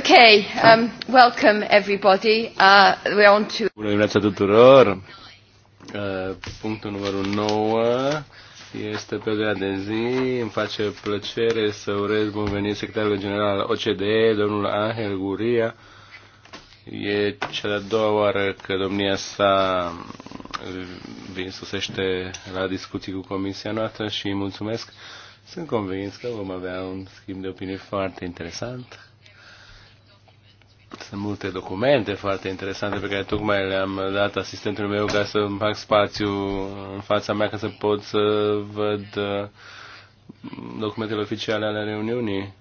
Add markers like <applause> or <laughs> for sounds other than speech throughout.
Okay, um, welcome everybody. Uh, we're on to... Bună dimineața tuturor! Uh, punctul numărul 9 este pe ordinea de zi. Îmi face plăcere să urez bun venit secretarul general al OCDE, domnul Angel Guria. E cea de-a doua oară că domnia sa uh, vin susește la discuții cu comisia noastră și îi mulțumesc. Sunt convins că vom avea un schimb de opinie foarte interesant sunt multe documente foarte interesante pe care tocmai le-am dat asistentului meu ca să îmi fac spațiu în fața mea ca să pot să văd uh, documentele oficiale ale reuniunii.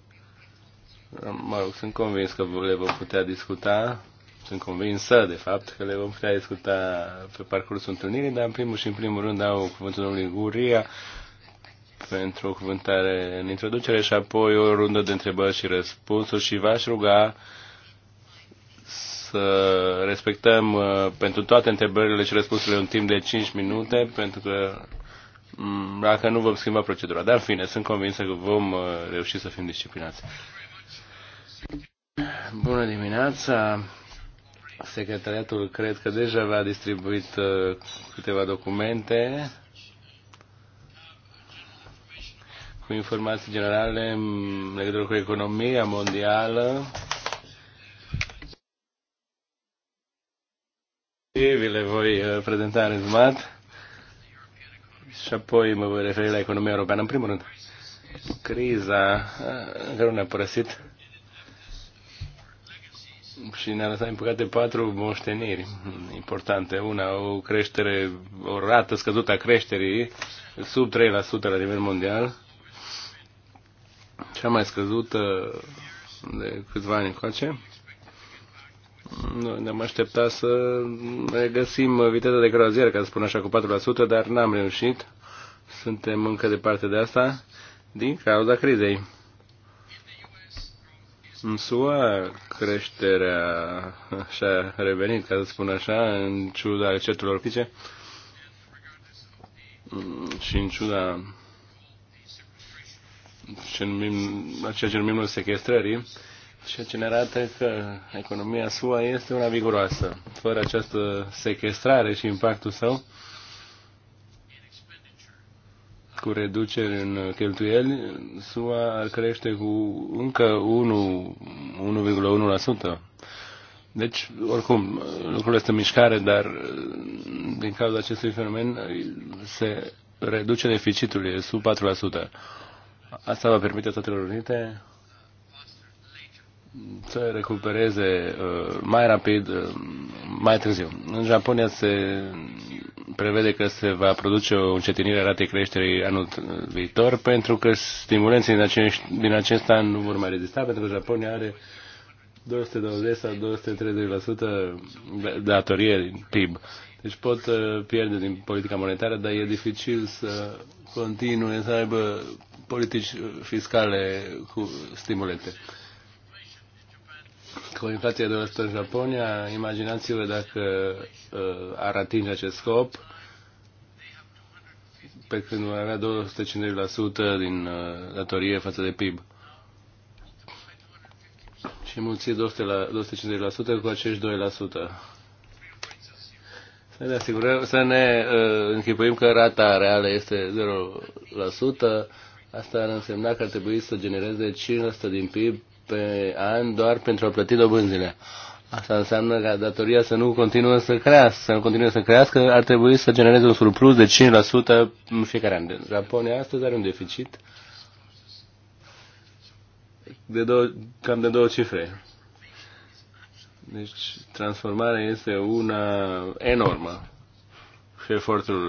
Mă rog, sunt convins că le vom putea discuta. Sunt convinsă, de fapt, că le vom putea discuta pe parcursul întâlnirii, dar în primul și în primul rând dau cuvântul domnului Guria pentru o cuvântare în introducere și apoi o rundă de întrebări și răspunsuri și v-aș ruga să respectăm uh, pentru toate întrebările și răspunsurile un timp de 5 minute, pentru că mm, dacă nu vom schimba procedura. Dar, în fine, sunt convinsă că vom uh, reuși să fim disciplinați. Bună dimineața! Secretariatul cred că deja v-a distribuit uh, câteva documente cu informații generale în legătură cu economia mondială Vi le voi uh, prezenta în rezumat și apoi mă voi referi la economia europeană. În primul rând, criza uh, care ne-a părăsit și ne-a lăsat, din păcate, patru moșteniri importante. Una, o creștere, o rată scăzută a creșterii, sub 3% la nivel mondial, cea mai scăzută de câțiva ani încoace. Noi ne-am așteptat să găsim viteza de croazieră, ca să spun așa, cu 4%, dar n-am reușit. Suntem încă departe de asta din cauza crizei. În SUA creșterea și-a revenit, ca să spun așa, în ciuda certurilor fice și în ciuda ce numim, ceea ce numim noi sequestrării, ceea ce ne arată că economia SUA este una viguroasă. Fără această sequestrare și impactul său, cu reduceri în cheltuieli, SUA ar crește cu încă 1,1%. Deci, oricum, lucrul este mișcare, dar din cauza acestui fenomen se reduce deficitul, e sub 4%. Asta va permite Statelor Unite să recupereze uh, mai rapid, uh, mai târziu. În Japonia se prevede că se va produce o încetinire a ratei creșterii anul viitor pentru că stimulenții din, acești, din acest an nu vor mai rezista pentru că Japonia are 220 sau 230% datorie din PIB. Deci pot uh, pierde din politica monetară, dar e dificil să continue să aibă politici fiscale cu stimulente cu inflația de 2% în Japonia, imaginați-vă dacă uh, ar atinge acest scop, pe când va avea 250% din uh, datorie față de PIB. Și mulți 250% cu acești 2%. Să ne, asigurăm, să ne uh, închipuim că rata reală este 0%. Asta ar însemna că ar trebui să genereze 5% din PIB pe an doar pentru a plăti dobânzile. Asta înseamnă că datoria să nu continuă să crească, să nu continuă să crească, ar trebui să genereze un surplus de 5% în fiecare an. Deci, Japonia astăzi are un deficit de două, cam de două cifre. Deci transformarea este una enormă și efortul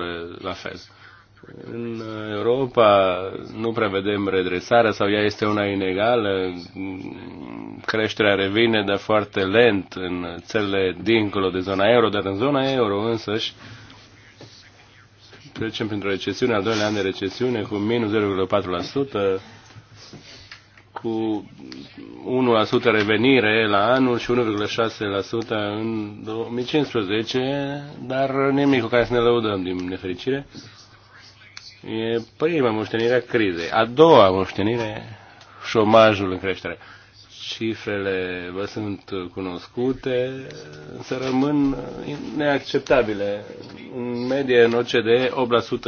la fel în Europa nu prevedem redresarea sau ea este una inegală, creșterea revine, dar foarte lent în țările dincolo de zona euro, dar în zona euro însăși trecem printr-o recesiune, al doilea an de recesiune cu minus 0,4%, cu 1% revenire la anul și 1,6% în 2015, dar nimic cu care să ne lăudăm din nefericire. E prima moștenire a crizei. A doua moștenire, șomajul în creștere. Cifrele vă sunt cunoscute, să rămân neacceptabile. În medie, în OCDE,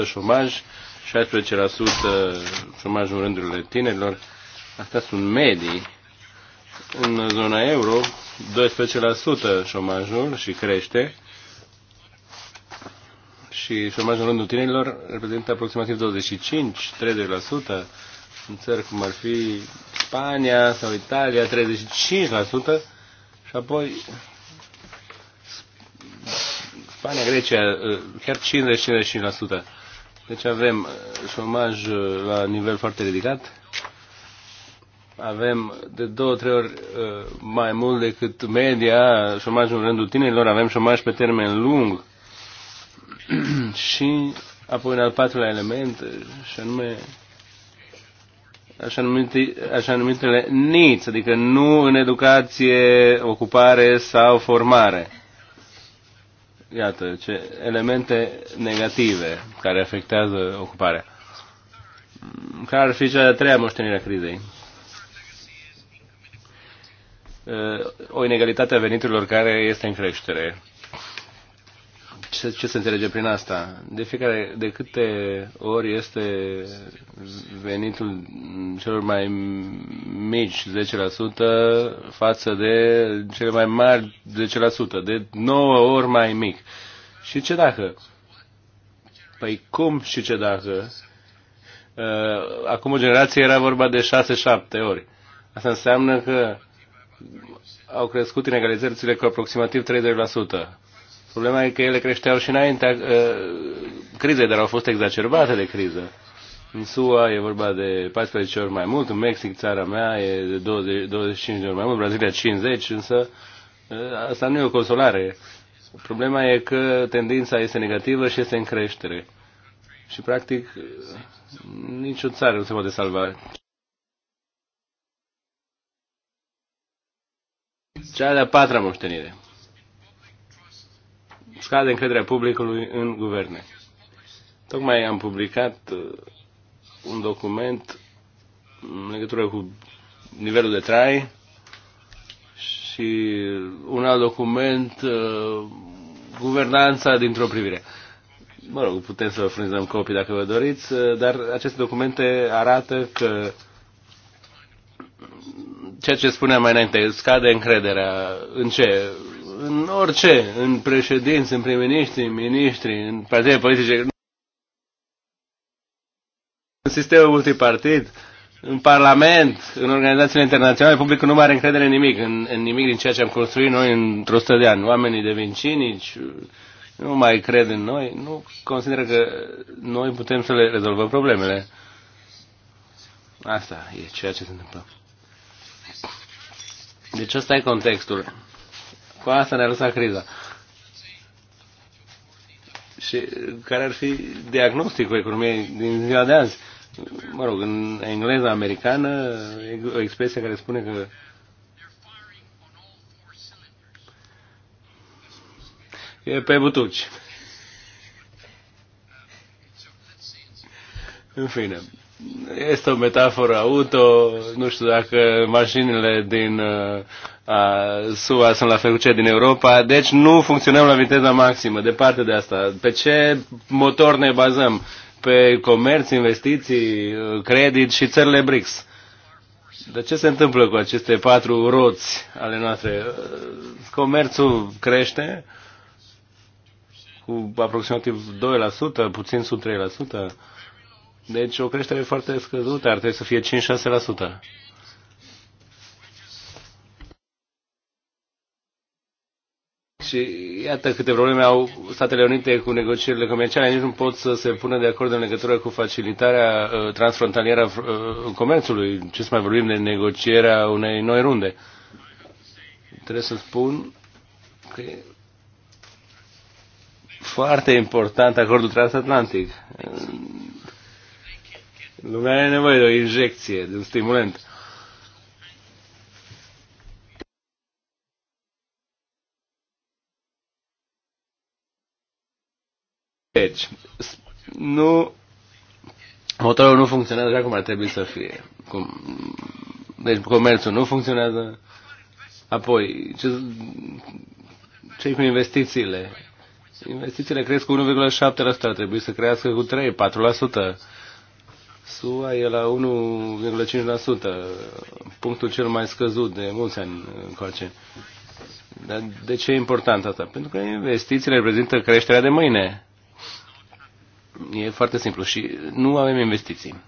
8% șomaj, 16% șomaj în rândurile tinerilor. Asta sunt medii. În zona euro, 12% șomajul și crește și șomajul în rândul tinerilor reprezintă aproximativ 25-30% în țări cum ar fi Spania sau Italia, 35% și apoi Spania, Grecia, chiar 50-55%. Deci avem uh, șomaj uh, la nivel foarte ridicat, avem de două, trei ori uh, mai mult decât media șomajul în rândul tinerilor, avem șomaj pe termen lung, <clears throat> și apoi un al patrulea element, și anume așa, numite, așa numitele niți, adică nu în educație, ocupare sau formare. Iată, ce elemente negative care afectează ocuparea. Care ar fi cea de-a treia moștenire a crizei? Uh, o inegalitate a veniturilor care este în creștere ce, ce se înțelege prin asta? De fiecare, de câte ori este venitul celor mai mici, 10%, față de cele mai mari, 10%, de 9 ori mai mic. Și ce dacă? Păi cum și ce dacă? Uh, acum o generație era vorba de 6-7 ori. Asta înseamnă că au crescut inegalitățile cu aproximativ 30%. Problema e că ele creșteau și înaintea uh, crizei, dar au fost exacerbate de criză. În SUA e vorba de 14 ori mai mult, în Mexic, țara mea, e de 20, 25 de ori mai mult, Brazilia 50, însă uh, asta nu e o consolare. Problema e că tendința este negativă și este în creștere. Și, practic, nicio țară nu se poate salva. Cea de-a patra moștenire scade încrederea publicului în guverne. Tocmai am publicat uh, un document în legătură cu nivelul de trai și un alt document, uh, guvernanța dintr-o privire. Mă rog, putem să vă frânzăm copii dacă vă doriți, uh, dar aceste documente arată că ceea ce spuneam mai înainte, scade încrederea în ce? în orice, în președinți, în prim-ministri, în ministri, în partide politice, în sistemul multipartid, în Parlament, în organizațiile internaționale, publicul nu mai are încredere în nimic, în, în nimic din ceea ce am construit noi într-o sută de ani. Oamenii devin cinici, nu mai cred în noi, nu consideră că noi putem să le rezolvăm problemele. Asta e ceea ce se întâmplă. Deci asta e contextul. Cu asta ne-a lăsat criza. Și care ar fi diagnosticul economiei din ziua de azi? Mă rog, în engleză americană e o expresie care spune că e pe butuci. În fine, este o metaforă auto, nu știu dacă mașinile din uh, SUA sunt la fel cu cei din Europa, deci nu funcționăm la viteza maximă, departe de asta. Pe ce motor ne bazăm? Pe comerț, investiții, credit și țările BRICS. Dar ce se întâmplă cu aceste patru roți ale noastre? Comerțul crește cu aproximativ 2%, puțin sub 3%. Deci o creștere foarte scăzută, ar trebui să fie 5-6%. Și iată câte probleme au Statele Unite cu negocierile comerciale, nici nu pot să se pună de acord în legătură cu facilitarea uh, transfrontalieră uh, comerțului. Ce să mai vorbim de negocierea unei noi runde? Trebuie să spun că e foarte important acordul transatlantic. Lumea are nevoie de o injecție, de un stimulant. Deci, nu, motorul nu funcționează așa cum ar trebui să fie. Cum, deci comerțul nu funcționează. Apoi, ce, ce cu investițiile? Investițiile cresc cu 1,7%, ar trebui să crească cu 3-4%. SUA e la 1,5%, punctul cel mai scăzut de mulți ani încoace. Dar de ce e important asta? Pentru că investițiile reprezintă creșterea de mâine. E foarte simplu și nu avem investiții.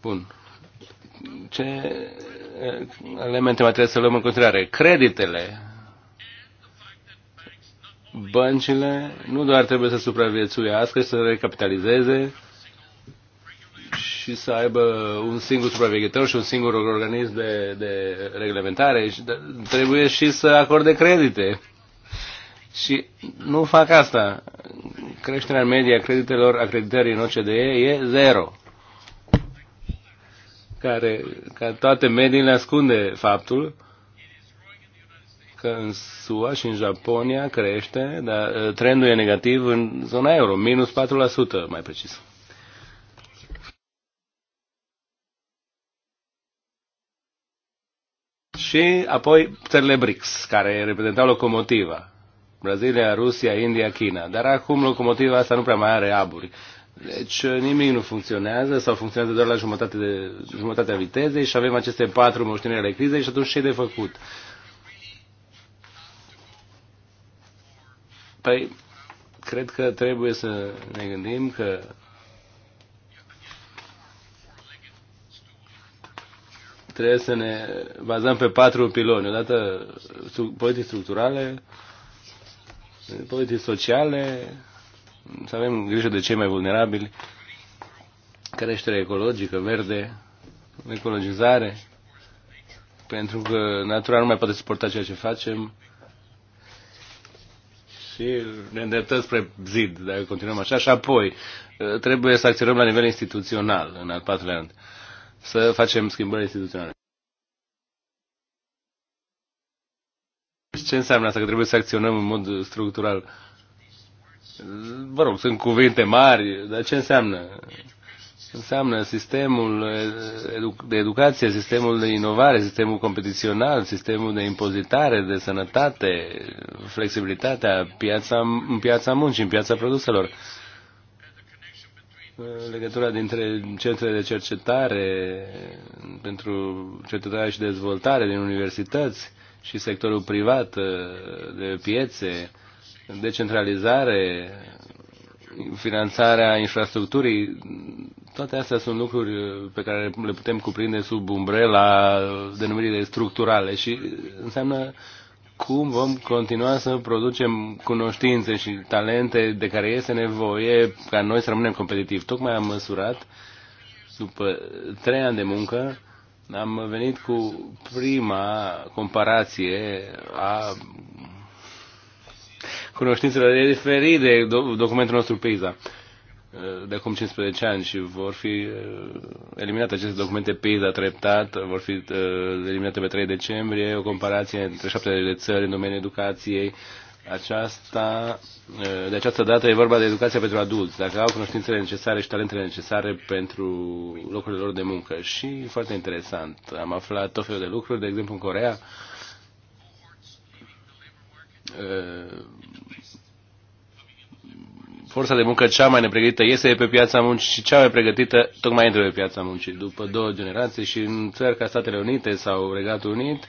Bun. Ce eh, elemente mai trebuie să luăm în considerare? Creditele. Băncile nu doar trebuie să supraviețuiască, să recapitalizeze și să aibă un singur supraveghetor și un singur organism de, de reglementare. Trebuie și să acorde credite și nu fac asta. Creșterea medie a creditelor, acreditării în OCDE e zero. Care, ca toate mediile, ascunde faptul că în SUA și în Japonia crește, dar ă, trendul e negativ în zona euro, minus 4% mai precis. Și apoi țările BRICS, care reprezentau locomotiva Brazilia, Rusia, India, China. Dar acum locomotiva asta nu prea mai are aburi. Deci uh, nimic nu funcționează sau funcționează doar la jumătate de, jumătatea vitezei și avem aceste patru moșteniri ale crizei și atunci ce de făcut? Păi, cred că trebuie să ne gândim că trebuie să ne bazăm pe patru piloni. Odată politici structurale, politici sociale, să avem grijă de cei mai vulnerabili, creștere ecologică, verde, ecologizare, pentru că natura nu mai poate suporta ceea ce facem și ne îndreptăm spre zid, dacă continuăm așa. Și apoi, trebuie să acționăm la nivel instituțional, în al patrulea an, să facem schimbări instituționale. ce înseamnă asta? Că trebuie să acționăm în mod structural. Vă rog, sunt cuvinte mari, dar ce înseamnă? Înseamnă sistemul de educație, sistemul de inovare, sistemul competițional, sistemul de impozitare, de sănătate, flexibilitatea piața, în piața muncii, în piața produselor. Legătura dintre centrele de cercetare pentru cercetare și dezvoltare din universități, și sectorul privat uh, de piețe, decentralizare, finanțarea infrastructurii, toate astea sunt lucruri uh, pe care le putem cuprinde sub umbrela denumirii structurale și înseamnă cum vom continua să producem cunoștințe și talente de care este nevoie ca noi să rămânem competitivi. Tocmai am măsurat, după trei ani de muncă, am venit cu prima comparație a cunoștințelor. E diferit de documentul nostru PISA de acum 15 ani și vor fi uh, eliminate aceste documente PISA treptat, vor fi uh, eliminate pe 3 decembrie, o comparație între 70 de țări în domeniul educației, aceasta, de această dată e vorba de educația pentru adulți, dacă au cunoștințele necesare și talentele necesare pentru locurile lor de muncă. Și foarte interesant, am aflat tot felul de lucruri, de exemplu în Corea, forța de muncă cea mai nepregătită iese de pe piața muncii și cea mai pregătită tocmai intră pe piața muncii după două generații și în țări ca Statele Unite sau Regatul Unit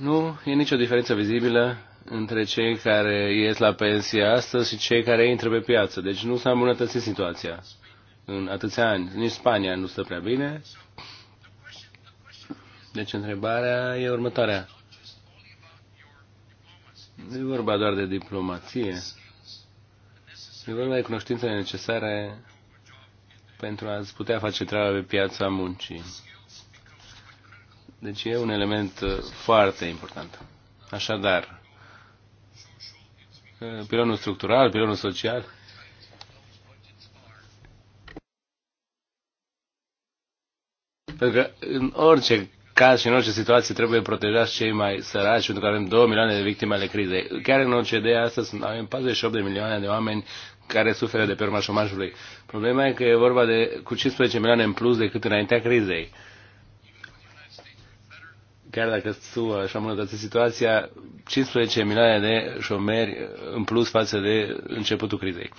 Nu e nicio diferență vizibilă între cei care ies la pensie astăzi și cei care intră pe piață. Deci nu s-a îmbunătățit situația în atâția ani. Nici Spania nu stă prea bine. Deci întrebarea e următoarea. Nu e vorba doar de diplomație. E vorba de cunoștințele necesare pentru a-ți putea face treaba pe piața muncii. Deci e un element uh, foarte important. Așadar, uh, pilonul structural, pilonul social, Pentru că în orice caz și în orice situație trebuie protejați cei mai săraci, pentru că avem 2 milioane de victime ale crizei. Chiar în OCDE astăzi avem 48 de milioane de oameni care suferă de perma șomajului. Problema e că e vorba de cu 15 milioane în plus decât înaintea crizei chiar dacă tu așa a îmbunătățit situația, 15 milioane de șomeri în plus față de începutul crizei.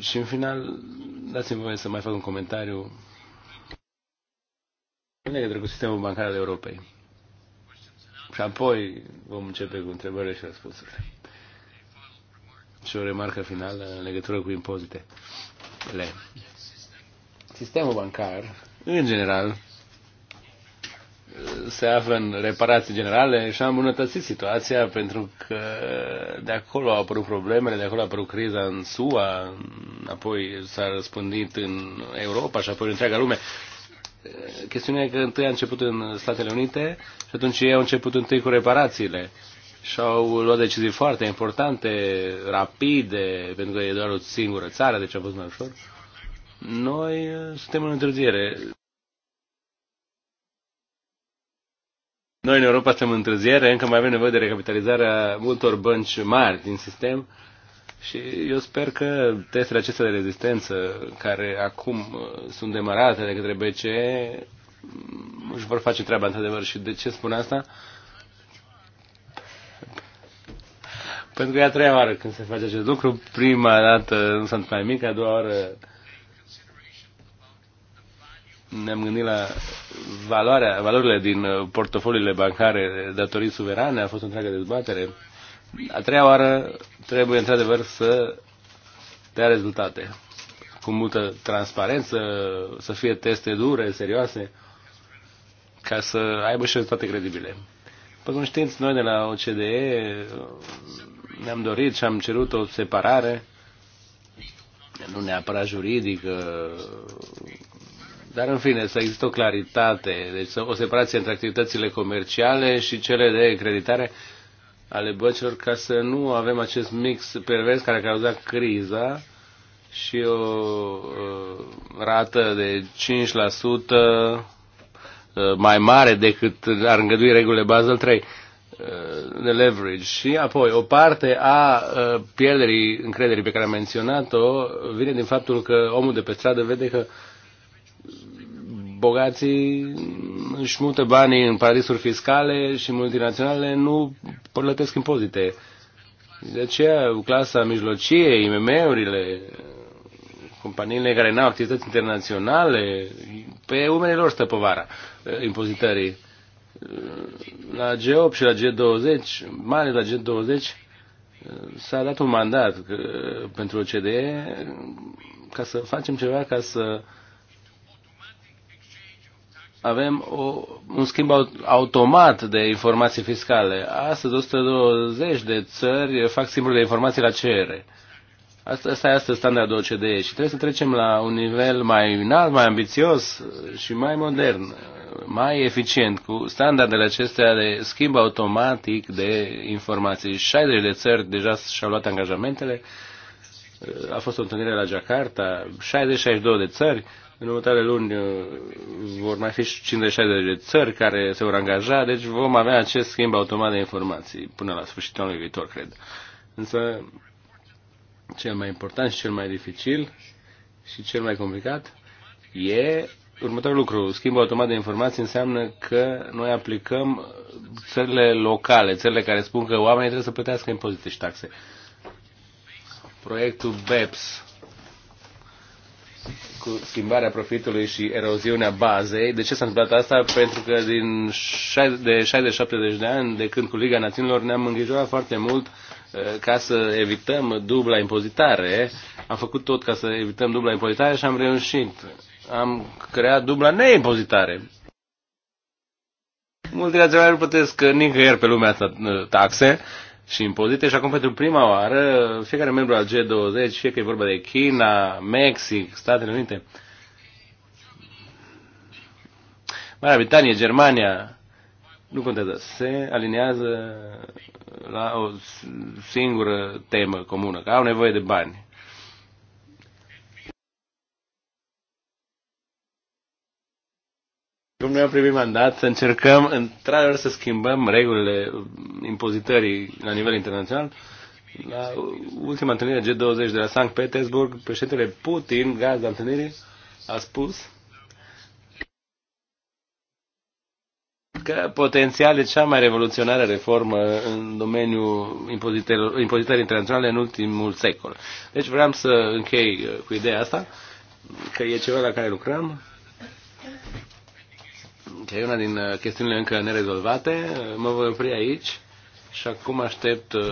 Și în final, dați-mi voie să mai fac un comentariu în legătură cu sistemul bancar al Europei. Și apoi vom începe cu întrebările și răspunsurile. Și o remarcă finală în legătură cu impozitele. Sistemul bancar, în general, se află în reparații generale și am îmbunătățit situația pentru că de acolo au apărut problemele, de acolo a apărut criza în SUA, apoi s-a răspândit în Europa și apoi în întreaga lume. Chestiunea e că întâi a început în Statele Unite și atunci ei au început întâi cu reparațiile și au luat decizii foarte importante, rapide, pentru că e doar o singură țară, deci a fost mai ușor. Noi suntem în întârziere. Noi în Europa suntem întârziere, încă mai avem nevoie de recapitalizarea multor bănci mari din sistem și eu sper că testele acestea de rezistență care acum uh, sunt demarate de către BCE mm, își vor face treaba într-adevăr. Și de ce spun asta? Pentru că e a treia oară când se face acest lucru. Prima dată nu s-a întâmplat nimic, a doua oară ne-am gândit la valoarea, valorile din uh, portofoliile bancare datorii suverane, a fost o întreagă dezbatere. A treia oară trebuie într-adevăr să dea rezultate cu multă transparență, să fie teste dure, serioase, ca să aibă și rezultate credibile. După cum știți, noi de la OCDE uh, ne-am dorit și am cerut o separare, nu neapărat juridică, dar, în fine, să există o claritate, deci o separație între activitățile comerciale și cele de creditare ale băcilor ca să nu avem acest mix pervers care a cauzat criza și o uh, rată de 5% ă, mai mare decât ar îngădui regulile Basel 3 ă, de leverage și apoi o parte a ă, pierderii încrederii pe care am menționat-o vine din faptul că omul de pe stradă vede că uh, bogații își mută banii în paradisuri fiscale și multinaționale nu plătesc impozite. De aceea, clasa mijlocie, IMM-urile, companiile care n-au activități internaționale, pe umerii lor stă povara eh, impozitării. La G8 și la G20, mai ales la G20, eh, s-a dat un mandat eh, pentru OCDE ca să facem ceva ca să uh, avem o, un schimb automat de informații fiscale. Astăzi 120 de țări fac simplu de informații la cerere. Asta, asta e astăzi standardul OCDE și trebuie să trecem la un nivel mai înalt, mai ambițios și mai modern, mai eficient, cu standardele acestea de schimb automatic de informații. 60 de țări deja și-au luat angajamentele. A fost o întâlnire la Jakarta, 60-62 de țări în următoarele luni uh, vor mai fi 56 de țări care se vor angaja, deci vom avea acest schimb automat de informații până la sfârșitul anului viitor, cred. Însă, cel mai important și cel mai dificil și cel mai complicat e următorul lucru. Schimbul automat de informații înseamnă că noi aplicăm țările locale, țările care spun că oamenii trebuie să plătească impozite și taxe. Proiectul BEPS, cu schimbarea profitului și eroziunea bazei. De ce s-a întâmplat asta? Pentru că din 60, de 60-70 de ani, de când cu Liga Națiunilor, ne-am îngrijorat foarte mult uh, ca să evităm dubla impozitare. Am făcut tot ca să evităm dubla impozitare și am reușit. Am creat dubla neimpozitare. Multinaționale nu plătesc uh, nicăieri pe lumea asta uh, taxe și impozite și acum pentru prima oară fiecare membru al G20, fie că e vorba de China, Mexic, Statele Unite, Marea Britanie, Germania, nu contează, se aliniază la o singură temă comună, că au nevoie de bani. Cum noi am primit mandat să încercăm într-adevăr să schimbăm regulile impozitării la nivel internațional. La ultima întâlnire G20 de la Sankt Petersburg, președintele Putin, gazda întâlnirii, a spus că potențial e cea mai revoluționară reformă în domeniul impozitării internaționale în ultimul secol. Deci vreau să închei cu ideea asta, că e ceva la care lucrăm că e una din uh, chestiunile încă nerezolvate. Mă voi opri aici și acum aștept uh,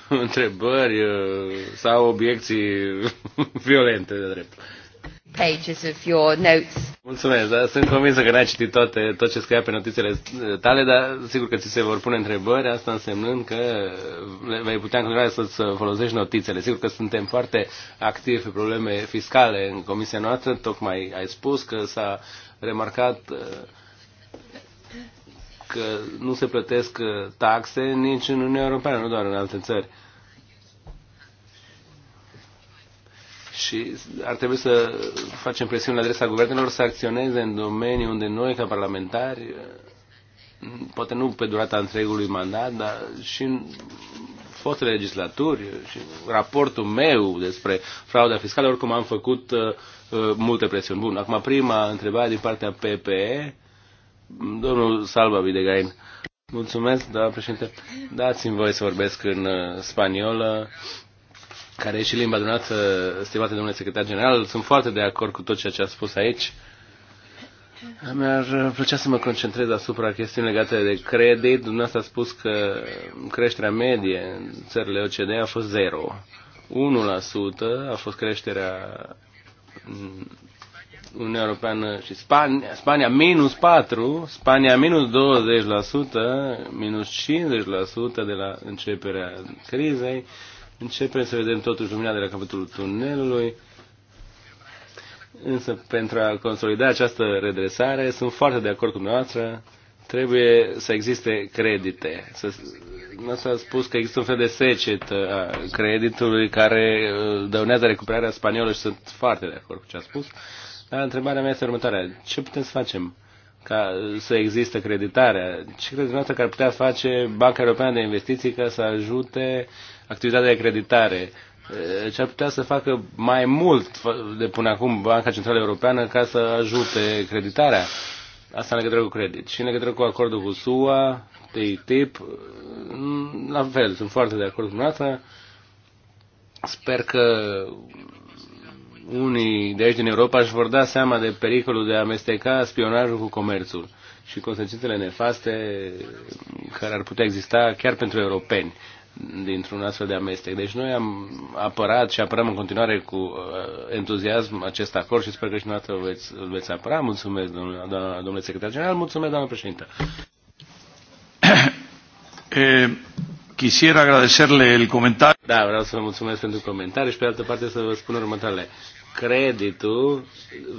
<laughs> întrebări uh, sau obiecții <laughs> violente de drept. Pages of your notes. Mulțumesc, dar sunt convinsă că n-ai citit toate, tot ce scria pe notițele uh, tale, dar sigur că ți se vor pune întrebări, asta însemnând că uh, vei putea în continuare să-ți folosești notițele. Sigur că suntem foarte activi pe probleme fiscale în comisia noastră, tocmai ai spus că s-a remarcat uh, că nu se plătesc uh, taxe nici în Uniunea Europeană, nu doar în alte țări. și ar trebui să facem presiune la adresa guvernelor să acționeze în domenii unde noi, ca parlamentari, uh, poate nu pe durata întregului mandat, dar și în fostele legislaturi și raportul meu despre frauda fiscală, oricum am făcut uh, uh multe presiuni. Bun, acum prima întrebare din partea PPE Domnul Salva Videgain. Mulțumesc, doamna președinte. Dați-mi voi să vorbesc în uh, spaniolă, care e și limba dumneavoastră, stimate domnule secretar general. Sunt foarte de acord cu tot ceea ce a spus aici. Mi-ar uh, plăcea să mă concentrez asupra chestiunii legate de credit. Dumneavoastră a spus că creșterea medie în țările OCD a fost zero. 1% a fost creșterea Uniunea Europeană și Spania, Spania minus 4, Spania minus 20%, minus 50% de la începerea crizei. Începem să vedem totuși lumina de la capătul tunelului. Însă, pentru a consolida această redresare, sunt foarte de acord cu dumneavoastră, trebuie să existe credite. Nu s-a spus că există un fel de secet a creditului care uh, dăunează recuperarea spaniolă și sunt foarte de acord cu ce a spus. Dar întrebarea mea este următoarea. Ce putem să facem ca să există creditarea? Ce credeți dumneavoastră că ar putea face Banca Europeană de Investiții ca să ajute activitatea de creditare? Eh, ce ar putea să facă mai mult de până acum Banca Centrală Europeană ca să ajute creditarea? Asta în legătură cu credit. Și în legătură cu acordul cu SUA, TTIP, mm, la fel, sunt foarte de acord cu dumneavoastră. Sper că unii de aici din Europa își vor da seama de pericolul de a amesteca spionajul cu comerțul și consecințele nefaste care ar putea exista chiar pentru europeni dintr-un astfel de amestec. Deci noi am apărat și apărăm în continuare cu uh, entuziasm acest acord și sper că și noastră îl veți, îl veți apăra. Mulțumesc, domnule, secretar general, mulțumesc, doamnă președintă. Eh, quisiera agradecerle el comentario. Da, vreau să vă mulțumesc pentru comentarii și pe altă parte să vă spun următoarele. Creditul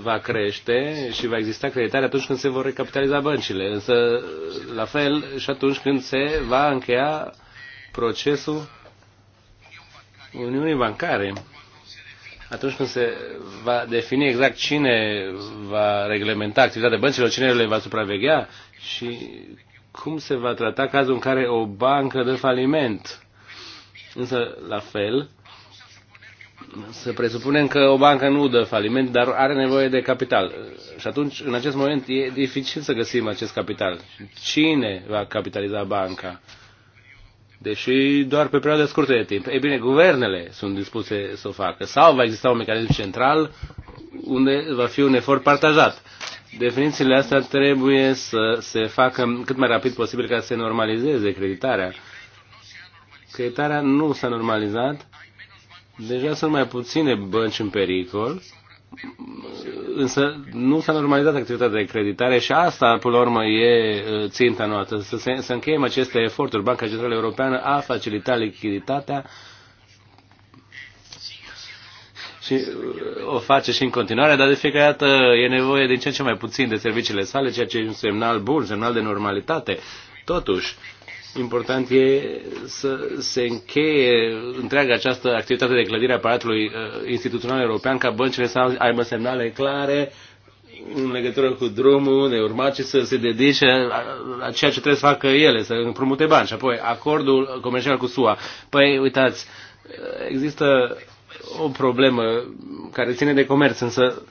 va crește și va exista creditare atunci când se vor recapitaliza băncile, însă la fel și atunci când se va încheia procesul Uniunii Bancare. Atunci când se va defini exact cine va reglementa activitatea băncilor, cine le va supraveghea și cum se va trata cazul în care o bancă dă faliment Însă, la fel, să presupunem că o bancă nu dă faliment, dar are nevoie de capital. Și atunci, în acest moment, e dificil să găsim acest capital. Cine va capitaliza banca? Deși doar pe perioade scurte de timp. Ei bine, guvernele sunt dispuse să o facă. Sau va exista un mecanism central unde va fi un efort partajat. Definițiile astea trebuie să se facă cât mai rapid posibil ca să se normalizeze creditarea Creditarea nu s-a normalizat, deja sunt mai puține bănci în pericol, însă nu s-a normalizat activitatea de creditare și asta, până la urmă, e uh, ținta noastră. Să, se, să încheiem aceste eforturi. Banca Centrală Europeană a facilitat lichiditatea și uh, o face și în continuare, dar de fiecare dată e nevoie din ce în ce mai puțin de serviciile sale, ceea ce e un semnal bun, semnal de normalitate. Totuși, important e să se încheie întreaga această activitate de clădire a aparatului uh, instituțional european ca băncile să aibă semnale clare în legătură cu drumul de urmat și să se dedice la ceea ce trebuie să facă ele, să împrumute bani. Și apoi acordul comercial cu SUA. Păi, uitați, uh, există o problemă care ține de comerț, însă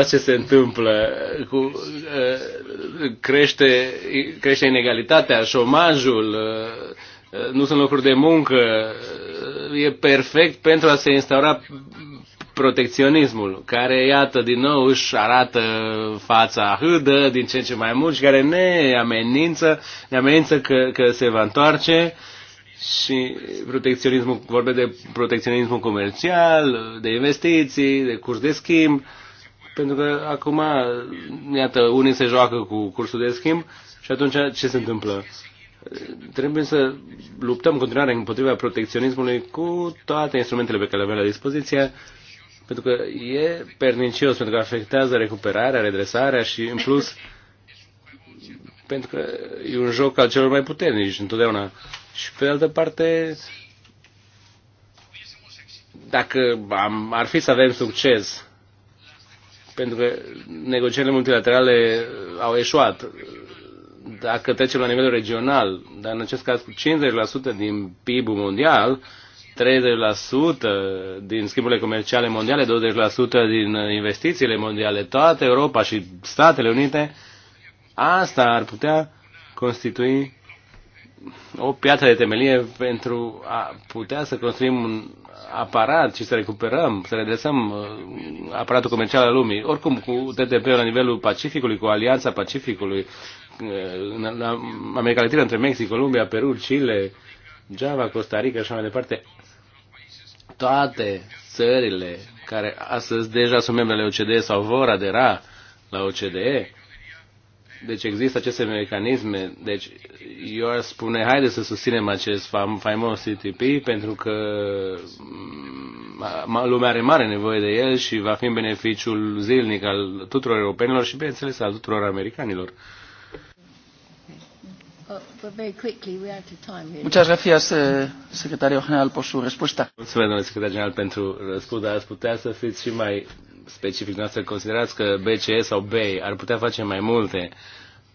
ce se întâmplă, cu, uh, crește, crește inegalitatea, șomajul, uh, uh, nu sunt locuri de muncă, e perfect pentru a se instaura protecționismul, care, iată, din nou își arată fața hâdă din ce în ce mai mult și care ne amenință, ne amenință că, că se va întoarce și protecționismul, vorbe de protecționismul comercial, de investiții, de curs de schimb, uh, pentru că acum, iată, unii se joacă cu cursul de schimb și atunci ce se întâmplă? Trebuie să luptăm continuare împotriva protecționismului cu toate instrumentele pe care le avem la dispoziție, pentru că e pernicios, pentru că afectează recuperarea, redresarea și, în plus, pentru că e un joc al celor mai puternici întotdeauna. Și, pe de altă parte, dacă am, ar fi să avem succes pentru că negocierile multilaterale au eșuat. Dacă trecem la nivel regional, dar în acest caz cu 50% din PIB-ul mondial, 30% din schimburile comerciale mondiale, 20% din investițiile mondiale, toată Europa și Statele Unite, asta ar putea constitui o piatră de temelie pentru a putea să construim un aparat și să recuperăm, să redresăm uh, aparatul comercial al lumii. Oricum, cu TTP la nivelul Pacificului, cu Alianța Pacificului, uh, în America Latină, între Mexic, Columbia, Peru, Chile, Java, Costa Rica și așa mai departe, toate țările care astăzi deja sunt membrele OCDE sau vor adera la OCDE, deci există aceste mecanisme. Deci eu ar spune, haide să susținem acest faimos CTP pentru că mm, lumea are mare nevoie de el și va fi în beneficiul zilnic al tuturor europenilor și, bineînțeles, al tuturor americanilor. Uh, Muchas gracias, eh, secretario general, por su respuesta. Mulțumesc, domnule secretar general, pentru răspuns, dar ați putea să fiți și mai specific noastră, considerați că BCE sau BEI ar putea face mai multe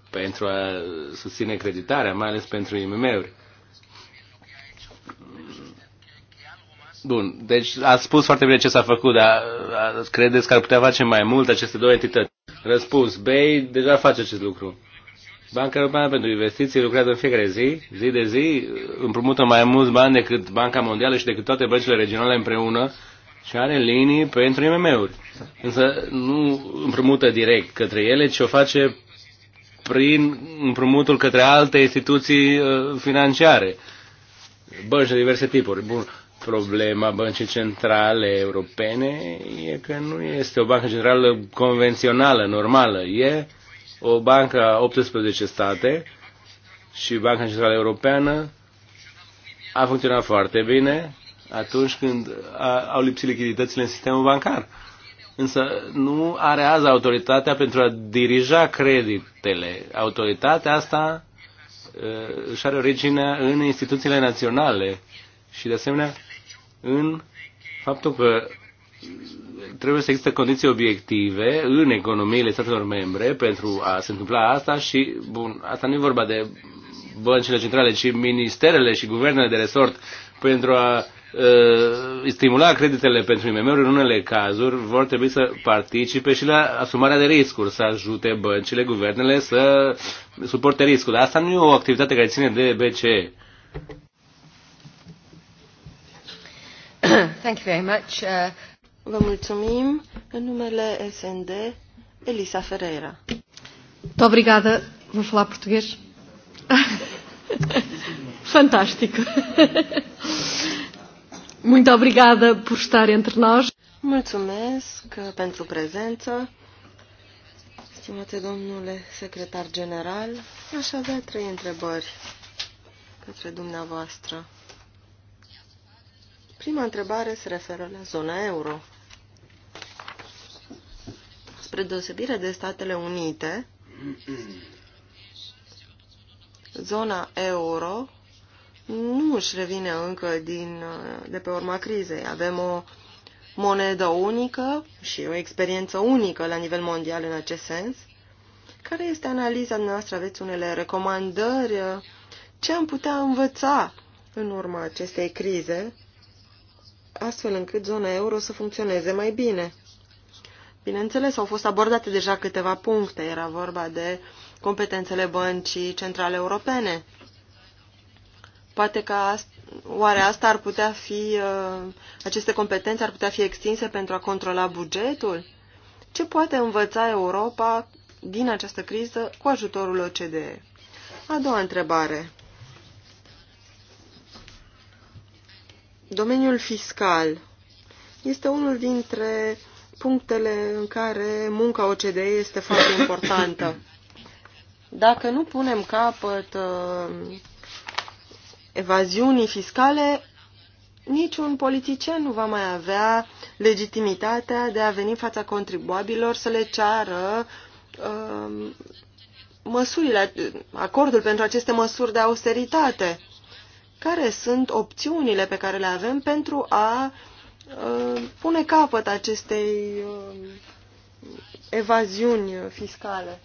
pentru a susține creditarea, mai ales pentru IMM-uri? Bun, deci a spus foarte bine ce s-a făcut, dar credeți că ar putea face mai mult aceste două entități? Răspuns, BEI deja face acest lucru. Banca Europeană pentru Investiții lucrează în fiecare zi, zi de zi, împrumută mai mulți bani decât Banca Mondială și decât toate băncile regionale împreună și are linii pentru IMM-uri. Însă nu împrumută direct către ele, ci o face prin împrumutul către alte instituții uh, financiare. Bănci de diverse tipuri. Bun. Problema băncii centrale europene e că nu este o bancă centrală convențională, normală. E o bancă a 18 state și Banca Centrală Europeană a funcționat foarte bine atunci când au lipsit lichiditățile în sistemul bancar. Însă nu are azi autoritatea pentru a dirija creditele. Autoritatea asta își are originea în instituțiile naționale și de asemenea în faptul că trebuie să există condiții obiective în economiile statelor membre pentru a se întâmpla asta și, bun, asta nu e vorba de băncile centrale, ci ministerele și guvernele de resort pentru a Uh, stimula creditele pentru imm în unele cazuri vor trebui să participe și la asumarea de riscuri, să ajute băncile, guvernele să suporte riscul. Dar asta nu e o activitate care ține de BCE. <coughs> Thank you very much. Uh... Vă mulțumim. În numele SND, Elisa Ferreira. Obrigada. Vou falar português. <laughs> Fantástico. <laughs> Muito obrigada por estar entre nós. Mulțumesc pentru prezență. Stimate domnule secretar general, aș avea trei întrebări către dumneavoastră. Prima întrebare se referă la zona euro. Spre deosebire de Statele Unite, zona euro nu își revine încă din, uh, de pe urma crizei. Avem o monedă unică și o experiență unică la nivel mondial în acest sens. Care este analiza noastră? Aveți unele recomandări? Ce am putea învăța în urma acestei crize, astfel încât zona euro să funcționeze mai bine? Bineînțeles, au fost abordate deja câteva puncte. Era vorba de competențele băncii centrale europene, Poate că oare asta ar putea fi, uh, aceste competențe ar putea fi extinse pentru a controla bugetul? Ce poate învăța Europa din această criză cu ajutorul OCDE? A doua întrebare. Domeniul fiscal este unul dintre punctele în care munca OCDE este foarte importantă. <coughs> Dacă nu punem capăt uh, evaziunii fiscale, niciun politician nu va mai avea legitimitatea de a veni în fața contribuabilor să le ceară uh, măsurile, acordul pentru aceste măsuri de austeritate. Care sunt opțiunile pe care le avem pentru a uh, pune capăt acestei uh, evaziuni fiscale?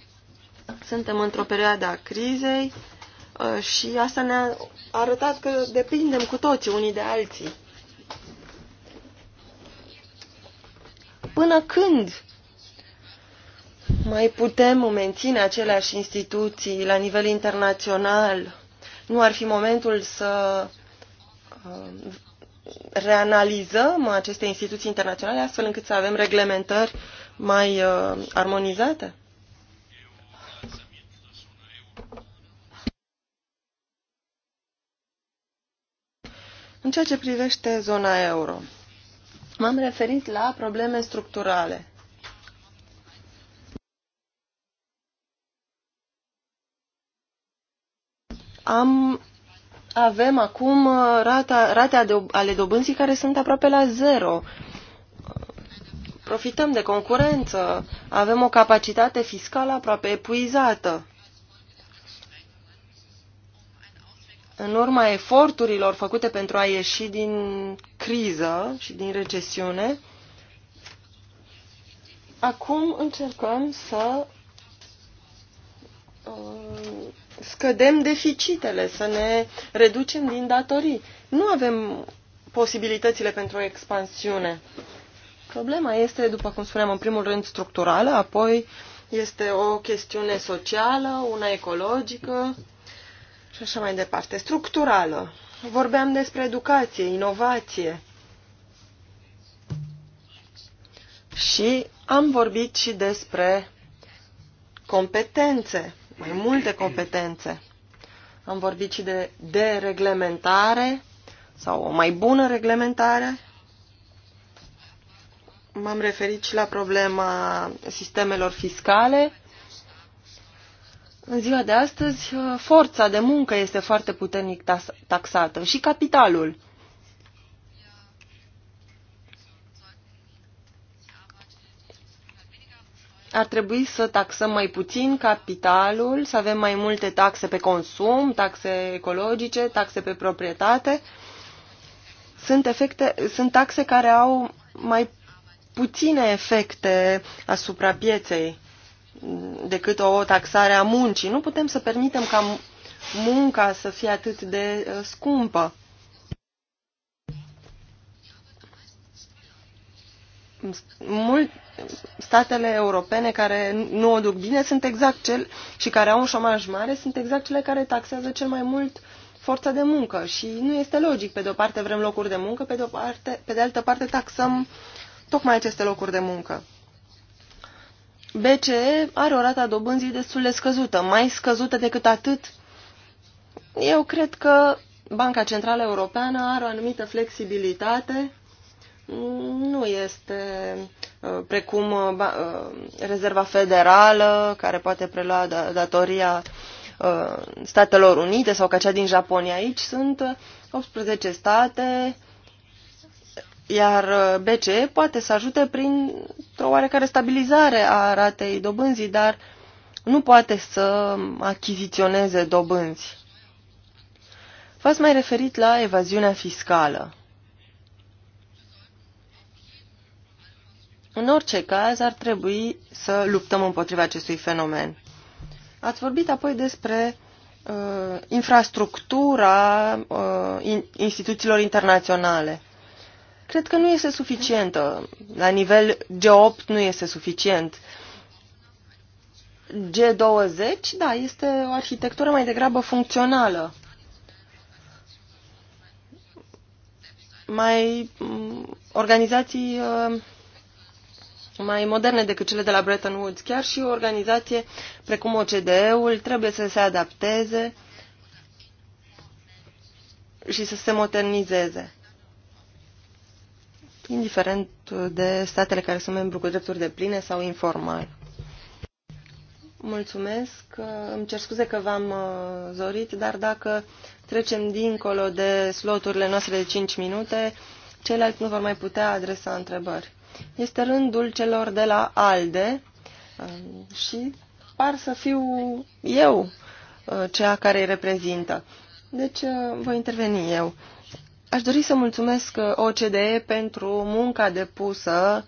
Suntem într-o perioadă a crizei Uh, și asta ne-a arătat că depindem cu toții unii de alții. Până când mai putem menține aceleași instituții la nivel internațional? Nu ar fi momentul să uh, reanalizăm aceste instituții internaționale astfel încât să avem reglementări mai uh, armonizate? În ceea ce privește zona euro, m-am referit la probleme structurale. Am, avem acum uh, rata, rate ale dobânzii care sunt aproape la zero profităm de concurență, avem o capacitate fiscală aproape epuizată. în urma eforturilor făcute pentru a ieși din criză și din recesiune, acum încercăm să uh, scădem deficitele, să ne reducem din datorii. Nu avem posibilitățile pentru o expansiune. Problema este, după cum spuneam, în primul rând structurală, apoi este o chestiune socială, una ecologică, și așa mai departe. Structurală. Vorbeam despre educație, inovație. Și am vorbit și despre competențe, mai multe competențe. Am vorbit și de dereglementare sau o mai bună reglementare. M-am referit și la problema sistemelor fiscale în ziua de astăzi, uh, forța de muncă este foarte puternic taxată și capitalul. ar trebui să taxăm mai puțin capitalul, să avem mai multe taxe pe consum, taxe ecologice, taxe pe proprietate. Sunt, efecte, sunt taxe care au mai puține efecte asupra pieței decât o taxare a muncii. Nu putem să permitem ca munca să fie atât de uh, scumpă. Mult, statele europene care nu o duc bine sunt exact cel și care au un șomaj mare sunt exact cele care taxează cel mai mult forța de muncă și nu este logic. Pe de o parte vrem locuri de muncă, pe de, o parte, pe de altă parte taxăm tocmai aceste locuri de muncă. BCE are o rată a dobânzii destul de scăzută, mai scăzută decât atât. Eu cred că Banca Centrală Europeană are o anumită flexibilitate, nu este uh, precum uh, uh, Rezerva Federală, care poate prelua da, datoria Statelor Unite sau ca cea din Japonia. Aici sunt 18 state, iar uh, BCE poate să ajute prin o oarecare stabilizare a ratei dobânzii, dar nu poate să achiziționeze dobânzi. V-ați mai referit la evaziunea fiscală. În orice caz, ar trebui să luptăm împotriva acestui fenomen. Ați vorbit apoi despre uh, infrastructura uh, in, instituțiilor internaționale cred că nu este suficientă. La nivel G8 nu este suficient. G20, da, este o arhitectură mai degrabă funcțională. Mai mm, organizații uh, mai moderne decât cele de la Bretton Woods. Chiar și o organizație precum OCDE-ul trebuie să se adapteze și să se modernizeze indiferent de statele care sunt membru cu drepturi de pline sau informal. Mulțumesc. Îmi cer scuze că v-am uh, zorit, dar dacă trecem dincolo de sloturile noastre de 5 minute, ceilalți nu vor mai putea adresa întrebări. Este rândul celor de la ALDE uh, și par să fiu eu uh, cea care îi reprezintă. Deci voi interveni eu. Aș dori să mulțumesc uh, OCDE pentru munca depusă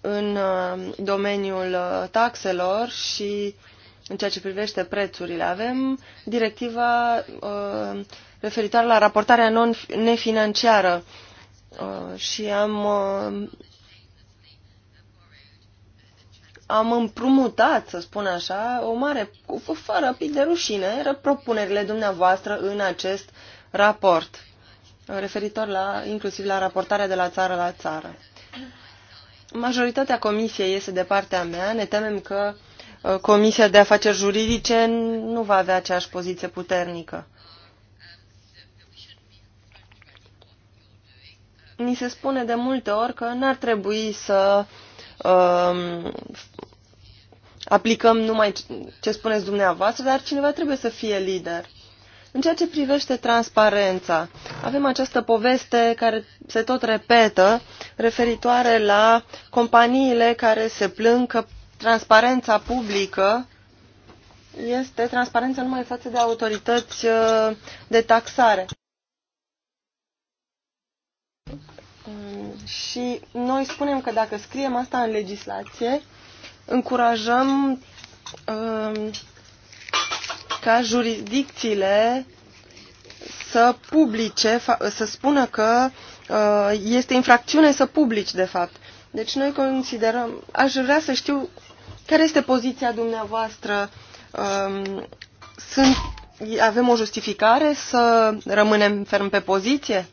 în uh, domeniul uh, taxelor și în ceea ce privește prețurile. Avem directiva referitoare la raportarea non nefinanciară și am, am împrumutat, să spun așa, o mare, fără pic de rușine, propunerile dumneavoastră în acest raport referitor la, inclusiv la raportarea de la țară la țară. Majoritatea comisiei este de partea mea. Ne temem că uh, Comisia de Afaceri Juridice nu va avea aceeași poziție puternică. Ni se spune de multe ori că n-ar trebui să um, aplicăm numai ce spuneți dumneavoastră, dar cineva trebuie să fie lider. În ceea ce privește transparența, avem această poveste care se tot repetă referitoare la companiile care se plâng că transparența publică este transparența numai față de autorități uh, de taxare. Mm, și noi spunem că dacă scriem asta în legislație, încurajăm uh, ca jurisdicțiile să publice, să spună că uh, este infracțiune să publici, de fapt. Deci noi considerăm, aș vrea să știu care este poziția dumneavoastră. Um, sunt, avem o justificare să rămânem ferm pe poziție?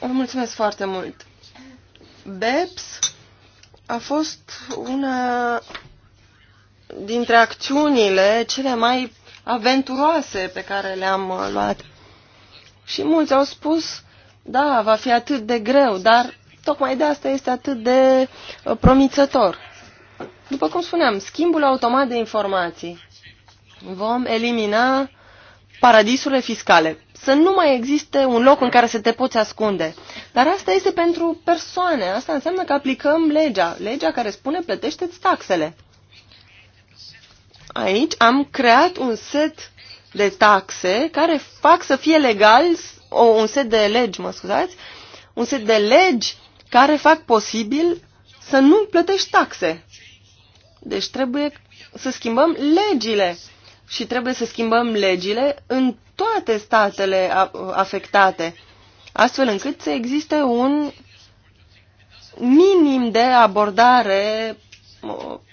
Vă mulțumesc foarte mult. BEPS a fost una dintre acțiunile cele mai aventuroase pe care le-am uh, luat. Și mulți au spus, da, va fi atât de greu, dar tocmai de asta este atât de uh, promițător. După cum spuneam, schimbul automat de informații. Vom elimina paradisurile fiscale. Să nu mai existe un loc în care să te poți ascunde. Dar asta este pentru persoane. Asta înseamnă că aplicăm legea. Legea care spune plătește-ți taxele. Aici am creat un set de taxe care fac să fie legal, o, un set de legi, mă scuzați, un set de legi care fac posibil să nu plătești taxe. Deci trebuie să schimbăm legile și trebuie să schimbăm legile în toate statele afectate, astfel încât să existe un minim de abordare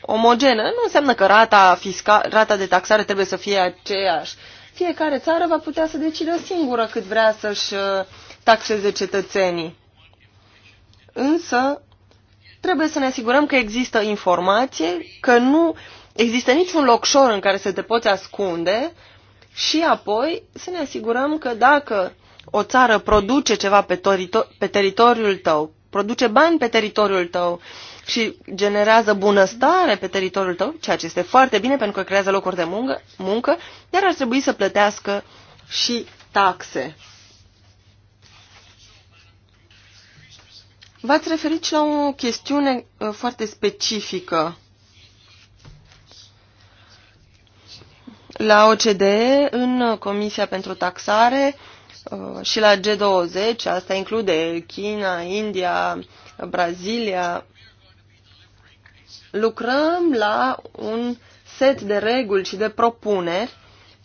omogenă. Nu înseamnă că rata, fiscal, rata de taxare trebuie să fie aceeași. Fiecare țară va putea să decide singură cât vrea să-și uh, taxeze cetățenii. Însă, trebuie să ne asigurăm că există informație, că nu există niciun locșor în care să te poți ascunde și apoi să ne asigurăm că dacă o țară produce ceva pe, teritor- pe teritoriul tău, produce bani pe teritoriul tău, și generează bunăstare pe teritoriul tău, ceea ce este foarte bine pentru că creează locuri de muncă, muncă dar ar trebui să plătească și taxe. V-ați referit și la o chestiune uh, foarte specifică. La OCDE, în Comisia pentru Taxare uh, și la G20, asta include China, India, Brazilia, lucrăm la un set de reguli și de propuneri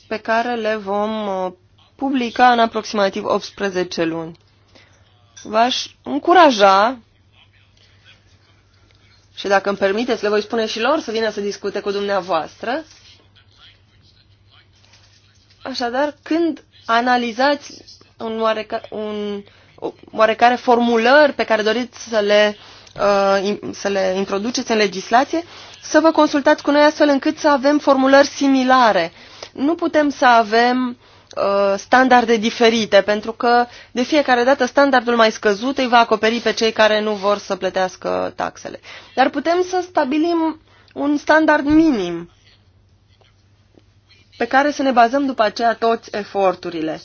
pe care le vom uh, publica în aproximativ 18 luni. V-aș încuraja și dacă îmi permiteți, le voi spune și lor să vină să discute cu dumneavoastră. Așadar, când analizați un, oareca, un oarecare formulări pe care doriți să le uh, Uh, să le introduceți în legislație, să vă consultați cu noi astfel încât să avem formulări similare. Nu putem să avem uh, standarde diferite, pentru că de fiecare dată standardul mai scăzut îi va acoperi pe cei care nu vor să plătească taxele. Dar putem să stabilim un standard minim pe care să ne bazăm după aceea toți eforturile.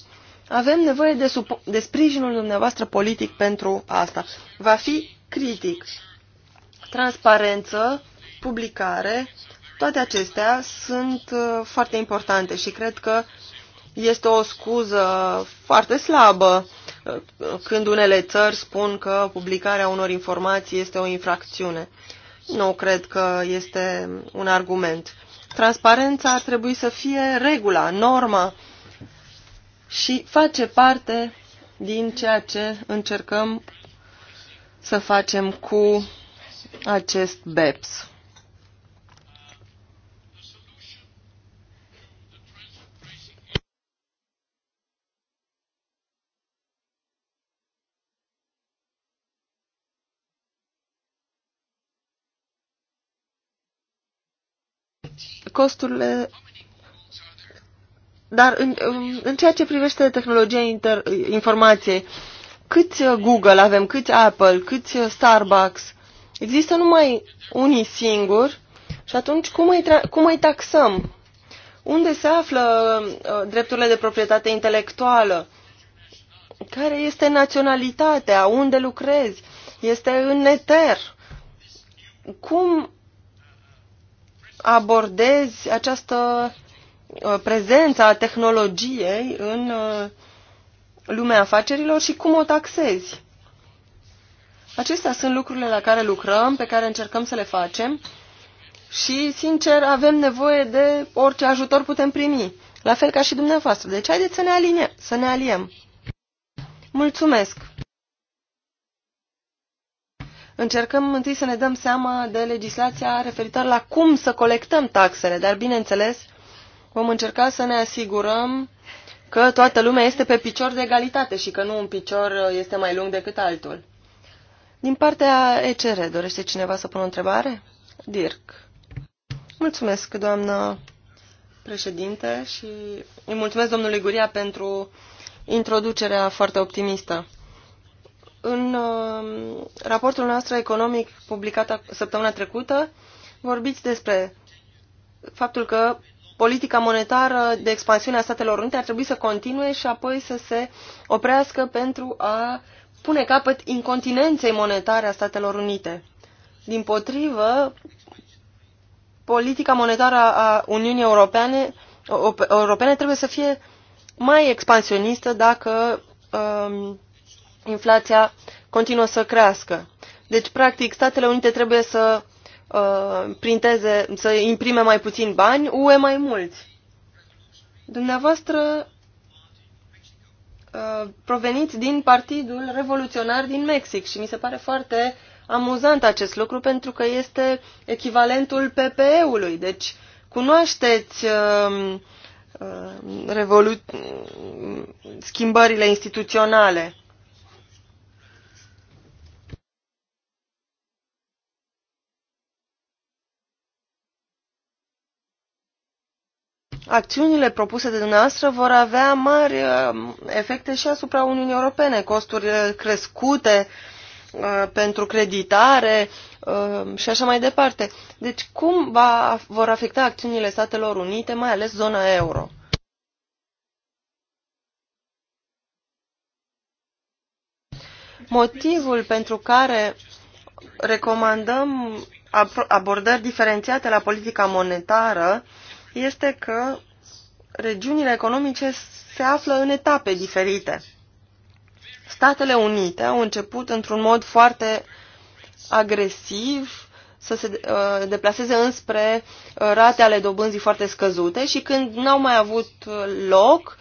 Avem nevoie de, de sprijinul dumneavoastră politic pentru asta. Va fi critic. Transparență, publicare, toate acestea sunt uh, foarte importante și cred că este o scuză foarte slabă uh, când unele țări spun că publicarea unor informații este o infracțiune. Nu cred că este un argument. Transparența ar trebui să fie regula, norma și face parte din ceea ce încercăm să facem cu acest BEPS. costurile. Dar în, în ceea ce privește tehnologia inter, informației, câți uh, Google avem, câți Apple, câți uh, Starbucks. Există numai unii singuri și atunci cum îi, cum îi taxăm? Unde se află uh, drepturile de proprietate intelectuală? Care este naționalitatea? Unde lucrezi? Este în eter. Cum abordezi această uh, prezență a tehnologiei în uh, lumea afacerilor și cum o taxezi. Acestea sunt lucrurile la care lucrăm, pe care încercăm să le facem și, sincer, avem nevoie de orice ajutor putem primi, la fel ca și dumneavoastră. Deci haideți să ne, aliniem, să ne aliem. Mulțumesc! Încercăm întâi să ne dăm seama de legislația referitoare la cum să colectăm taxele, dar, bineînțeles, vom încerca să ne asigurăm că toată lumea este pe picior de egalitate și că nu un picior uh, este mai lung decât altul. Din partea ECR, dorește cineva să pună o întrebare? Dirk. Mulțumesc, doamnă președinte, și îi mulțumesc domnului Guria pentru introducerea foarte optimistă. În uh, raportul nostru economic publicat săptămâna trecută, vorbiți despre faptul că politica monetară de expansiune a Statelor Unite ar trebui să continue și apoi să se oprească pentru a pune capăt incontinenței monetare a Statelor Unite. Din potrivă, politica monetară a Uniunii Europene, Europeane trebuie să fie mai expansionistă dacă um, inflația continuă să crească. Deci, practic, Statele Unite trebuie să Uh, printeze, să imprime mai puțin bani, UE mai mulți. Dumneavoastră uh, proveniți din Partidul Revoluționar din Mexic și mi se pare foarte amuzant acest lucru pentru că este echivalentul PPE-ului. Deci cunoașteți uh, uh, schimbările instituționale. acțiunile propuse de dumneavoastră vor avea mari uh, efecte și asupra Uniunii Europene, costuri uh, crescute uh, pentru creditare și așa mai departe. Deci cum va, vor afecta acțiunile Statelor Unite, mai ales zona euro? Motivul pentru care recomandăm abordări diferențiate la politica monetară uh, este că regiunile economice se află în etape diferite. Statele Unite au început într-un mod foarte agresiv să se uh, deplaseze înspre uh, rate ale dobânzii foarte scăzute și când n-au mai avut uh, loc,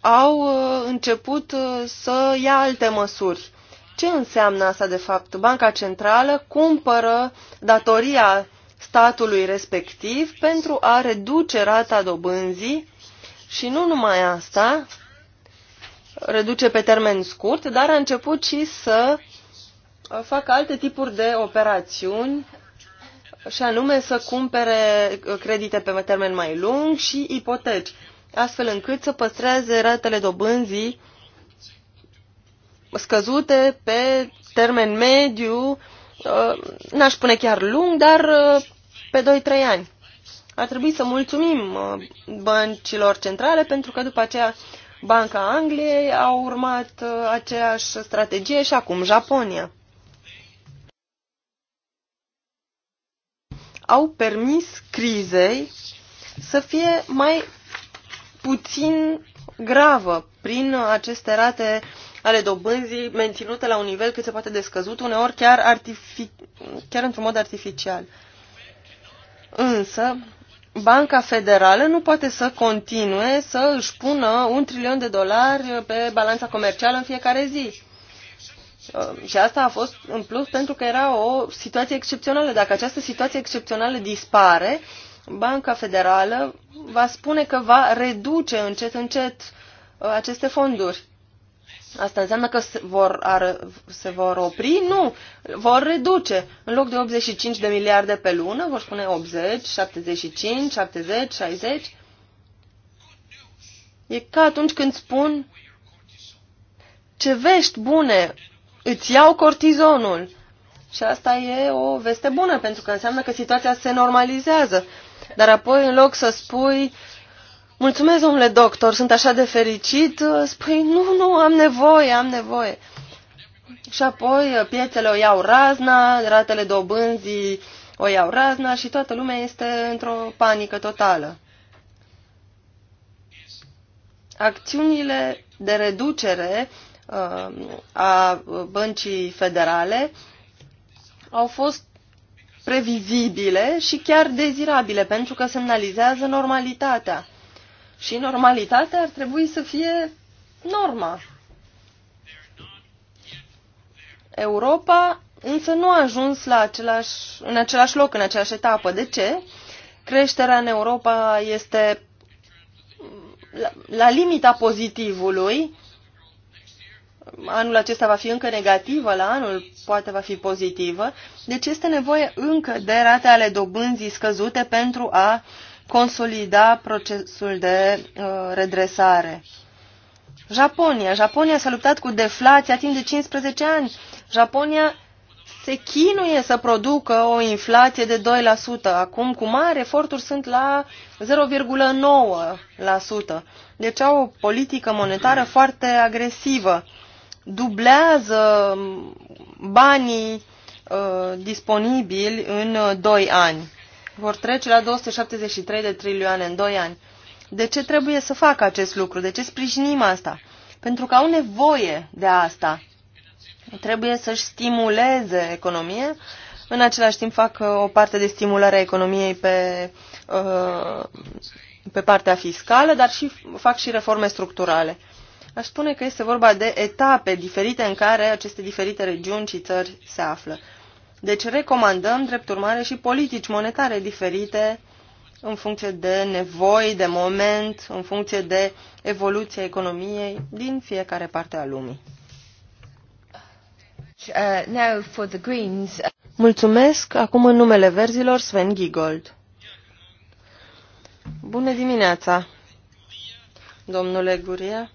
au început să ia alte măsuri. Ce înseamnă asta de fapt? Banca Centrală cumpără datoria statului respectiv pentru a reduce rata dobânzii și nu numai asta, reduce pe termen scurt, dar a început și să facă alte tipuri de operațiuni și anume să cumpere credite pe termen mai lung și ipoteci, astfel încât să păstreze ratele dobânzii scăzute pe termen mediu Uh, n-aș spune chiar lung, dar uh, pe 2-3 ani. Ar trebui să mulțumim uh, băncilor centrale pentru că după aceea Banca Angliei a urmat aceeași strategie și acum Japonia. Au permis crizei să fie mai puțin gravă prin aceste rate ale dobânzii menținute la un nivel cât se poate de scăzut, uneori chiar, chiar într-un mod artificial. Însă, Banca Federală nu poate să continue să își pună un trilion de dolari pe balanța comercială în fiecare zi. Uh, și asta a fost în plus pentru că era o situație excepțională. Dacă această situație excepțională dispare, Banca Federală va spune că va reduce încet încet uh, aceste fonduri. Asta înseamnă că se vor, ar, se vor opri? Nu, vor reduce. În loc de 85 de miliarde pe lună, vor spune 80, 75, 70, 60. E ca atunci când spun ce vești bune, îți iau cortizonul. Și asta e o veste bună, pentru că înseamnă că situația se normalizează. Dar apoi, în loc să spui Mulțumesc, domnule doctor, sunt așa de fericit. Spui, nu, nu, am nevoie, am nevoie. Și apoi uh, piețele o iau razna, ratele dobânzii o iau razna și toată lumea este într-o panică totală. Acțiunile de reducere uh, a băncii federale au fost previzibile și chiar dezirabile, pentru că semnalizează normalitatea. Și normalitatea ar trebui să fie norma. Europa însă nu a ajuns la același, în același loc, în aceeași etapă. De ce? Creșterea în Europa este la, la limita pozitivului. Anul acesta va fi încă negativă, la anul poate va fi pozitivă. Deci este nevoie încă de rate ale dobânzii scăzute pentru a uh, consolida procesul de uh, redresare. Japonia. Japonia s-a luptat cu deflația timp de 15 ani. Japonia se chinuie să producă o inflație de 2%. Acum, cu mare. eforturi, sunt la 0,9%. Deci au o politică monetară foarte agresivă. Dublează um, banii uh, disponibili în 2 uh, ani vor trece la 273 de trilioane în 2 ani. De ce trebuie să facă acest lucru? De ce sprijinim asta? Pentru că au nevoie de asta. Trebuie să-și stimuleze economie. În același timp fac uh, o parte de stimulare a economiei pe, uh, pe partea fiscală, dar și fac și reforme structurale. Aș spune că este vorba de etape diferite în care aceste diferite regiuni și țări se află. Deci recomandăm, drept urmare, și politici monetare diferite în funcție de nevoi, de moment, în funcție de evoluția economiei din fiecare parte a lumii. Uh, Mulțumesc. Acum în numele verzilor, Sven Giegold. Bună dimineața, domnule Guria.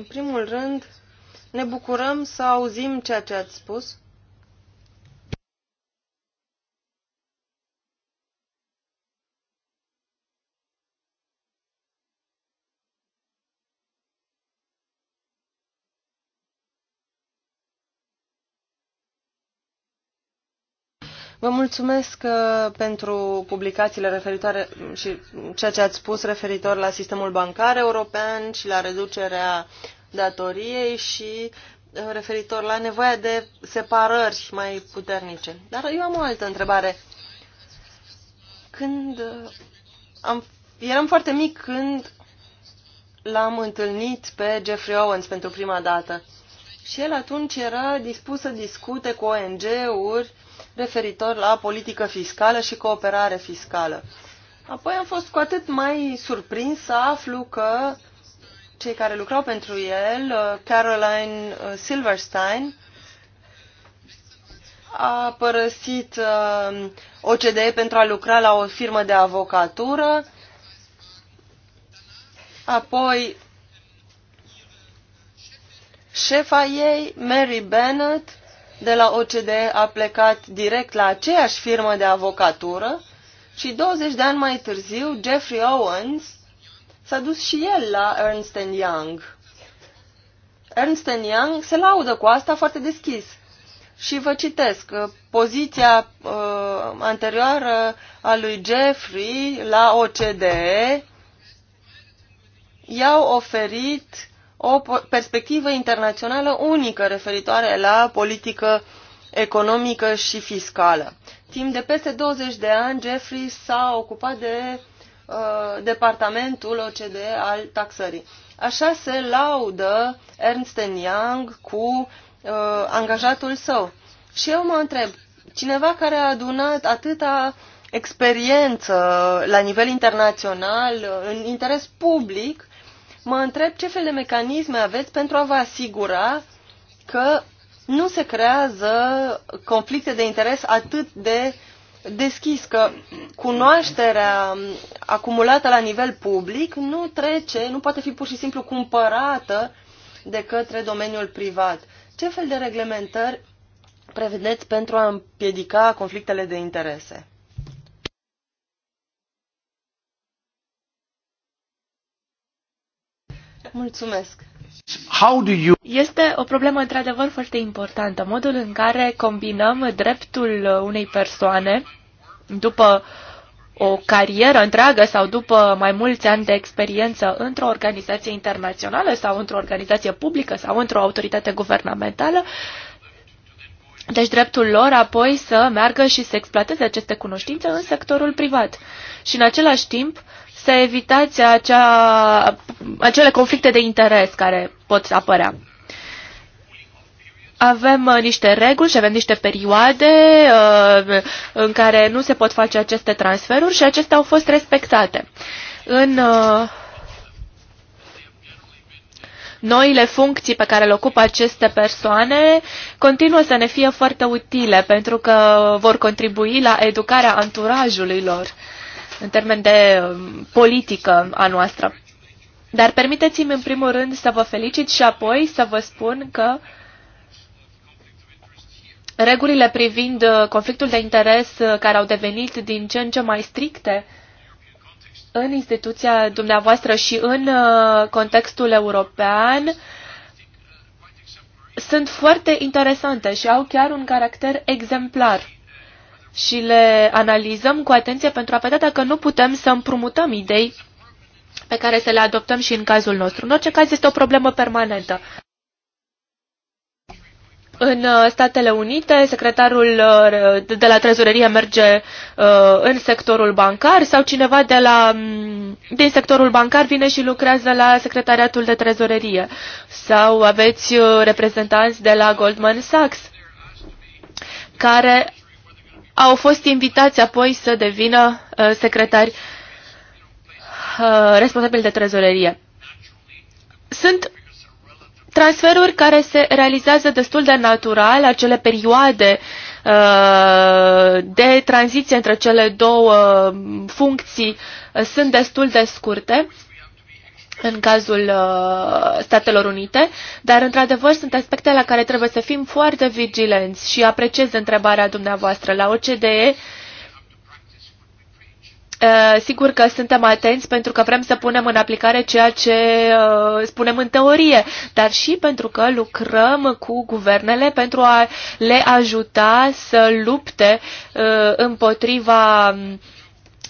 În primul rând, ne bucurăm să auzim ceea ce ați spus. Vă mulțumesc uh, pentru publicațiile referitoare și ceea ce ați spus referitor la sistemul bancar european și la reducerea datoriei și uh, referitor la nevoia de separări mai puternice. Dar eu am o altă întrebare. Când uh, am, eram foarte mic când l-am întâlnit pe Jeffrey Owens pentru prima dată. Și el atunci era dispus să discute cu ONG-uri referitor la politică fiscală și cooperare fiscală. Apoi am fost cu atât mai surprins să aflu că cei care lucrau pentru el, uh, Caroline uh, Silverstein, a părăsit uh, OCDE pentru a lucra la o firmă de avocatură, apoi șefa ei, Mary Bennett, de la OCDE a plecat direct la aceeași firmă de avocatură și 20 de ani mai târziu Jeffrey Owens s-a dus și el la Ernst Young. Ernst Young se laudă cu asta foarte deschis. Și vă citesc, uh, poziția uh, anterioară a lui Jeffrey la OCDE i-au oferit o perspectivă internațională unică referitoare la politică economică și fiscală. Timp de peste 20 de ani, Jeffrey s-a ocupat de uh, departamentul OCDE al taxării. Așa se laudă Ernst Young cu uh, angajatul său. Și eu mă întreb, cineva care a adunat atâta experiență la nivel internațional, în interes public, mă întreb ce fel de mecanisme aveți pentru a vă asigura că nu se creează conflicte de interes atât de deschis, că cunoașterea acumulată la nivel public nu trece, nu poate fi pur și simplu cumpărată de către domeniul privat. Ce fel de reglementări prevedeți pentru a împiedica conflictele de interese? Mulțumesc. How do you... Este o problemă într-adevăr foarte importantă. Modul în care combinăm dreptul unei persoane după o carieră întreagă sau după mai mulți ani de experiență într-o organizație internațională sau într-o organizație publică sau într-o autoritate guvernamentală, deci dreptul lor apoi să meargă și să exploateze aceste cunoștințe în sectorul privat. Și în același timp să evitați acea, acele conflicte de interes care pot apărea. Avem uh, niște reguli și avem niște perioade uh, în care nu se pot face aceste transferuri și acestea au fost respectate. În uh, noile funcții pe care le ocupă aceste persoane continuă să ne fie foarte utile pentru că vor contribui la educarea anturajului lor în termen de um, politică a noastră. Dar permiteți-mi în primul rând să vă felicit și apoi să vă spun că regulile privind uh, conflictul de interes uh, care au devenit din ce în ce mai stricte în instituția dumneavoastră și în uh, contextul european sunt foarte interesante și au chiar un caracter exemplar și le analizăm cu atenție pentru a vedea dacă nu putem să împrumutăm idei pe care să le adoptăm și în cazul nostru. În orice caz, este o problemă permanentă. În uh, Statele Unite, secretarul uh, de la trezorerie merge uh, în sectorul bancar sau cineva de la, mm, din sectorul bancar vine și lucrează la secretariatul de trezorerie. Sau aveți reprezentanți de la Goldman Sachs care au fost invitați apoi să devină uh, secretari uh, responsabili de trezorerie. Sunt transferuri care se realizează destul de natural, acele perioade uh, de tranziție între cele două funcții sunt destul de scurte în cazul uh, Statelor Unite, dar într-adevăr sunt aspecte la care trebuie să fim foarte vigilenți și apreciez întrebarea dumneavoastră. La OCDE uh, Sigur că suntem atenți pentru că vrem să punem în aplicare ceea ce uh, spunem în teorie, dar și pentru că lucrăm cu guvernele pentru a le ajuta să lupte uh, împotriva uh,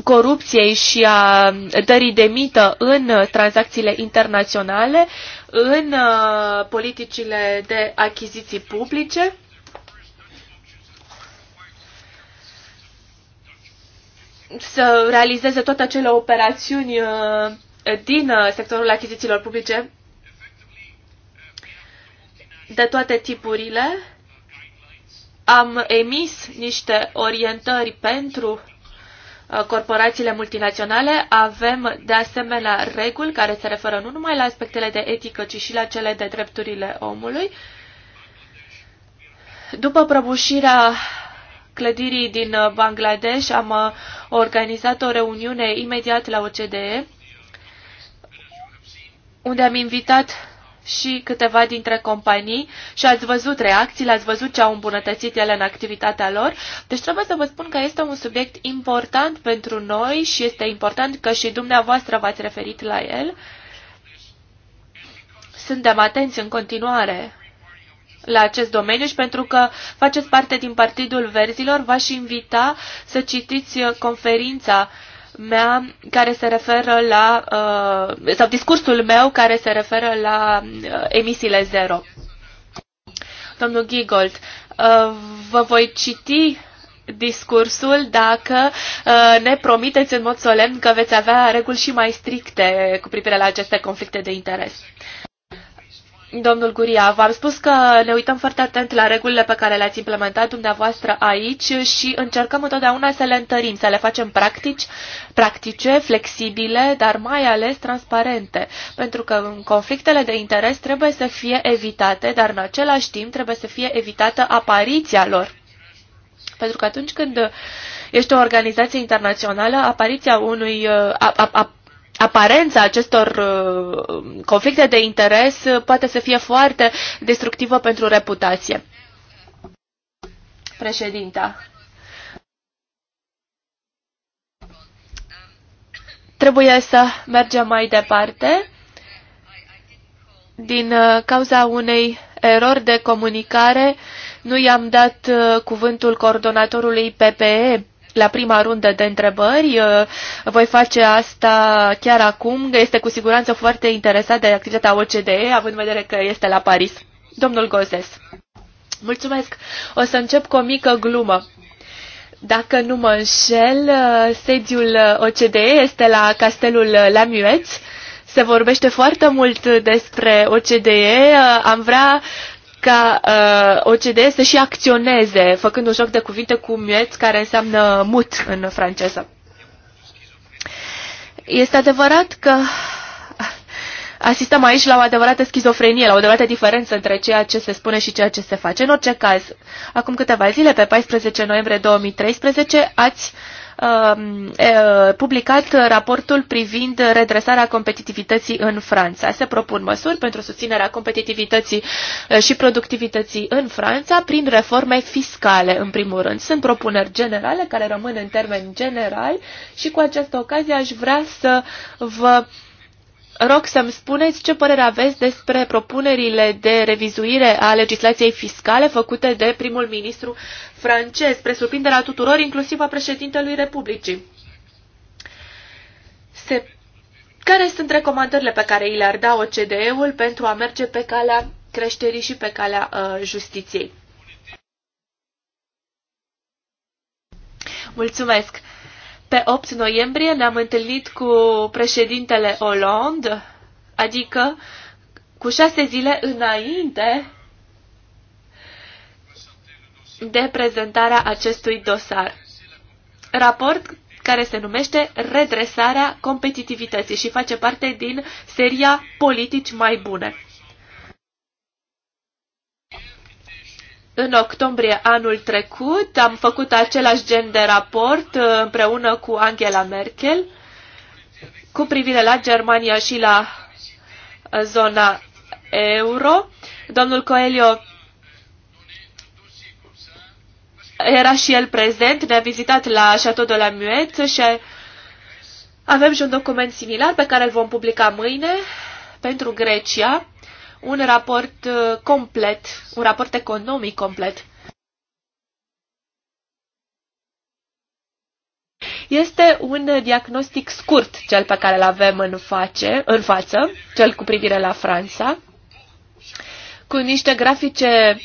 corupției și a dării de mită în tranzacțiile internaționale, în uh, politicile de achiziții publice. să realizeze toate acele operațiuni uh, din uh, sectorul achizițiilor publice de toate tipurile. Am emis niște orientări pentru Uh, corporațiile multinaționale, avem de asemenea reguli care se referă nu numai la aspectele de etică, ci și la cele de drepturile omului. După prăbușirea clădirii din uh, Bangladesh am uh, organizat o reuniune imediat la OCDE, unde am invitat și câteva dintre companii și ați văzut reacțiile, ați văzut ce au îmbunătățit ele în activitatea lor. Deci trebuie să vă spun că este un subiect important pentru noi și este important că și dumneavoastră v-ați referit la el. Suntem atenți în continuare la acest domeniu și pentru că faceți parte din Partidul Verzilor, v-aș invita să citiți conferința uh, mea care se referă la, uh, sau discursul meu care se referă la uh, emisiile zero. Domnul Gigold, uh, vă voi citi discursul dacă ne promiteți în mod solemn că veți avea reguli și mai stricte cu privire la aceste conflicte de interes domnul Guria, v-am spus că ne uităm foarte atent la regulile pe care le-ați implementat dumneavoastră aici și încercăm întotdeauna să le întărim, să le facem practici, practice, flexibile, dar mai ales transparente. Pentru că conflictele de interes trebuie să fie evitate, dar în același timp trebuie să fie evitată apariția lor. Pentru că atunci când ești o organizație internațională, apariția unui, a, a, a, aparența acestor uh, conflicte de interes uh, poate să fie foarte destructivă pentru reputație. Președinta. Trebuie să mergem mai departe. Din uh, cauza unei erori de comunicare, nu i-am dat cuvântul coordonatorului PPE la prima rundă de întrebări. Uh, voi face asta chiar acum. Este cu siguranță foarte interesat de activitatea OCDE, având în vedere că este la Paris. Domnul Gozes. Mulțumesc. O să încep cu o mică glumă. Dacă nu mă înșel, uh, sediul OCDE este la castelul Lamiueț. Se vorbește foarte mult despre OCDE. Uh, am vrea ca uh, OCDE să și acționeze, făcând un joc de cuvinte cu muet, care înseamnă mut în franceză. Este adevărat că asistăm aici la o adevărată schizofrenie, la o adevărată diferență între ceea ce se spune și ceea ce se face. În orice caz, acum câteva zile, pe 14 noiembrie 2013, ați Um, publicat raportul privind redresarea competitivității în Franța. Se propun măsuri pentru susținerea competitivității și productivității în Franța prin reforme fiscale, în primul rând. Sunt propuneri generale care rămân în termeni generali și cu această ocazie aș vrea să vă uh, rog să-mi spuneți ce părere aveți despre propunerile de revizuire a legislației fiscale făcute de primul ministru francez, spre surprinderea tuturor, inclusiv a președintelui Republicii. Se... Care sunt recomandările pe care i le-ar da OCDE-ul pentru a merge pe calea creșterii și pe calea uh, justiției? Mulțumesc! Pe 8 noiembrie ne-am întâlnit cu președintele Hollande, adică cu șase zile înainte de prezentarea acestui dosar. Raport care se numește Redresarea competitivității și face parte din seria Politici mai bune. În octombrie anul trecut am făcut același gen de raport uh, împreună cu Angela Merkel cu privire la Germania și la uh, zona euro. Domnul Coelho era și el prezent, ne-a vizitat la Chateau de la Muet și avem și un document similar pe care îl vom publica mâine pentru Grecia un raport uh, complet, un raport economic complet. Este un diagnostic scurt cel pe care îl avem în, face, în față, cel cu privire la Franța, cu niște grafice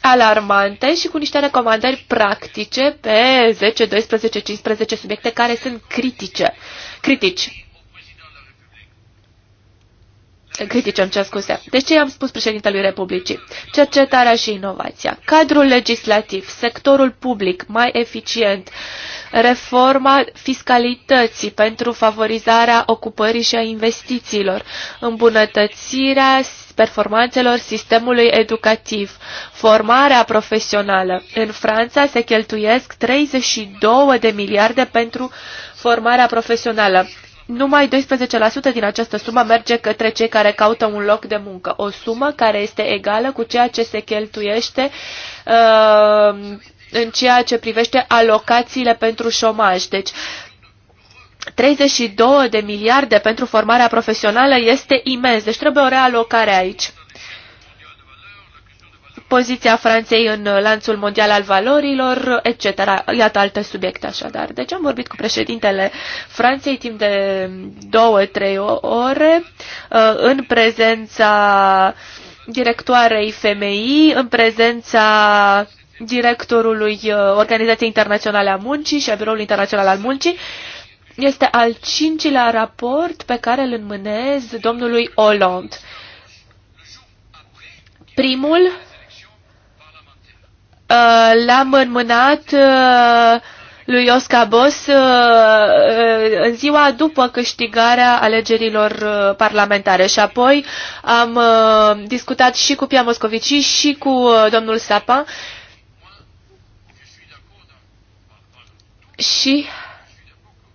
alarmante și cu niște recomandări practice pe 10, 12, 15 subiecte care sunt critice, critici critice, în ce scuse. Deci ce am spus președintelui Republicii? Cercetarea și inovația, cadrul legislativ, sectorul public mai eficient, reforma fiscalității pentru favorizarea ocupării și a investițiilor, îmbunătățirea performanțelor sistemului educativ, formarea profesională. În Franța se cheltuiesc 32 de miliarde pentru formarea profesională numai 12% din această sumă merge către cei care caută un loc de muncă. O sumă care este egală cu ceea ce se cheltuiește uh, în ceea ce privește alocațiile pentru șomaj. Deci, 32 de miliarde pentru formarea profesională este imens, deci trebuie o realocare aici poziția Franței în uh, lanțul mondial al valorilor, etc. Iată alte subiecte așadar. Deci am vorbit cu președintele Franței timp de două, trei ore uh, în prezența directoarei FMI, în prezența directorului uh, Organizației Internaționale a Muncii și a Biroului Internațional al Muncii. Este al cincilea raport pe care îl înmânez domnului Hollande. Primul Uh, l-am înmânat uh, lui Iosca Bos uh, în ziua după câștigarea alegerilor parlamentare și apoi am discutat și cu Pia Moscovici și cu domnul Sapa și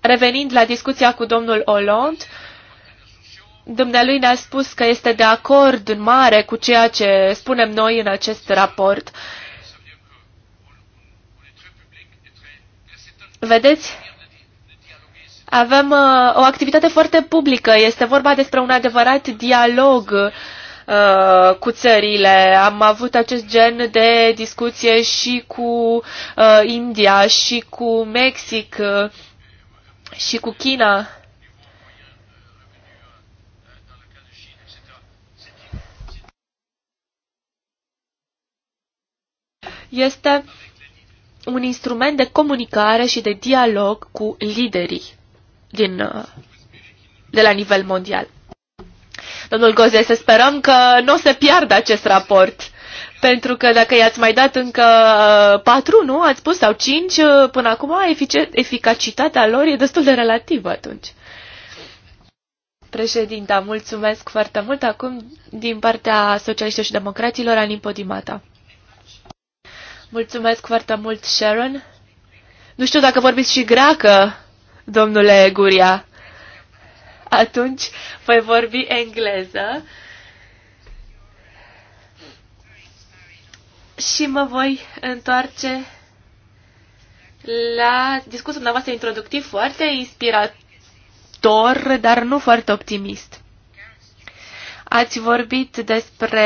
revenind la discuția cu domnul Hollande, Dumnealui ne-a spus că este de acord în mare cu ceea ce spunem noi în acest raport. Uh, Vedeți, avem uh, o activitate foarte publică. Este vorba despre un adevărat dialog uh, cu țările. Am avut acest gen de discuție și cu uh, India, și cu Mexic, uh, și cu China. Este un instrument de comunicare și de dialog cu liderii din, uh, de la nivel mondial. Domnul Goze, să sperăm că nu o să piardă acest raport. Pentru că dacă i-ați mai dat încă uh, patru, nu? Ați spus, sau cinci, uh, până acum efic eficacitatea lor e destul de relativă atunci. Președinta, mulțumesc foarte mult. Acum, din partea socialiștilor și democraților, Alin Podimata. Mulțumesc foarte mult, Sharon. Nu știu dacă vorbiți și greacă, domnule Guria. Atunci voi vorbi engleză. Și mă voi întoarce la discursul dumneavoastră introductiv foarte inspirator, dar nu foarte optimist. Ați vorbit despre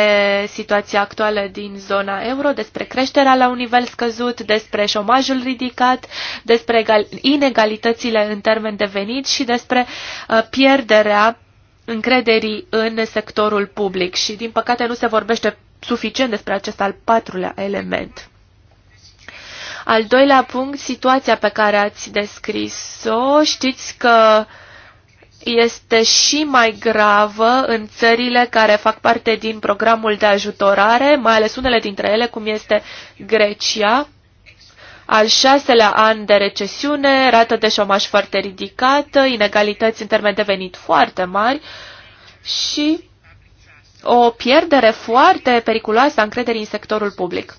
situația actuală din zona euro, despre creșterea la un nivel scăzut, despre șomajul ridicat, despre inegalitățile în termen de venit și despre uh, pierderea încrederii în sectorul public și, din păcate, nu se vorbește suficient despre acest al patrulea element. Al doilea punct, situația pe care ați descris-o, știți că uh, este și mai gravă în țările care fac parte din programul de ajutorare, mai ales unele dintre ele, cum este Grecia. Al șaselea an de recesiune, rată de șomaș foarte ridicată, inegalități în termen de venit foarte mari și o pierdere foarte periculoasă a încrederii în sectorul public.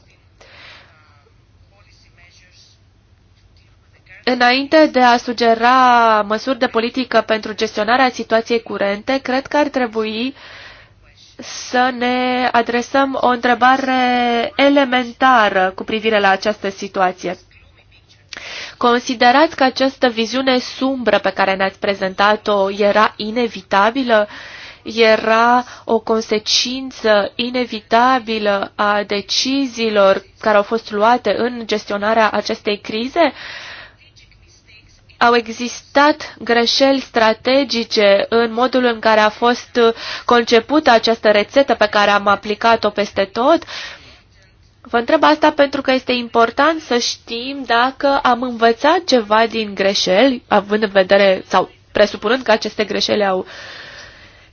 Înainte de a sugera măsuri de politică pentru gestionarea situației curente, cred că ar trebui să ne adresăm o întrebare elementară cu privire la această situație. Considerați că această viziune sumbră pe care ne-ați prezentat-o era inevitabilă? Era o consecință inevitabilă a deciziilor care au fost luate în gestionarea acestei crize? Uh, au existat greșeli strategice în modul în care a fost concepută această rețetă pe care am aplicat-o peste tot? Vă întreb asta pentru că este important să știm dacă am învățat ceva din greșeli, având în vedere sau presupunând că aceste greșeli au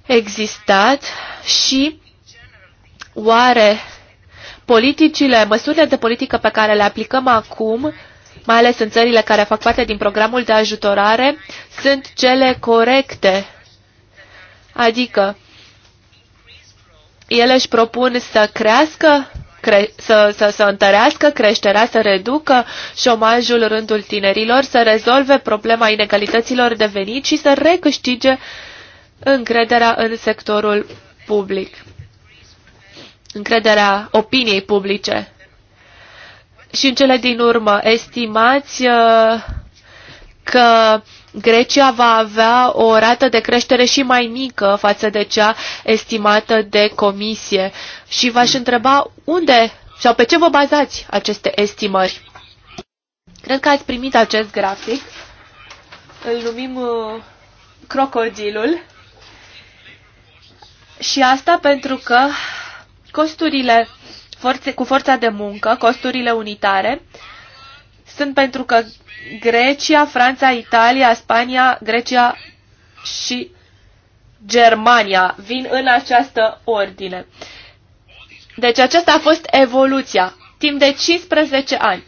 existat și oare politicile, măsurile de politică pe care le aplicăm acum mai ales în țările care fac parte din programul de ajutorare, sunt cele corecte. Adică ele își propun să crească, cre să, să, să întărească creșterea, să reducă șomajul rândul tinerilor, să rezolve problema inegalităților de venit și să recâștige încrederea în sectorul public, încrederea opiniei publice și în cele din urmă, estimați uh, că Grecia va avea o rată de creștere și mai mică față de cea estimată de comisie. Și v-aș întreba unde sau pe ce vă bazați aceste estimări. Cred că ați primit acest grafic. Îl numim uh, crocodilul. Și asta pentru că costurile forțe, cu forța de muncă, costurile unitare, sunt pentru că Grecia, Franța, Italia, Spania, Grecia și Germania vin în această ordine. Deci aceasta a fost evoluția timp de 15 ani.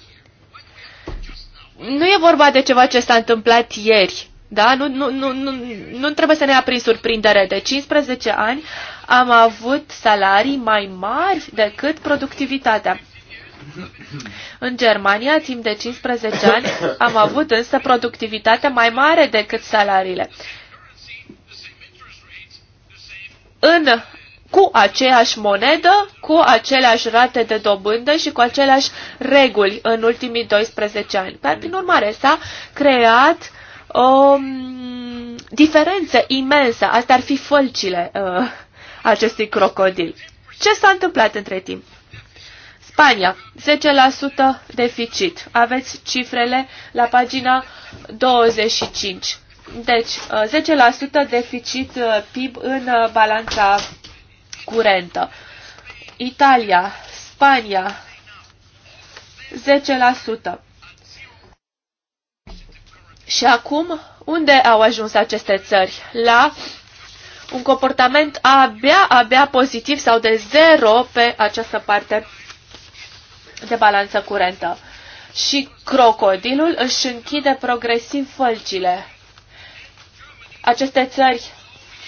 Nu e vorba de ceva ce s-a întâmplat ieri, da? Nu, nu, nu, nu, nu trebuie să ne ia prin surprindere. De 15 ani am avut salarii mai mari decât productivitatea. În Germania, timp de 15 ani, am avut însă productivitatea mai mare decât salariile. În, cu aceeași monedă, cu aceleași rate de dobândă și cu aceleași reguli în ultimii 12 ani. Dar, prin urmare, s-a creat o um, diferență imensă. Astea ar fi fălcile uh, acestui crocodil. Ce s-a întâmplat între timp? Spania, 10% deficit. Aveți cifrele la pagina 25. Deci, 10% uh, deficit uh, PIB în uh, balanța curentă. Italia, Spania, 10%. Și acum, unde au ajuns aceste țări? La un comportament abia, abia pozitiv sau de zero pe această parte de balanță curentă. Și crocodilul își închide progresiv fălcile. Aceste țări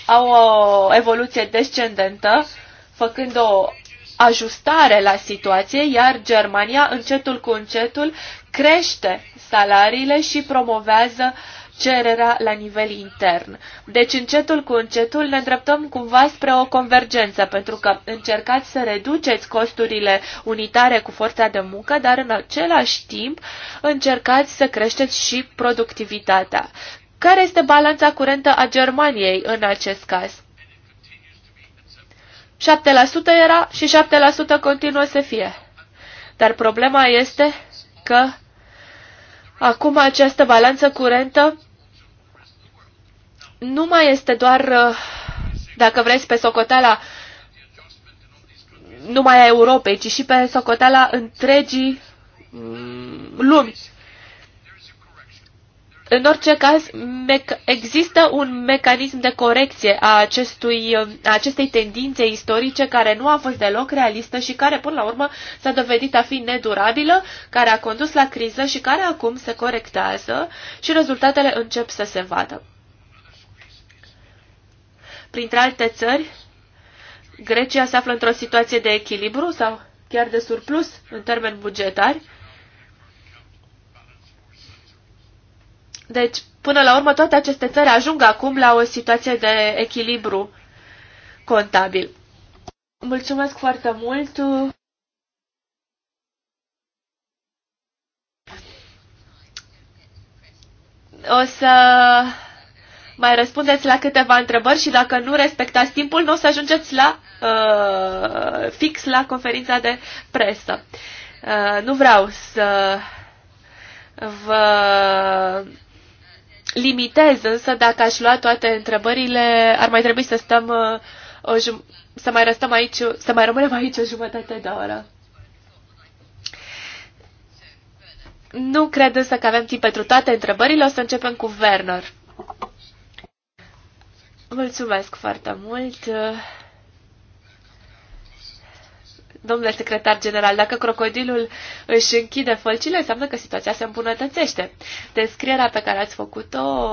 au o evoluție descendentă, făcând o ajustare la situație, iar Germania încetul cu încetul crește salariile și promovează uh, cererea la nivel intern. Deci încetul cu încetul ne îndreptăm cumva spre o convergență, pentru că încercați să reduceți costurile unitare cu forța de muncă, dar în același timp încercați să creșteți și productivitatea. Care este balanța curentă a Germaniei în acest caz? 7% era și 7% continuă să fie. Dar problema este că acum această balanță curentă nu mai este doar, uh, dacă vreți, pe socoteala numai a Europei, ci și pe socoteala întregii mm, lumi. În orice caz, există un mecanism de corecție a, acestui, uh, a acestei tendințe istorice care nu a fost deloc realistă și care, până la urmă, s-a dovedit a fi nedurabilă, care a condus la criză și care acum se corectează și rezultatele încep să se vadă printre alte țări, Grecia se află într-o situație de echilibru sau chiar de surplus în termeni bugetari. Deci, până la urmă, toate aceste țări ajung acum la o situație de echilibru contabil. Mulțumesc foarte mult! O să mai răspundeți la câteva întrebări și dacă nu respectați timpul, nu o să ajungeți la uh, fix la conferința de presă. Uh, nu vreau să vă limitez, însă dacă aș lua toate întrebările, ar mai trebui să stăm uh, o să mai răstăm aici, să mai rămânem aici o jumătate de oră. Nu cred însă că avem timp pentru toate întrebările, o să începem cu Werner. Mulțumesc foarte mult. Domnule secretar general, dacă crocodilul își închide fălcile, înseamnă că situația se îmbunătățește. Descrierea pe care ați făcut-o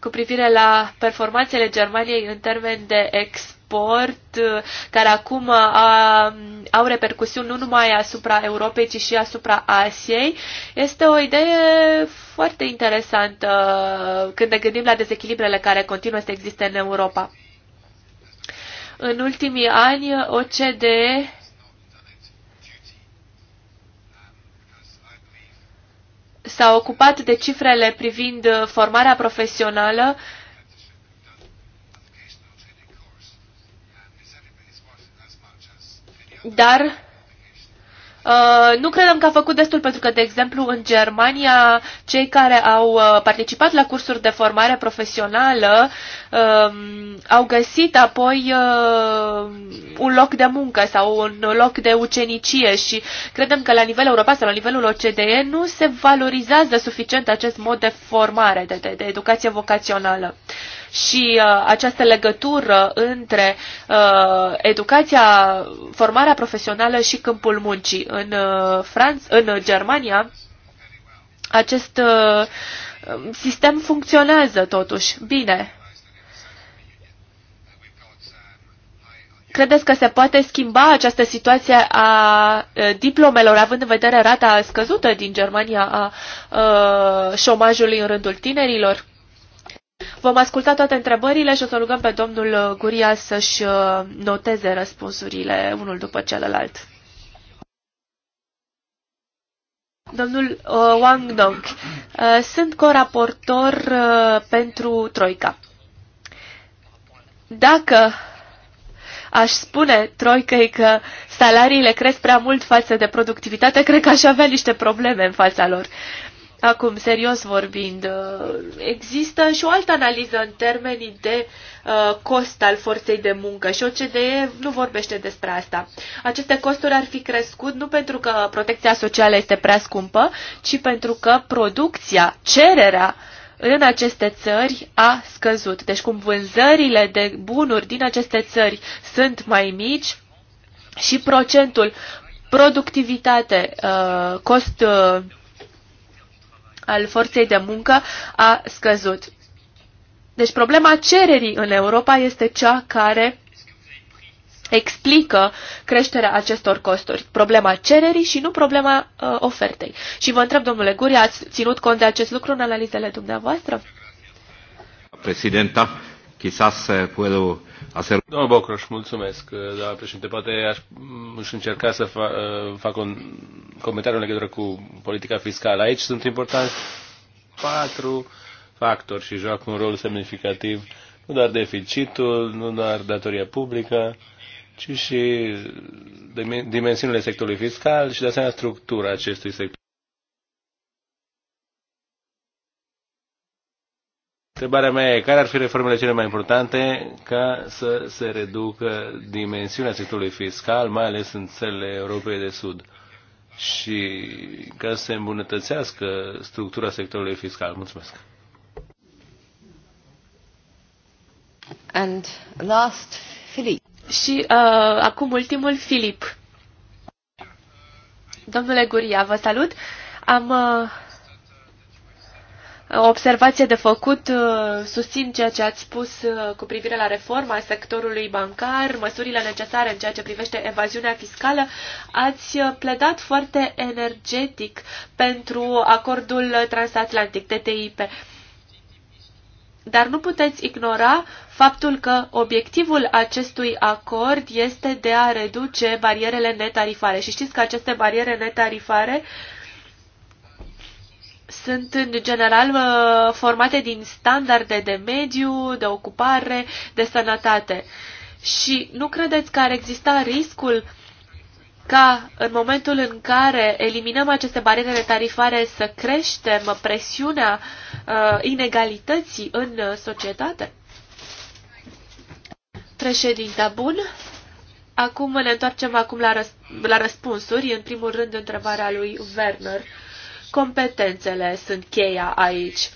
cu privire la performanțele Germaniei în termen de export sport uh, care acum a, uh, au repercusiuni nu numai asupra Europei, ci și asupra Asiei. Este o idee foarte interesantă uh, când ne gândim la dezechilibrele care continuă să existe în Europa. În ultimii ani, OCDE s-a ocupat de cifrele privind formarea profesională uh, dar Uh, nu credem că a făcut destul, pentru că, de exemplu, în Germania, cei care au uh, participat la cursuri de formare profesională uh, au găsit apoi uh, un loc de muncă sau un loc de ucenicie și credem că la nivel european sau la nivelul OCDE nu se valorizează suficient acest mod de formare, de, de, de educație vocațională. Uh, și uh, această legătură între uh, educația, formarea profesională și câmpul muncii. În, uh, Franț- în Germania, acest uh, sistem funcționează totuși bine. Credeți că se poate schimba această situație a uh, diplomelor, având în vedere rata scăzută din Germania a, a uh, șomajului în rândul tinerilor? Vom asculta toate întrebările și o să rugăm pe domnul Guria să-și uh, noteze răspunsurile unul după celălalt. Domnul uh, Wang Dong, uh, sunt coraportor uh, pentru Troica. Dacă aș spune Troicăi că salariile cresc prea mult față de productivitate, cred că aș avea niște probleme în fața lor. Acum, serios vorbind, uh, există și o altă analiză în termenii de uh, cost al forței de muncă și OCDE nu vorbește despre asta. Aceste costuri ar fi crescut nu pentru că protecția socială este prea scumpă, ci pentru că producția, cererea în aceste țări a scăzut. Deci cum vânzările de bunuri din aceste țări sunt mai mici și procentul productivitate, uh, cost al forței de muncă a scăzut. Deci problema cererii în Europa este cea care explică creșterea acestor costuri. Problema cererii și nu problema uh, ofertei. Și vă întreb, domnule Guri, ați ținut cont de acest lucru în analizele dumneavoastră? Presidenta, quizás uh, puedo hacer... Domnul Bocroș, mulțumesc, uh, doamna președinte. Poate aș, aș încerca să fa, uh, fac un, comentariu în legătură cu politica fiscală. Aici sunt importanți patru factori și joacă un rol semnificativ, nu doar deficitul, nu doar datoria publică, ci și dimensiunile sectorului fiscal și de asemenea structura acestui sector. Întrebarea mea e, care ar fi reformele cele mai importante ca să se reducă dimensiunea sectorului fiscal, mai ales în țările Europei de Sud? și ca să se îmbunătățească structura sectorului fiscal. Mulțumesc! And last, Philip. Și uh, acum ultimul, Filip. Domnule Guria, vă salut! Am uh, observație de făcut. Uh, susțin ceea ce ați spus uh, cu privire la reforma sectorului bancar, măsurile necesare în ceea ce privește evaziunea fiscală. Ați uh, pledat foarte energetic pentru acordul transatlantic, TTIP. Dar nu puteți ignora faptul că obiectivul acestui acord este de a reduce barierele netarifare. Și știți că aceste bariere netarifare uh, sunt în general uh, formate din standarde de mediu, de ocupare, de sănătate. Și nu credeți că ar exista riscul ca în momentul în care eliminăm aceste barierele tarifare să creștem presiunea uh, inegalității în societate? Președinta, bun. Acum ne întoarcem acum la, răs- la răspunsuri. În primul rând, întrebarea lui Werner. Uh, Competențele sunt cheia aici.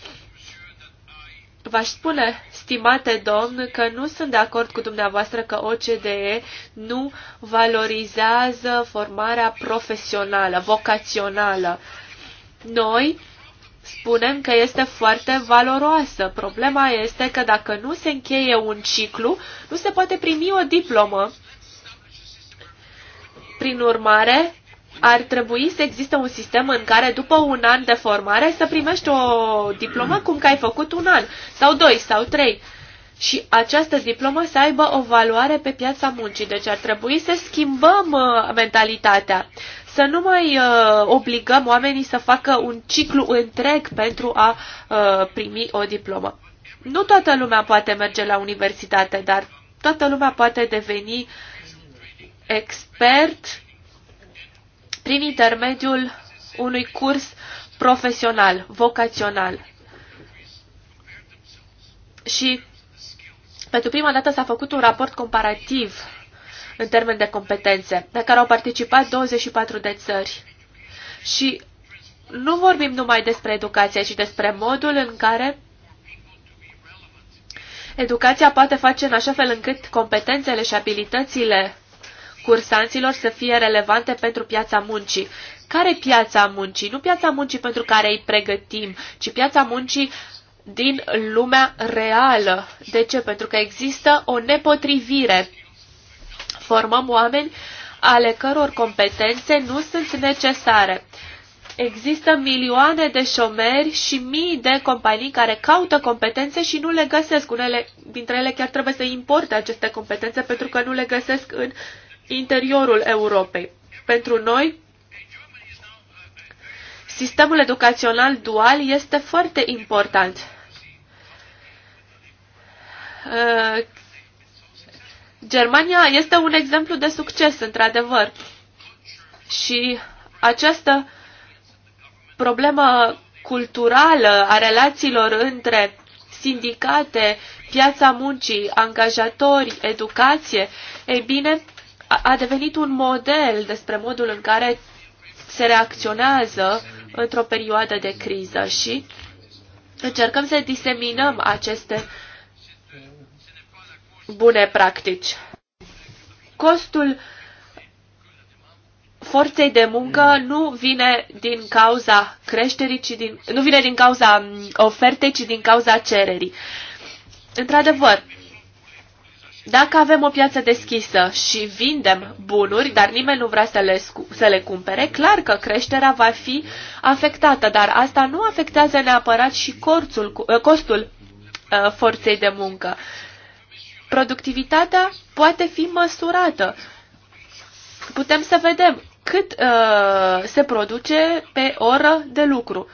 V-aș spune, stimate domn, că nu sunt de acord cu dumneavoastră că OCDE nu valorizează formarea profesională, vocațională. Noi spunem că este foarte valoroasă. Problema este că dacă nu se încheie un ciclu, nu se poate primi o diplomă. Prin urmare, ar trebui să existe un sistem în care după un an de formare să primești o diplomă cum că ai făcut un an, sau doi, sau trei. Și această diplomă să aibă o valoare pe piața muncii. Deci ar trebui să schimbăm uh, mentalitatea. Să nu mai uh, obligăm oamenii să facă un ciclu întreg pentru a uh, primi o diplomă. Nu toată lumea poate merge la universitate, dar toată lumea poate deveni expert prin intermediul unui curs profesional, vocațional. Și pentru prima dată s-a făcut un raport comparativ în termen de competențe, la care au participat 24 de țări. Și nu vorbim numai despre educație, ci despre modul în care educația poate face în așa fel încât competențele și abilitățile cursanților să fie relevante pentru piața muncii. Care piața muncii? Nu piața muncii pentru care îi pregătim, ci piața muncii din lumea reală. De ce? Pentru că există o nepotrivire. Formăm oameni ale căror competențe nu sunt necesare. Există milioane de șomeri și mii de companii care caută competențe și nu le găsesc. Unele dintre ele chiar trebuie să importe aceste competențe pentru că nu le găsesc în interiorul Europei. Pentru noi, sistemul educațional dual este foarte important. Uh, Germania este un exemplu de succes, într-adevăr. Și această problemă culturală a relațiilor între sindicate, piața muncii, angajatori, educație, ei bine, a devenit un model despre modul în care se reacționează într-o perioadă de criză și încercăm să diseminăm aceste bune practici. Costul forței de muncă nu vine din cauza creșterii, ci din, nu vine din cauza mm, ofertei, ci din cauza cererii. Într-adevăr, dacă avem o piață deschisă și vindem bunuri, dar nimeni nu vrea să le, să le cumpere, clar că creșterea va fi afectată, dar asta nu afectează neapărat și corțul, ă, costul ă, forței de muncă. Productivitatea poate fi măsurată. Putem să vedem cât uh, se produce pe oră de lucru.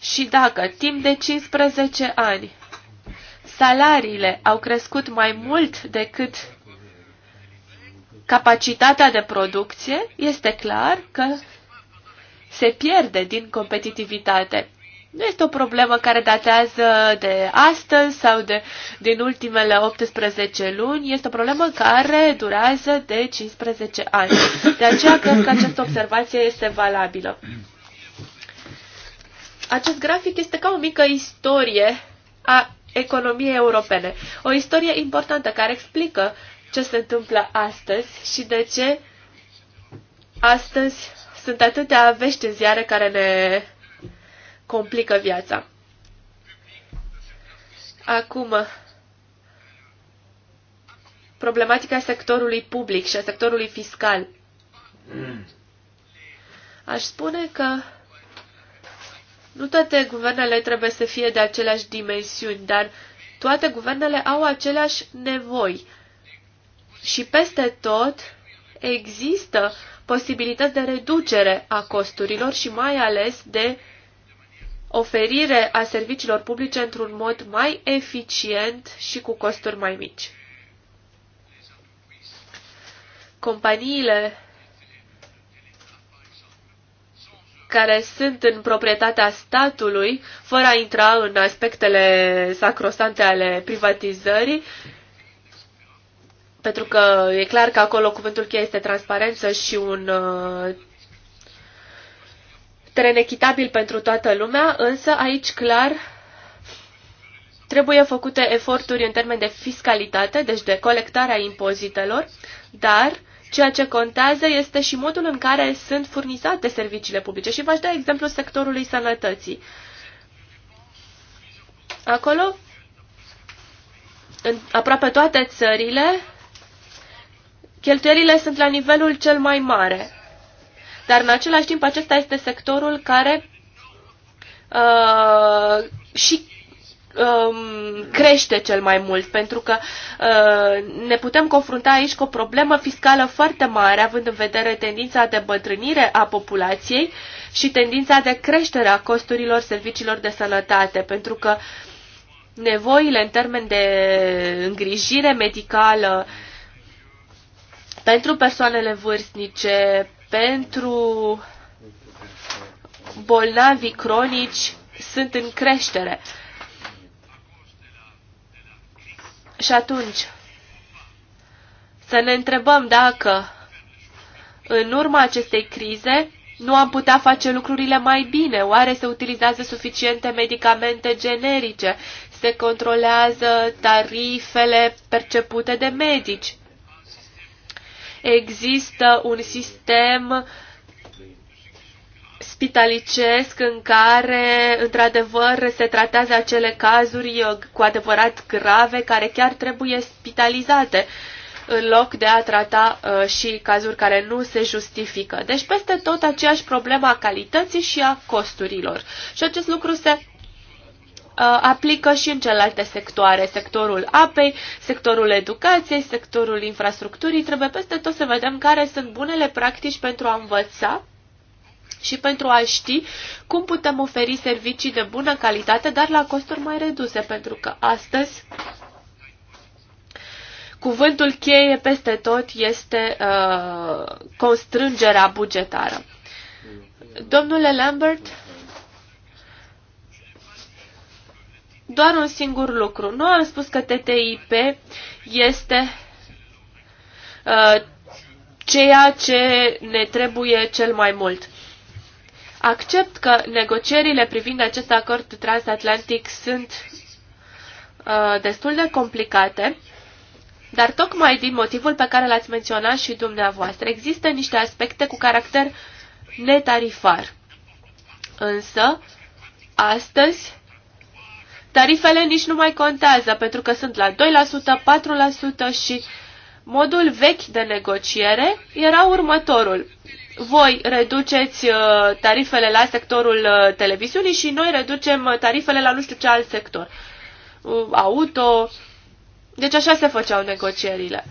Și dacă timp de 15 ani salariile au crescut mai mult decât capacitatea de producție, este clar că se pierde din competitivitate. Nu este o problemă care datează de astăzi sau de, din ultimele 18 luni, este o problemă care durează de 15 ani. De aceea cred că această observație este valabilă. Acest grafic este ca o mică istorie a economiei europene. O istorie importantă care explică ce se întâmplă astăzi și de ce astăzi sunt atâtea vești în ziare care ne complică viața. Acum, problematica sectorului public și a sectorului fiscal. Aș spune că nu toate guvernele trebuie să fie de aceleași dimensiuni, dar toate guvernele au aceleași nevoi. Și peste tot există posibilități de reducere a costurilor și mai ales de oferire a serviciilor publice într-un mod mai eficient și cu costuri mai mici. Companiile care sunt în proprietatea statului, fără a intra în aspectele sacrosante ale privatizării, pentru că e clar că acolo cuvântul cheie este transparență și un uh, teren echitabil pentru toată lumea, însă aici clar trebuie făcute eforturi în termen de fiscalitate, deci de colectarea impozitelor, dar Ceea ce contează este și modul în care sunt furnizate serviciile publice. Și v-aș da exemplu sectorului sănătății. Acolo, în aproape toate țările, cheltuielile sunt la nivelul cel mai mare. Dar în același timp acesta este sectorul care uh, și um, crește cel mai mult, pentru că uh, ne putem confrunta aici cu o problemă fiscală foarte mare, având în vedere tendința de bătrânire a populației și tendința de creștere a costurilor serviciilor de sănătate, pentru că nevoile în termen de îngrijire medicală pentru persoanele vârstnice, pentru bolnavi cronici sunt în creștere. Și atunci, să ne întrebăm dacă, în urma acestei crize, nu am putea face lucrurile mai bine. Oare se utilizează suficiente medicamente generice? Se controlează tarifele percepute de medici? Există un sistem uh, spitalicesc în care, într-adevăr, se tratează acele cazuri uh, cu adevărat grave care chiar trebuie spitalizate în loc de a trata uh, și cazuri care nu se justifică. Deci peste tot aceeași problema a calității și a costurilor. Și acest lucru se uh, aplică și în celelalte sectoare, sectorul apei, sectorul educației, sectorul infrastructurii. Trebuie peste tot să vedem care sunt bunele practici pentru a învăța și pentru a ști cum putem oferi servicii de bună calitate, dar la costuri mai reduse, pentru că astăzi cuvântul cheie peste tot este uh, constrângerea bugetară. Domnule Lambert, doar un singur lucru. Nu am spus că TTIP este uh, ceea ce ne trebuie cel mai mult. Accept că negocierile privind acest acord transatlantic sunt uh, destul de complicate, dar tocmai din motivul pe care l-ați menționat și dumneavoastră, există niște aspecte cu caracter netarifar. Însă, astăzi, tarifele nici nu mai contează, pentru că sunt la 2%, 4% și modul vechi de negociere era următorul voi reduceți uh, tarifele la sectorul uh, televiziunii și noi reducem uh, tarifele la nu știu ce alt sector, auto. Deci așa se făceau negocierile.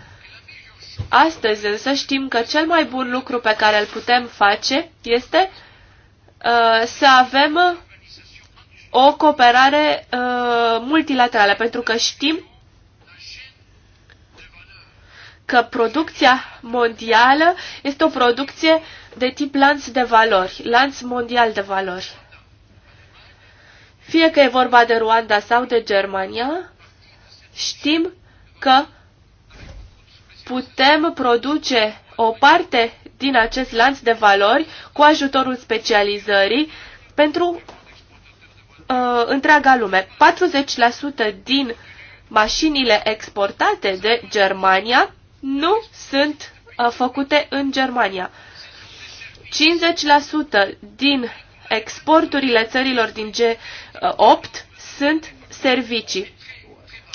Astăzi însă știm că cel mai bun lucru pe care îl putem face este uh, să avem o cooperare uh, multilaterală, pentru că știm că producția mondială este o producție de tip lanț de valori, lanț mondial de valori. Fie că e vorba de Ruanda sau de Germania, știm că putem produce o parte din acest lanț de valori cu ajutorul specializării pentru uh, întreaga lume. 40% din mașinile exportate de Germania nu sunt uh, făcute în Germania. 50% din exporturile țărilor din G8 uh, sunt servicii.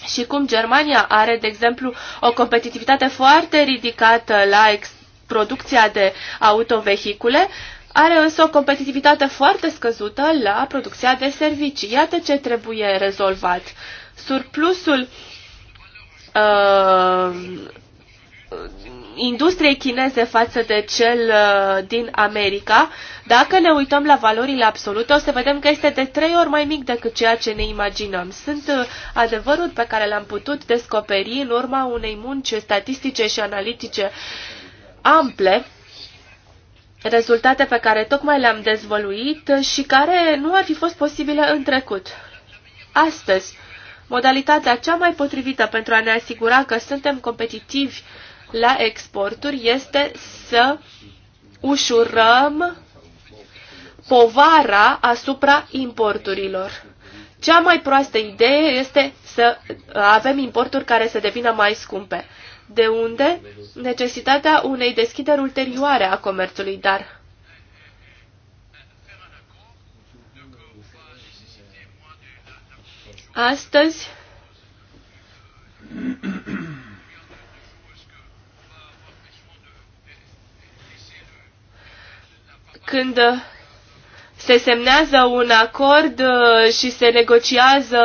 Și cum Germania are, de exemplu, o competitivitate foarte ridicată la producția de autovehicule, are însă o competitivitate foarte scăzută la producția de servicii. Iată ce trebuie rezolvat. Surplusul uh, industriei chineze față de cel uh, din America, dacă ne uităm la valorile absolute, o să vedem că este de trei ori mai mic decât ceea ce ne imaginăm. Sunt uh, adevărul pe care l-am putut descoperi în urma unei munci statistice și analitice ample, rezultate pe care tocmai le-am dezvăluit și care nu ar fi fost posibile în trecut. Astăzi, modalitatea cea mai potrivită pentru a ne asigura că suntem competitivi la exporturi este să ușurăm povara asupra importurilor. Cea mai proastă idee este să avem importuri care să devină mai scumpe. De unde necesitatea unei deschideri ulterioare a comerțului, dar astăzi când uh, se semnează un acord uh, și se negociază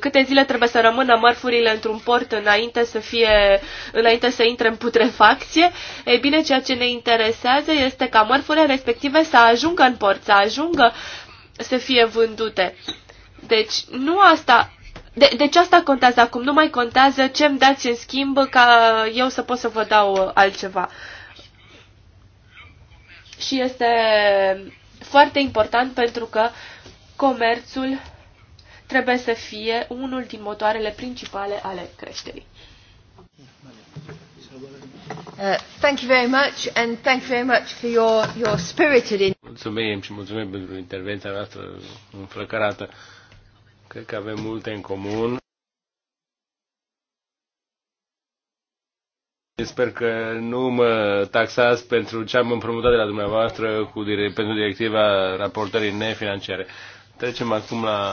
câte zile trebuie să rămână mărfurile într-un port înainte să, fie, înainte să intre în putrefacție. E bine, ceea ce ne interesează este ca mărfurile respective să ajungă în port, să ajungă să fie vândute. Deci nu asta de, deci asta contează acum, nu mai contează ce îmi dați în schimb ca eu să pot să vă dau uh, altceva și este foarte important pentru că comerțul trebuie să fie unul din motoarele principale ale creșterii. Uh, thank you very much and thank you very much for your, your spirited in Mulțumim și mulțumim pentru intervenția noastră înflăcărată. Cred că avem multe în comun Sper că nu mă taxați pentru ce am împrumutat de la dumneavoastră cu dire- pentru directiva raportării nefinanciare. Trecem acum la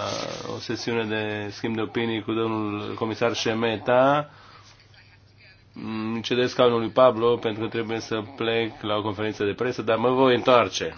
o sesiune de schimb de opinii cu domnul comisar Șemeta. Cedez scaunul lui Pablo pentru că trebuie să plec la o conferință de presă, dar mă voi întoarce.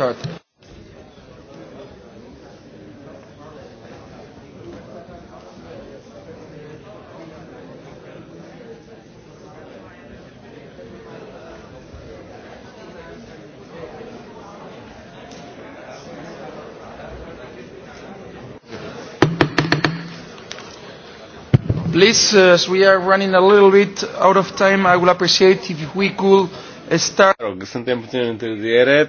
start. Please, uh, as we are running a little bit out of time, I would appreciate if we could uh, start. Rog, suntem puțin în întârziere.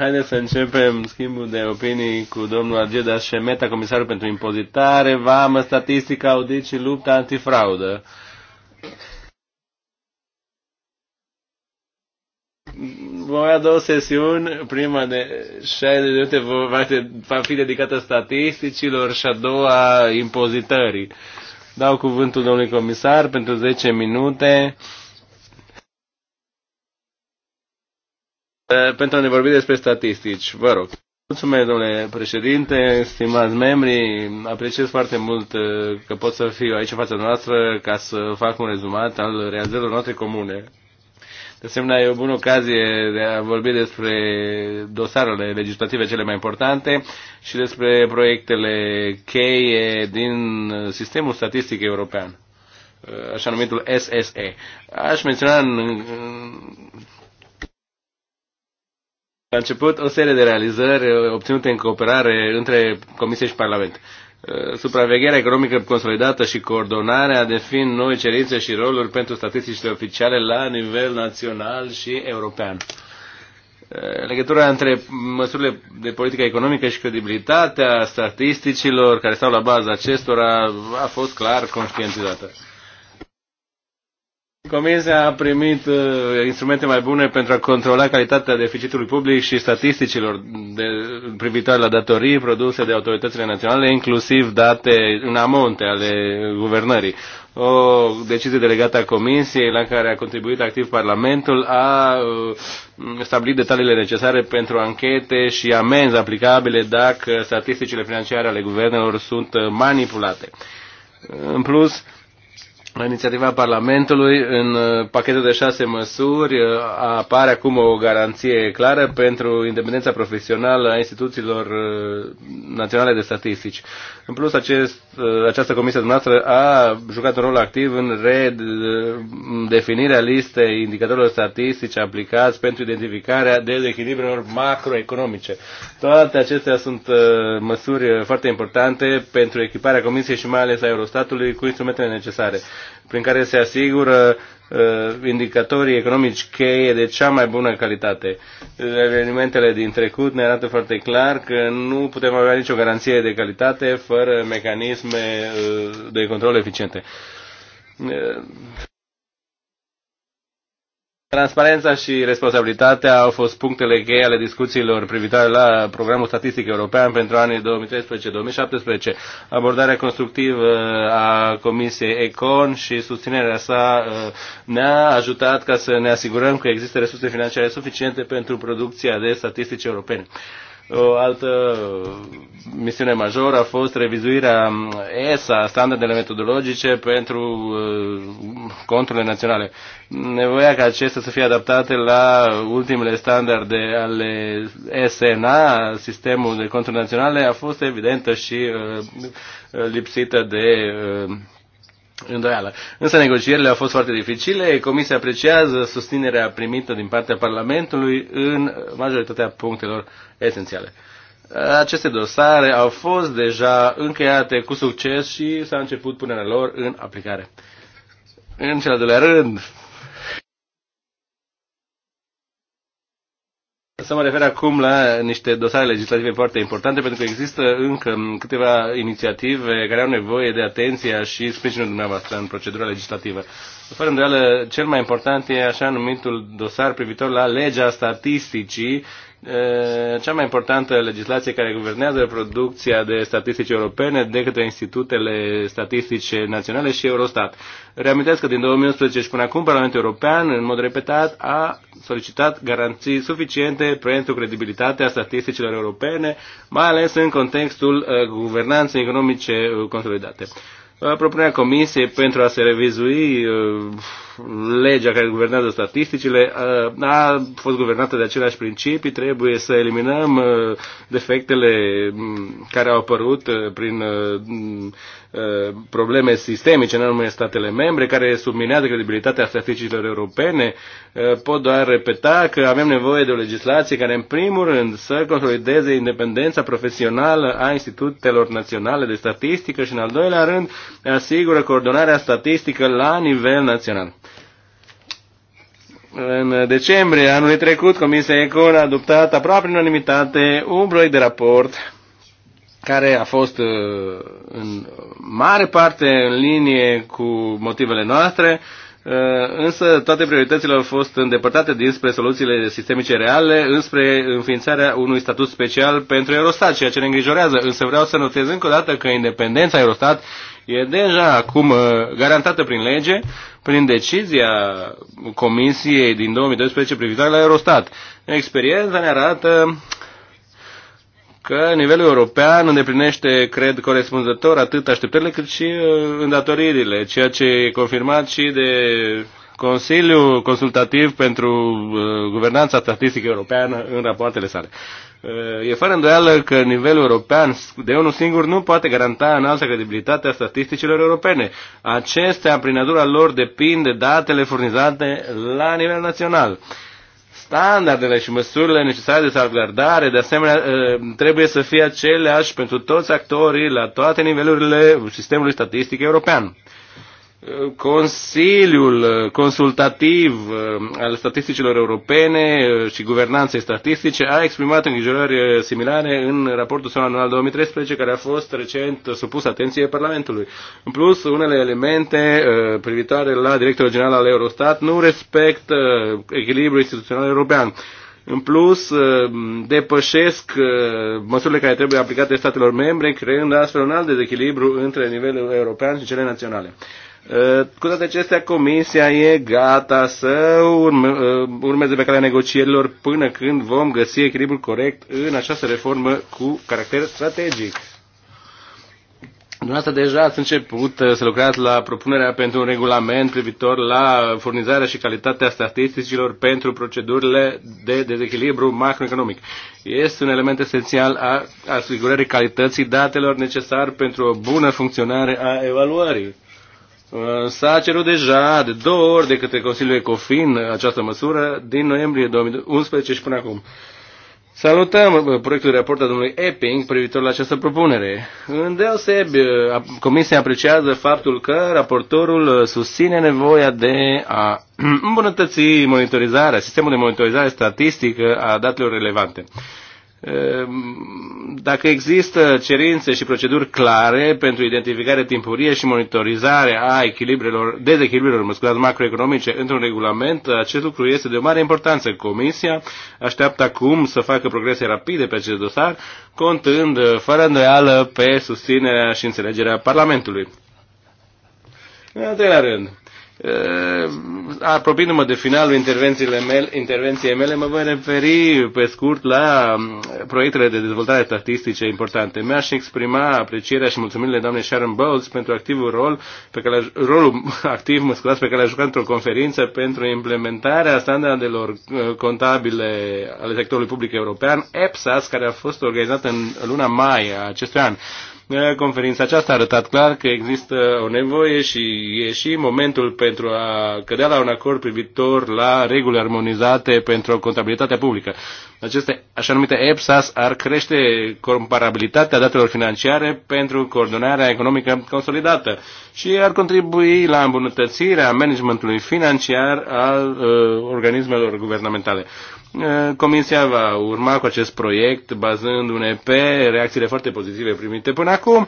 Haideți să începem schimbul de opinii cu domnul Argeda Șemeta, comisarul pentru impozitare, vamă, statistică, audit și lupta antifraudă. Vom avea două sesiuni, prima de 60 de minute va, fi dedicată statisticilor și a doua impozitării. Dau cuvântul domnului comisar pentru 10 minute Eh, pentru a ne vorbi despre statistici. Vă rog. Mulțumesc, domnule președinte, stimați membri, apreciez foarte mult eh, că pot să fiu aici în fața noastră ca să fac un rezumat al realizărilor noastre comune. De asemenea, e o bună ocazie de a vorbi despre dosarele legislative cele mai importante și despre proiectele cheie din sistemul statistic european, eh, așa numitul SSE. Aș menționa în a început o serie de realizări uh, obținute în cooperare între Comisie și Parlament. Uh, supravegherea economică consolidată și coordonarea de fin noi cerințe și roluri pentru statisticile oficiale la nivel național și european. Uh, legătura între măsurile de politică economică și credibilitatea statisticilor care stau la baza acestora a fost clar conștientizată. Comisia a primit uh, instrumente mai bune pentru a controla calitatea deficitului public și statisticilor de, privitoare la datorii produse de autoritățile naționale, inclusiv date în amonte ale guvernării. O decizie delegată a Comisiei, la care a contribuit activ Parlamentul, a uh, stabilit detaliile necesare pentru anchete și amenzi aplicabile dacă statisticile financiare ale guvernelor sunt uh, manipulate. În plus, uh, la inițiativa Parlamentului, în uh, pachetul de șase măsuri, uh, apare acum o garanție clară pentru independența profesională a instituțiilor uh, naționale de statistici. În plus, acest, această comisie dumneavoastră a jucat un rol activ în redefinirea listei indicatorilor statistici aplicați pentru identificarea dezechilibrelor macroeconomice. Toate acestea sunt măsuri foarte importante pentru echiparea comisiei și mai ales a Eurostatului cu instrumentele necesare prin care se asigură uh, indicatorii economici cheie de cea mai bună calitate. Evenimentele din trecut ne arată foarte clar că nu putem avea nicio garanție de calitate fără mecanisme uh, de control eficiente. Uh, Transparența și responsabilitatea au fost punctele cheie ale discuțiilor privitoare la programul statistic european pentru anii 2013-2017, abordarea constructivă a Comisiei Econ și susținerea sa uh, ne-a ajutat ca să ne asigurăm că există resurse financiare suficiente pentru producția de statistici europene. O altă misiune majoră a fost revizuirea ESA, standardele metodologice pentru uh, conturile naționale. Nevoia ca acestea să fie adaptate la ultimele standarde ale SNA, sistemul de conturi naționale, a fost evidentă și uh, lipsită de uh, îndoială. Însă negocierile au fost foarte dificile. Comisia apreciază susținerea primită din partea Parlamentului în majoritatea punctelor esențiale. Aceste dosare au fost deja încheiate cu succes și s-a început punerea lor în aplicare. În cel de la rând, Să mă refer acum la niște dosare legislative foarte importante, pentru că există încă câteva inițiative care au nevoie de atenția și sprijinul dumneavoastră în procedura legislativă. Fără îndoială, cel mai important e așa numitul dosar privitor la legea statisticii, cea mai importantă legislație care guvernează producția de statistici europene de către institutele statistice naționale și Eurostat. Reamintesc că din 2011 și până acum Parlamentul European, în mod repetat, a solicitat garanții suficiente pentru credibilitatea statisticilor europene, mai ales în contextul guvernanței economice consolidate. Propunerea Comisiei pentru a se revizui legea care guvernează statisticile a fost guvernată de aceleași principii, trebuie să eliminăm defectele care au apărut prin probleme sistemice în anume statele membre, care subminează credibilitatea statisticilor europene. Pot doar repeta că avem nevoie de o legislație care, în primul rând, să consolideze independența profesională a institutelor naționale de statistică și, în al doilea rând, asigură coordonarea statistică la nivel național. În decembrie anului trecut, Comisia Econ a adoptat aproape în unanimitate un proiect de raport care a fost uh, în mare parte în linie cu motivele noastre, uh, însă toate prioritățile au fost îndepărtate dinspre soluțiile sistemice reale, înspre înființarea unui statut special pentru Eurostat, ceea ce ne îngrijorează. Însă vreau să notez încă o dată că independența Eurostat e deja acum uh, garantată prin lege, prin decizia Comisiei din 2012 privitoare la Eurostat. Experiența ne arată că nivelul european îndeplinește, cred, corespunzător atât așteptările cât și uh, îndatoririle, ceea ce e confirmat și de Consiliu Consultativ pentru uh, Guvernanța Statistică Europeană în rapoartele sale. Uh, e fără îndoială că nivelul european de unul singur nu poate garanta înaltă credibilitatea statisticilor europene. Acestea, prin natura lor, depind de datele furnizate la nivel național. Standardele și măsurile necesare de salvgardare, de asemenea, uh, trebuie să fie aceleași pentru toți actorii la toate nivelurile sistemului statistic european. Consiliul uh, consultativ uh, al statisticilor europene uh, și guvernanței statistice a exprimat îngrijorări similare în raportul său anual 2013, care a fost recent supus atenției Parlamentului. În plus, unele elemente privitoare la directorul general al Eurostat nu respectă echilibrul instituțional european. În plus, depășesc măsurile care trebuie aplicate statelor membre, creând astfel un alt dezechilibru între nivelul european și cele naționale. Cu toate acestea, Comisia e gata să uh, urmeze pe calea negocierilor până când vom găsi echilibrul corect în această reformă cu caracter strategic. Dumneavoastră deja ați început uh, să lucrați la propunerea pentru un regulament privitor la furnizarea și calitatea statisticilor pentru procedurile de dezechilibru macroeconomic. Este un element esențial a asigurării calității datelor necesar pentru o bună funcționare a evaluării. Uh, s-a cerut deja de două ori de către Consiliul Ecofin această măsură din noiembrie 2011 și până acum. Salutăm uh, proiectul de raport al domnului Epping privitor la această propunere. Îndeosebi, uh, Comisia apreciază faptul că raportorul susține nevoia de a <clears throat> îmbunătăți monitorizarea, sistemul de monitorizare statistică a datelor relevante. Ehm, dacă există cerințe și proceduri clare pentru identificare timpurie și monitorizare a echilibrelor, dezechilibrelor macroeconomice într-un regulament, acest lucru este de o mare importanță. Comisia așteaptă acum să facă progrese rapide pe acest dosar, contând eh, fără îndoială pe susținerea și înțelegerea Parlamentului. În al treilea rând, Eh, apropiindu-mă de finalul intervențiile mele, intervenției mele, mă voi referi pe scurt la mm, proiectele de dezvoltare statistice importante. Mi-aș exprima aprecierea și mulțumirile doamnei Sharon Bowles pentru activul rol pe care, rolul <laughs> activ mă scuzați, pe care l-a jucat într-o conferință pentru implementarea standardelor eh, contabile ale sectorului public european, EPSAS, care a fost organizată în luna mai a acestui an conferința aceasta a arătat clar că există o nevoie și e și momentul pentru a cădea la un acord privitor la reguli armonizate pentru contabilitatea publică. Aceste așa numite EPSAS ar crește comparabilitatea datelor financiare pentru coordonarea economică consolidată și ar contribui la îmbunătățirea managementului financiar al uh, organismelor guvernamentale. Comisia va urma cu acest proiect bazându-ne pe reacțiile foarte pozitive primite până acum,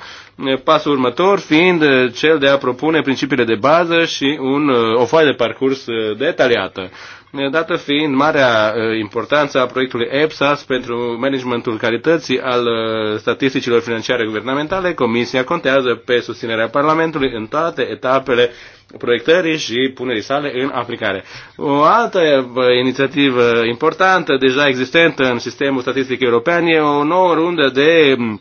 pasul următor fiind cel de a propune principiile de bază și un, o foaie de parcurs detaliată dată fiind marea uh, importanță a proiectului EPSAS pentru managementul calității al uh, statisticilor financiare guvernamentale, Comisia contează pe susținerea Parlamentului în toate etapele proiectării și punerii sale în aplicare. O altă uh, inițiativă importantă, deja existentă în sistemul statistic european, e o nouă rundă de mm,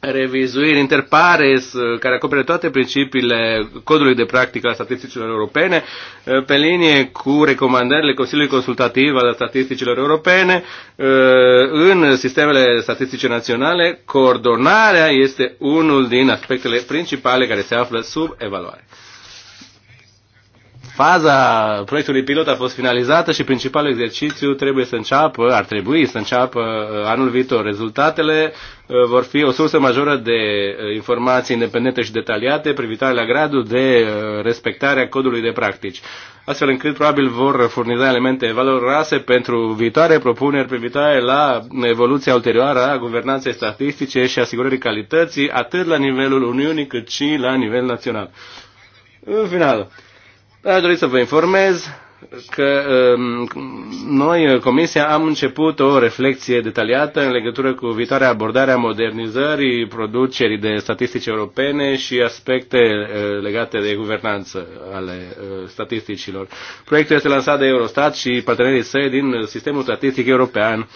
revizuiri pares uh, care acopere toate principiile codului de practică a statisticilor europene uh, pe linie cu recomandările Consiliului Consultativ al Statisticilor Europene uh, în sistemele statistice naționale, coordonarea este unul din aspectele principale care se află sub evaluare faza proiectului pilot a fost finalizată și principalul exercițiu trebuie să înceapă, ar trebui să înceapă uh, anul viitor. Rezultatele uh, vor fi o sursă majoră de uh, informații independente și detaliate privitoare la gradul de respectare a codului de practici astfel încât probabil vor furniza elemente valoroase pentru viitoare propuneri privitoare la evoluția ulterioară a guvernanței statistice și asigurării calității, atât la nivelul Uniunii cât și la nivel național. În final, Păi, aș dori să vă informez că um, noi, Comisia, am început o reflexie detaliată în legătură cu viitoarea abordare a modernizării producerii de statistici europene și aspecte uh, legate de guvernanță ale uh, statisticilor. Proiectul este lansat de Eurostat și partenerii săi din Sistemul Statistic European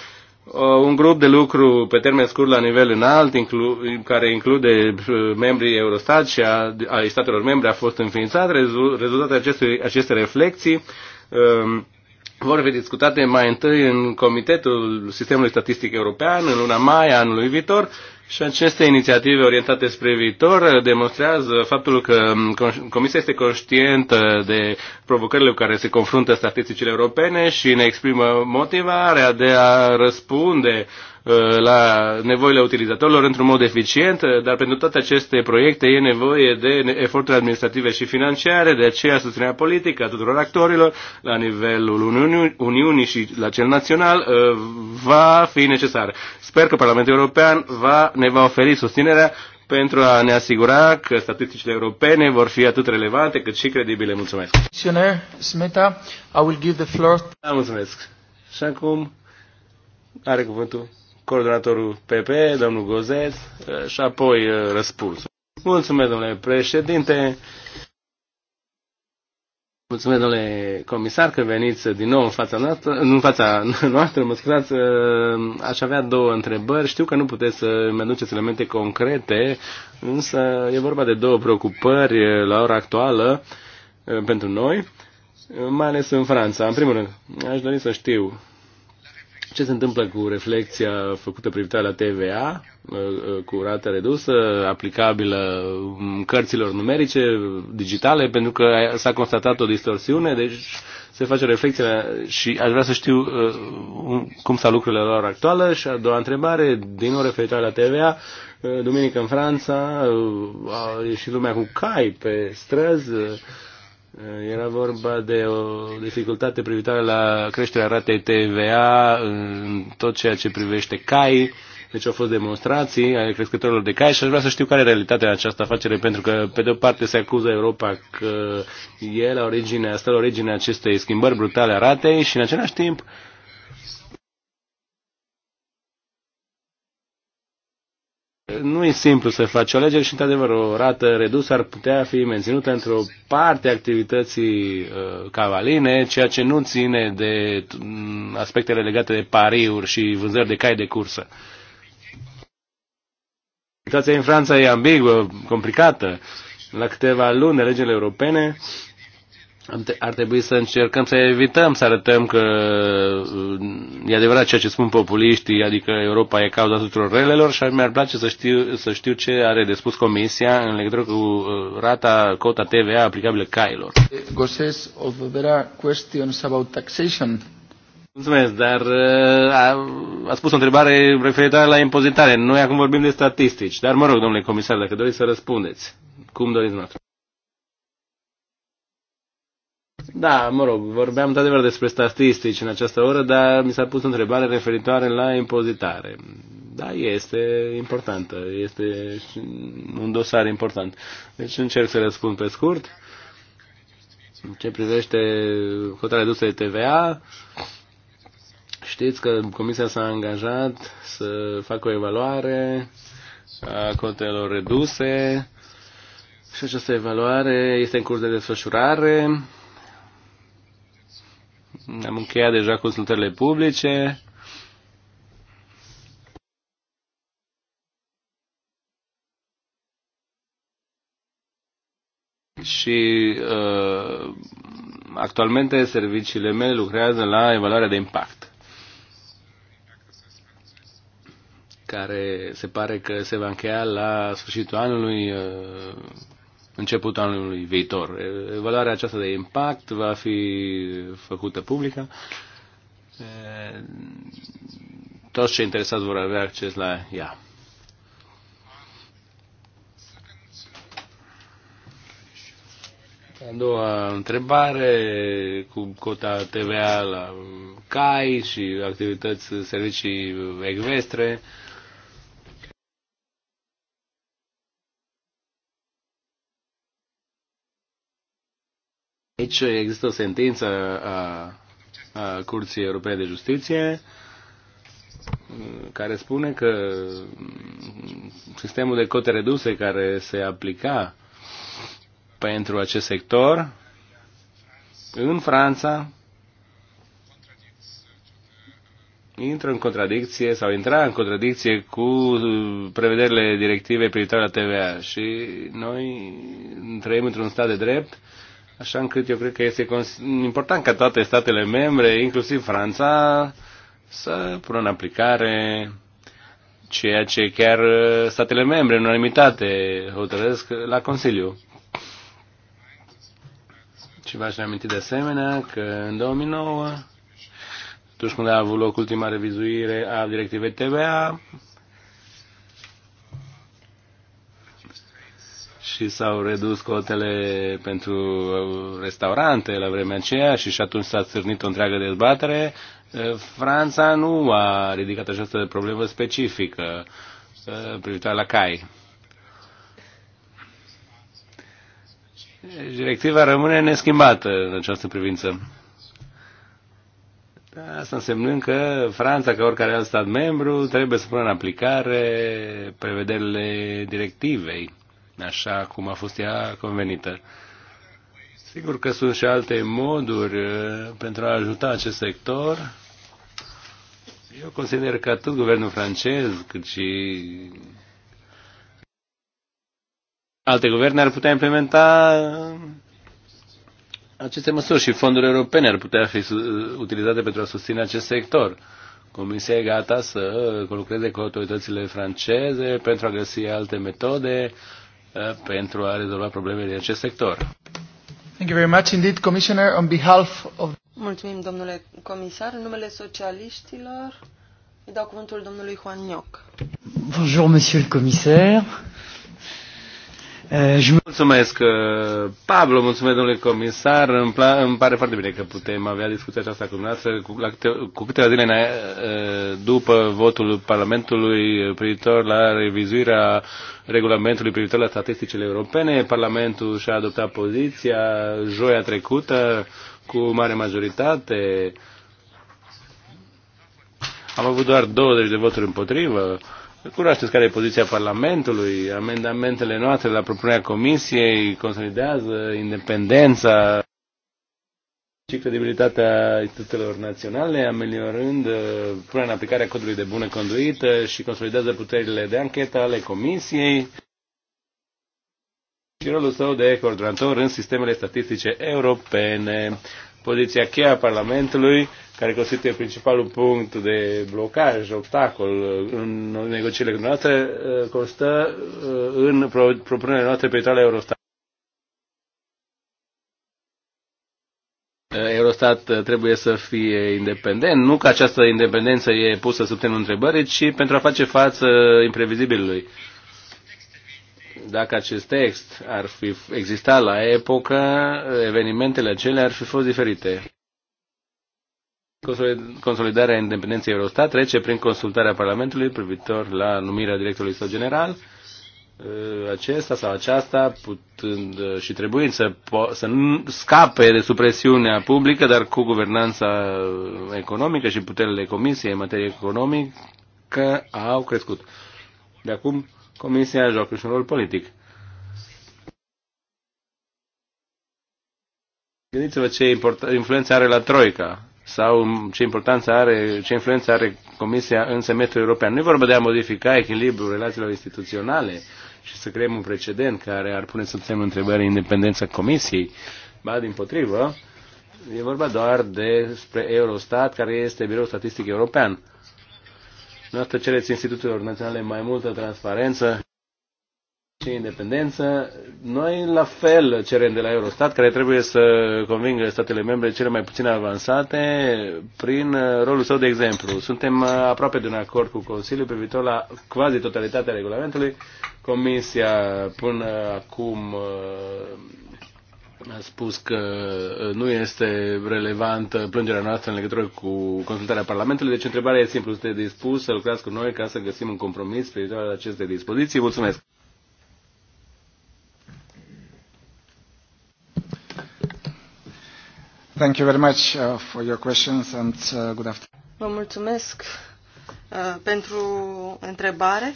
Uh, un grup de lucru pe termen scurt la nivel înalt, inclu, care include uh, membrii Eurostat și a, a statelor membre, a fost înființat. Rezultatele acestei aceste reflexii um, vor fi discutate mai întâi în Comitetul Sistemului Statistic European în luna mai anului viitor și aceste inițiative orientate spre viitor uh, demonstrează faptul că um, Comisia este conștientă de provocările cu care se confruntă statisticile europene și ne exprimă motivarea de a răspunde Uh, la nevoile utilizatorilor într-un mod eficient, uh, dar pentru toate aceste proiecte e nevoie de eforturi administrative și financiare, de aceea susținerea politică a tuturor actorilor la nivelul Uniunii, Uniunii și la cel național uh, va fi necesară. Sper că Parlamentul European va, ne va oferi susținerea pentru a ne asigura că statisticile europene vor fi atât relevante cât și credibile. Mulțumesc. Smeta, I will give the floor. Da, mulțumesc. Și acum are cuvântul coordonatorul PP, domnul Gozet, uh, și apoi uh, răspunsul. Mulțumesc, domnule președinte. Mulțumesc, domnule comisar, că veniți din nou în fața noastră, în fața <laughs> noastră, mă scuzați, uh, aș avea două întrebări. Știu că nu puteți să mi aduceți elemente concrete, însă e vorba de două preocupări la ora actuală pentru noi, mai ales în Franța. În primul rând, aș dori să știu ce se întâmplă cu reflexia făcută privitoare la TVA, uh, uh, cu rată redusă, aplicabilă um, cărților numerice, digitale, pentru că s-a constatat o distorsiune, deci se face reflexia și aș vrea să știu uh, cum s-a lucrurile la ora actuală. Și a doua întrebare, din nou referitoare la TVA, duminică în Franța, a ieșit lumea cu cai pe străzi, Eh, era vorba de o dificultate privitoare la creșterea ratei TVA în tot ceea ce privește cai. Deci au fost demonstrații ale crescătorilor de cai și aș vrea să știu care e realitatea această afacere, pentru că, pe de o parte, se acuză Europa că e la originea, stă la originea acestei schimbări brutale a ratei și, în același timp, uh, nu e simplu să faci o alegere și, într-adevăr, o rată redusă ar putea fi menținută într-o parte a activității uh, cavaline, ceea ce nu ține de mm, aspectele legate de pariuri și vânzări de cai de cursă. Situația în Franța e ambiguă, complicată. La câteva luni legile europene, uh, ar trebui să încercăm să evităm, să arătăm că uh, e adevărat ceea ce spun populiștii, adică Europa e cauza tuturor relelor și mi-ar place să știu, să știu ce are de spus Comisia în legătură cu uh, rata, cota TVA aplicabilă cailor. Mulțumesc, dar uh, a, a spus o întrebare referitoare la impozitare. Noi acum vorbim de statistici, dar mă rog, domnule comisar, dacă doriți să răspundeți, cum doriți noastră. Da, mă rog, vorbeam într-adevăr despre statistici în această oră, dar mi s-a pus o întrebare referitoare la impozitare. Da, este importantă, este un dosar important. Deci încerc să răspund pe scurt. În ce privește hotărârea dusă de TVA, știți că Comisia s-a angajat să facă o evaluare a cotelor reduse și această evaluare este în curs de desfășurare am încheiat deja consultările publice. Și uh, actualmente serviciile mele lucrează la evaluarea de impact. care se pare că se va încheia la sfârșitul anului uh, începutul anului viitor. Evaluarea aceasta de impact va fi făcută publică. Toți cei interesați vor avea acces la ea. A doua întrebare cu cota TVA la cai și activități, servicii ecvestre. Aici există o sentință a, a Curții Europene de Justiție mm, care spune că mm, sistemul de cote reduse care se aplica pentru acest sector în Franța intră în contradicție sau intra în contradicție cu prevederile directivei privitoare la TVA și noi trăim într-un stat de drept uh, Așa încât eu cred că este important ca toate statele membre, inclusiv Franța, să pună în aplicare ceea ce chiar uh, statele membre, în unanimitate, hotărăsc la Consiliu. Și v-aș reaminti de asemenea că în 2009, atunci când a avut loc ultima revizuire a directivei TVA, și s-au redus cotele pentru restaurante la vremea aceea și și atunci s-a țârnit o întreagă dezbatere. Franța nu a ridicat această problemă specifică uh, privitoare la cai. Directiva rămâne neschimbată în această privință. Asta însemnând că Franța, ca oricare alt stat membru, trebuie să pună în aplicare prevederile directivei așa cum a fost ea convenită. Sigur că sunt și alte moduri uh, pentru a ajuta acest sector. Eu consider că atât guvernul francez cât și alte guverne ar putea implementa uh, aceste măsuri și fondurile europene ar putea fi utilizate pentru a susține acest sector. Comisia e gata să lucreze cu autoritățile franceze pentru a găsi alte metode pentru a rezolva problemele din acest sector. Thank you very much indeed, Commissioner, on behalf of... Mulțumim, domnule comisar. În numele socialiștilor îi dau cuvântul domnului Juan Nioc. Bonjour, monsieur le commissaire. Eh, mulțumesc, eh, Pablo, mulțumesc, domnule comisar. Îmi, pla- îmi pare foarte bine că putem avea discuția aceasta cu dumneavoastră cu, la câte, cu câteva zile eh, după votul Parlamentului privitor la revizuirea regulamentului privitor la statisticile europene. Parlamentul și-a adoptat poziția joia trecută cu mare majoritate. Am avut doar 20 de voturi împotrivă. Uh, Cunoașteți care e poziția Parlamentului, amendamentele noastre la propunerea Comisiei consolidează independența și credibilitatea instituțiilor naționale, ameliorând uh, până în aplicarea codului de bună conduită și consolidează puterile de anchetă ale Comisiei și rolul său de coordonator în sistemele statistice europene poziția cheie a Parlamentului, care constituie principalul punct de blocaj, obstacol uh, în negocierile uh, uh, noastre, constă în propunerea noastră pe Italia Eurostat. Eurostat trebuie să fie independent, nu că această independență e pusă sub semnul întrebării, ci pentru a face față imprevizibilului dacă acest text ar fi existat la epocă, evenimentele cele ar fi fost diferite. Consolidarea independenței Eurostat trece prin consultarea Parlamentului privitor la numirea directorului său general, ă, acesta sau aceasta, putând și trebuind să, să scape de supresiunea publică, dar cu guvernanța economică și puterile Comisiei în materie economică au crescut. De acum Comisia joacă și un rol politic. Gândiți-vă ce influență are la Troica sau ce importanță are, ce influență are Comisia în semestrul european. Nu e vorba de a modifica echilibrul relațiilor instituționale și să creăm un precedent care ar pune sub semnul întrebării independența Comisiei. Ba, din potrivă, e vorba doar despre Eurostat, care este Biroul Statistic European noastră cereți instituțiilor naționale mai multă transparență și independență. Noi la fel cerem de la Eurostat, care trebuie să convingă statele membre cele mai puțin avansate prin rolul său de exemplu. Suntem aproape de un acord cu Consiliul privitor la quasi totalitatea regulamentului. Comisia până acum a spus că uh, nu este relevantă plângerea noastră în legătură cu consultarea Parlamentului, deci întrebarea e simplu, este dispus să lucrați cu noi ca să găsim un compromis privitor la aceste dispoziții? Mulțumesc! Thank you very much uh, for your questions and uh, good afternoon. Vă mulțumesc pentru întrebare.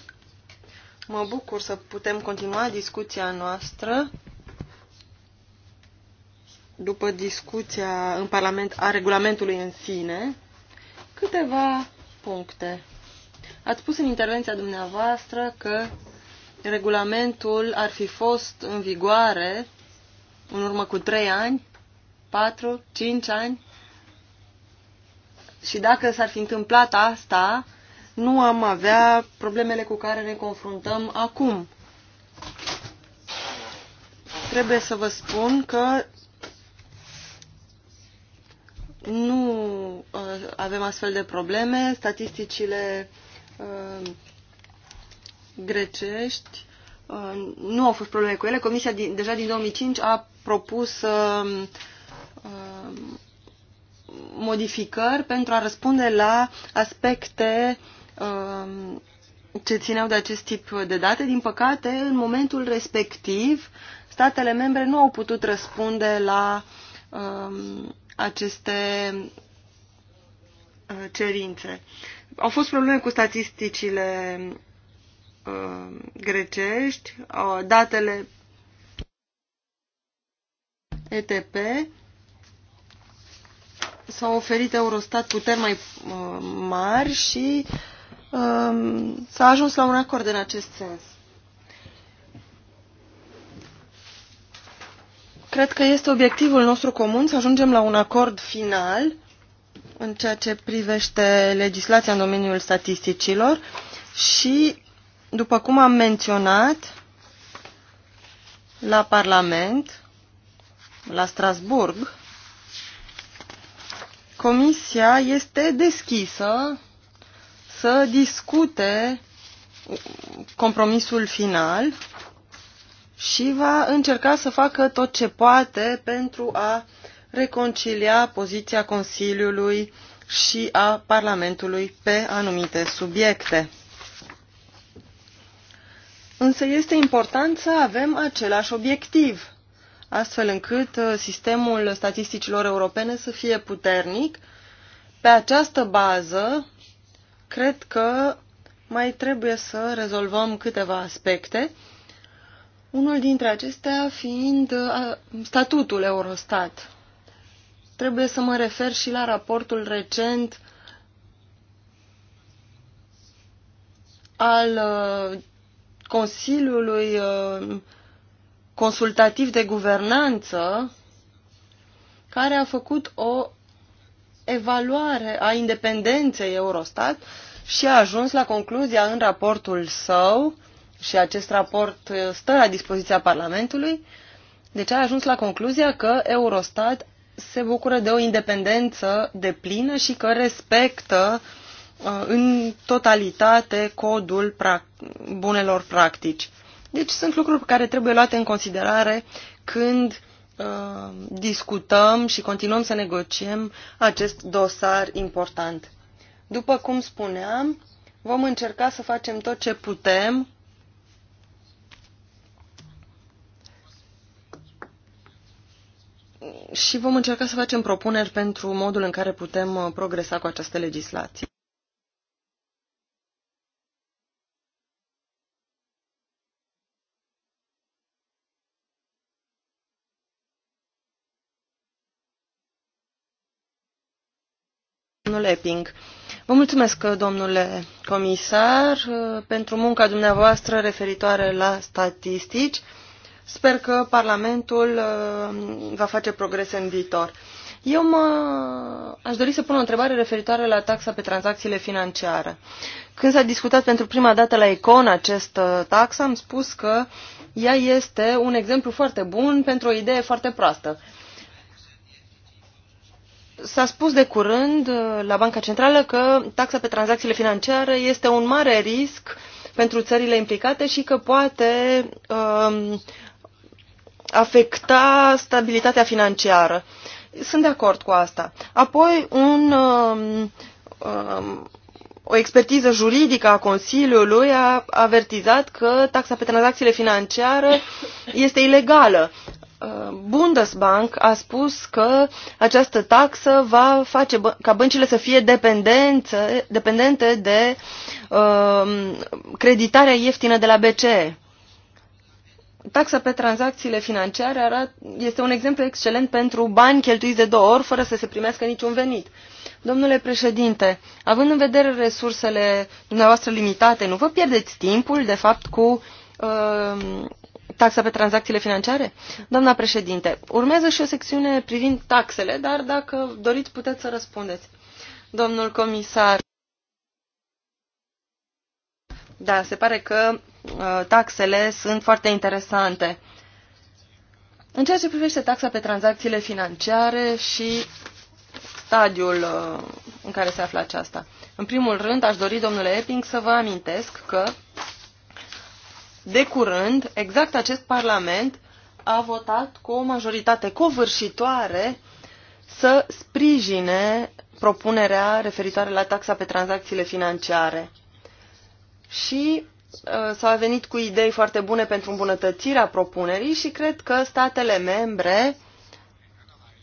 Mă bucur să putem continua discuția noastră după discuția în Parlament a regulamentului în sine, câteva puncte. Ați spus în intervenția dumneavoastră că regulamentul ar fi fost în vigoare în urmă cu trei ani, patru, cinci ani și dacă s-ar fi întâmplat asta, nu am avea problemele cu care ne confruntăm acum. Trebuie să vă spun că nu uh, avem astfel de probleme. Statisticile uh, grecești uh, nu au fost probleme cu ele. Comisia din, deja din 2005 a propus uh, uh, modificări pentru a răspunde la aspecte uh, ce țineau de acest tip de date. Din păcate, în momentul respectiv, statele membre nu au putut răspunde la uh, aceste uh, cerințe. Au fost probleme cu statisticile uh, grecești, datele ETP s-au oferit Eurostat puteri mai uh, mari și um, s-a ajuns la un acord în acest sens. Cred că este obiectivul nostru comun să ajungem la un acord final în ceea ce privește legislația în domeniul statisticilor și, după cum am menționat, la Parlament, la Strasburg, Comisia este deschisă să discute compromisul final și va încerca să facă tot ce poate pentru a reconcilia poziția Consiliului și a Parlamentului pe anumite subiecte. Însă este important să avem același obiectiv, astfel încât uh, sistemul statisticilor europene să fie puternic. Pe această bază, cred că mai trebuie să rezolvăm câteva aspecte unul dintre acestea fiind uh, statutul Eurostat. Trebuie să mă refer și la raportul recent al uh, Consiliului uh, Consultativ de Guvernanță, care a făcut o evaluare a independenței Eurostat și a ajuns la concluzia în raportul său și acest raport uh, stă la dispoziția Parlamentului, deci a ajuns la concluzia că Eurostat se bucură de o independență de plină și că respectă uh, în totalitate codul pra- bunelor practici. Deci sunt lucruri pe care trebuie luate în considerare când uh, discutăm și continuăm să negociem acest dosar important. După cum spuneam, vom încerca să facem tot ce putem și vom încerca să facem propuneri pentru modul în care putem uh, progresa cu această legislație. Domnul Epping, vă mulțumesc, uh, domnule comisar, uh, pentru munca dumneavoastră referitoare la statistici. Sper că Parlamentul uh, va face progrese în viitor. Eu mă... aș dori să pun o întrebare referitoare la taxa pe tranzacțiile financiare. Când s-a discutat pentru prima dată la Econ această taxă, am spus că ea este un exemplu foarte bun pentru o idee foarte proastă. S-a spus de curând uh, la Banca Centrală că taxa pe tranzacțiile financiare este un mare risc pentru țările implicate și că poate uh, afecta stabilitatea financiară. Sunt de acord cu asta. Apoi, un, um, um, o expertiză juridică a Consiliului a avertizat că taxa pe tranzacțiile financiare este ilegală. Uh, Bundesbank a spus că această taxă va face ca băncile să fie dependente de uh, creditarea ieftină de la BCE taxa pe tranzacțiile financiare este un exemplu excelent pentru bani cheltuiți de două ori fără să se primească niciun venit. Domnule președinte, având în vedere resursele dumneavoastră limitate, nu vă pierdeți timpul, de fapt, cu uh, taxa pe tranzacțiile financiare? Doamna președinte, urmează și o secțiune privind taxele, dar dacă doriți puteți să răspundeți. Domnul comisar. Da, se pare că Uh, taxele sunt foarte interesante. În ceea ce privește taxa pe tranzacțiile financiare și stadiul uh, în care se află aceasta. În primul rând, aș dori, domnule Epping, să vă amintesc că de curând, exact acest Parlament a votat cu o majoritate covârșitoare să sprijine propunerea referitoare la taxa pe tranzacțiile financiare. Și Uh, s-a venit cu idei foarte bune pentru îmbunătățirea propunerii și cred că statele membre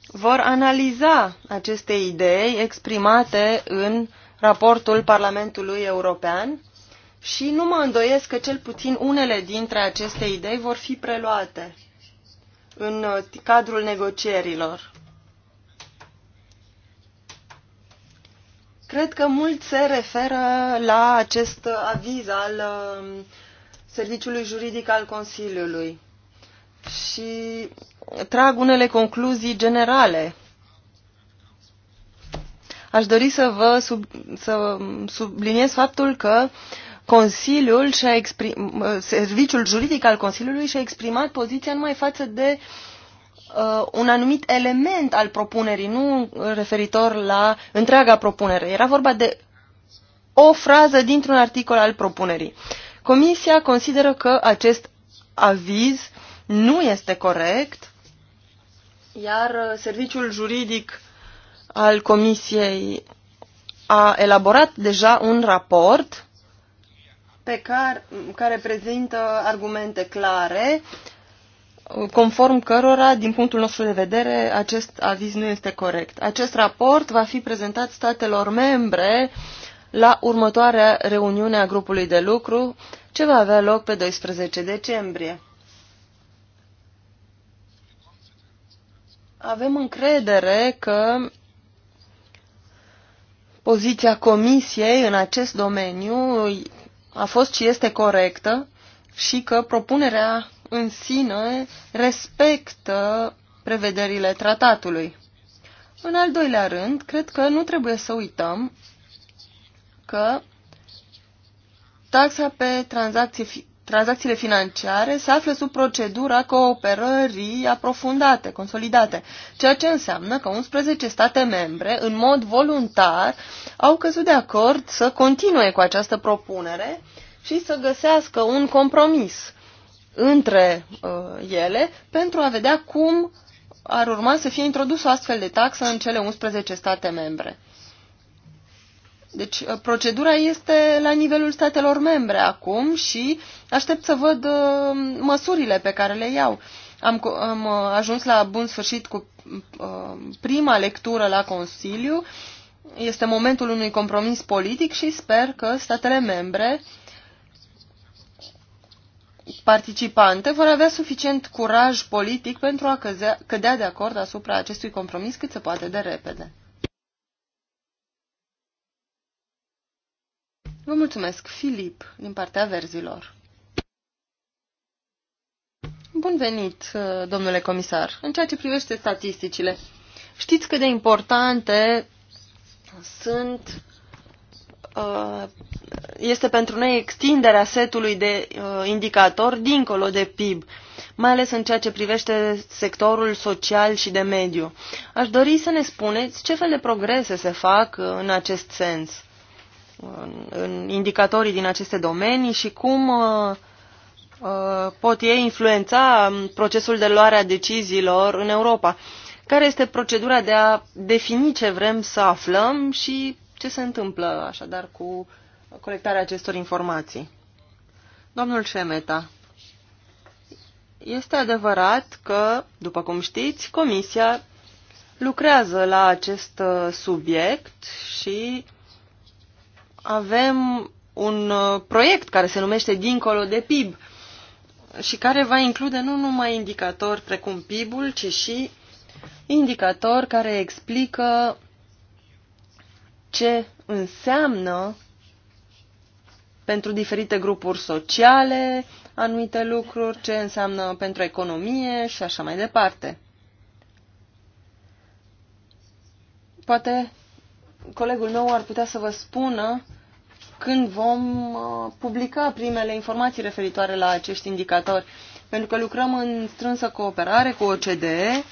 vor analiza aceste idei exprimate în raportul Parlamentului European și nu mă îndoiesc că cel puțin unele dintre aceste idei vor fi preluate în uh, cadrul negocierilor. Cred că mult se referă la acest aviz al um, Serviciului Juridic al Consiliului și trag unele concluzii generale. Aș dori să vă sub, să subliniez faptul că Consiliul și-a exprim, Serviciul Juridic al Consiliului și-a exprimat poziția numai față de uh, Uh, un anumit element al propunerii, nu referitor la întreaga propunere. Era vorba de o frază dintr-un articol al propunerii. Comisia consideră că acest aviz nu este corect, iar uh, serviciul juridic al Comisiei a elaborat deja un raport pe care, care prezintă argumente clare conform cărora, din punctul nostru de vedere, acest aviz nu este corect. Acest raport va fi prezentat statelor membre la următoarea reuniune a grupului de lucru, ce va avea loc pe 12 decembrie. Avem încredere că poziția Comisiei în acest domeniu a fost și este corectă și că propunerea în sine respectă prevederile tratatului. În al doilea rând, cred că nu trebuie să uităm că taxa pe tranzacții, tranzacțiile financiare se află sub procedura cooperării aprofundate, consolidate, ceea ce înseamnă că 11 state membre, în mod voluntar, au căzut de acord să continue cu această propunere și să găsească un compromis între uh, ele pentru a vedea cum ar urma să fie introdus o astfel de taxă în cele 11 state membre. Deci uh, procedura este la nivelul statelor membre acum și aștept să văd uh, măsurile pe care le iau. Am, am uh, ajuns la bun sfârșit cu prima lectură la Consiliu. Este momentul unui compromis politic și sper că statele membre uh, participante vor avea suficient curaj politic pentru a căzea, cădea de acord asupra acestui compromis cât se poate de repede. Vă mulțumesc, Filip, din partea verzilor. Bun venit, domnule comisar. În ceea ce privește statisticile, știți cât de importante sunt uh, este pentru noi extinderea setului de uh, indicatori dincolo de PIB, mai ales în ceea ce privește sectorul social și de mediu. Aș dori să ne spuneți ce fel de progrese se fac uh, în acest sens, în indicatorii din aceste domenii și cum uh, uh, pot ei influența um, procesul de luare a deciziilor în Europa. Care este procedura de a defini ce vrem să aflăm și ce se întâmplă așadar cu colectarea acestor informații. Domnul Șemeta, este adevărat că, după cum știți, Comisia lucrează la acest uh, subiect și avem un uh, proiect care se numește Dincolo de PIB și care va include nu numai indicatori precum PIB-ul, ci și indicatori care explică ce înseamnă pentru diferite grupuri sociale anumite lucruri, ce înseamnă pentru economie și așa mai departe. Poate colegul meu ar putea să vă spună când vom uh, publica primele informații referitoare la acești indicatori, pentru că lucrăm în strânsă cooperare cu OCDE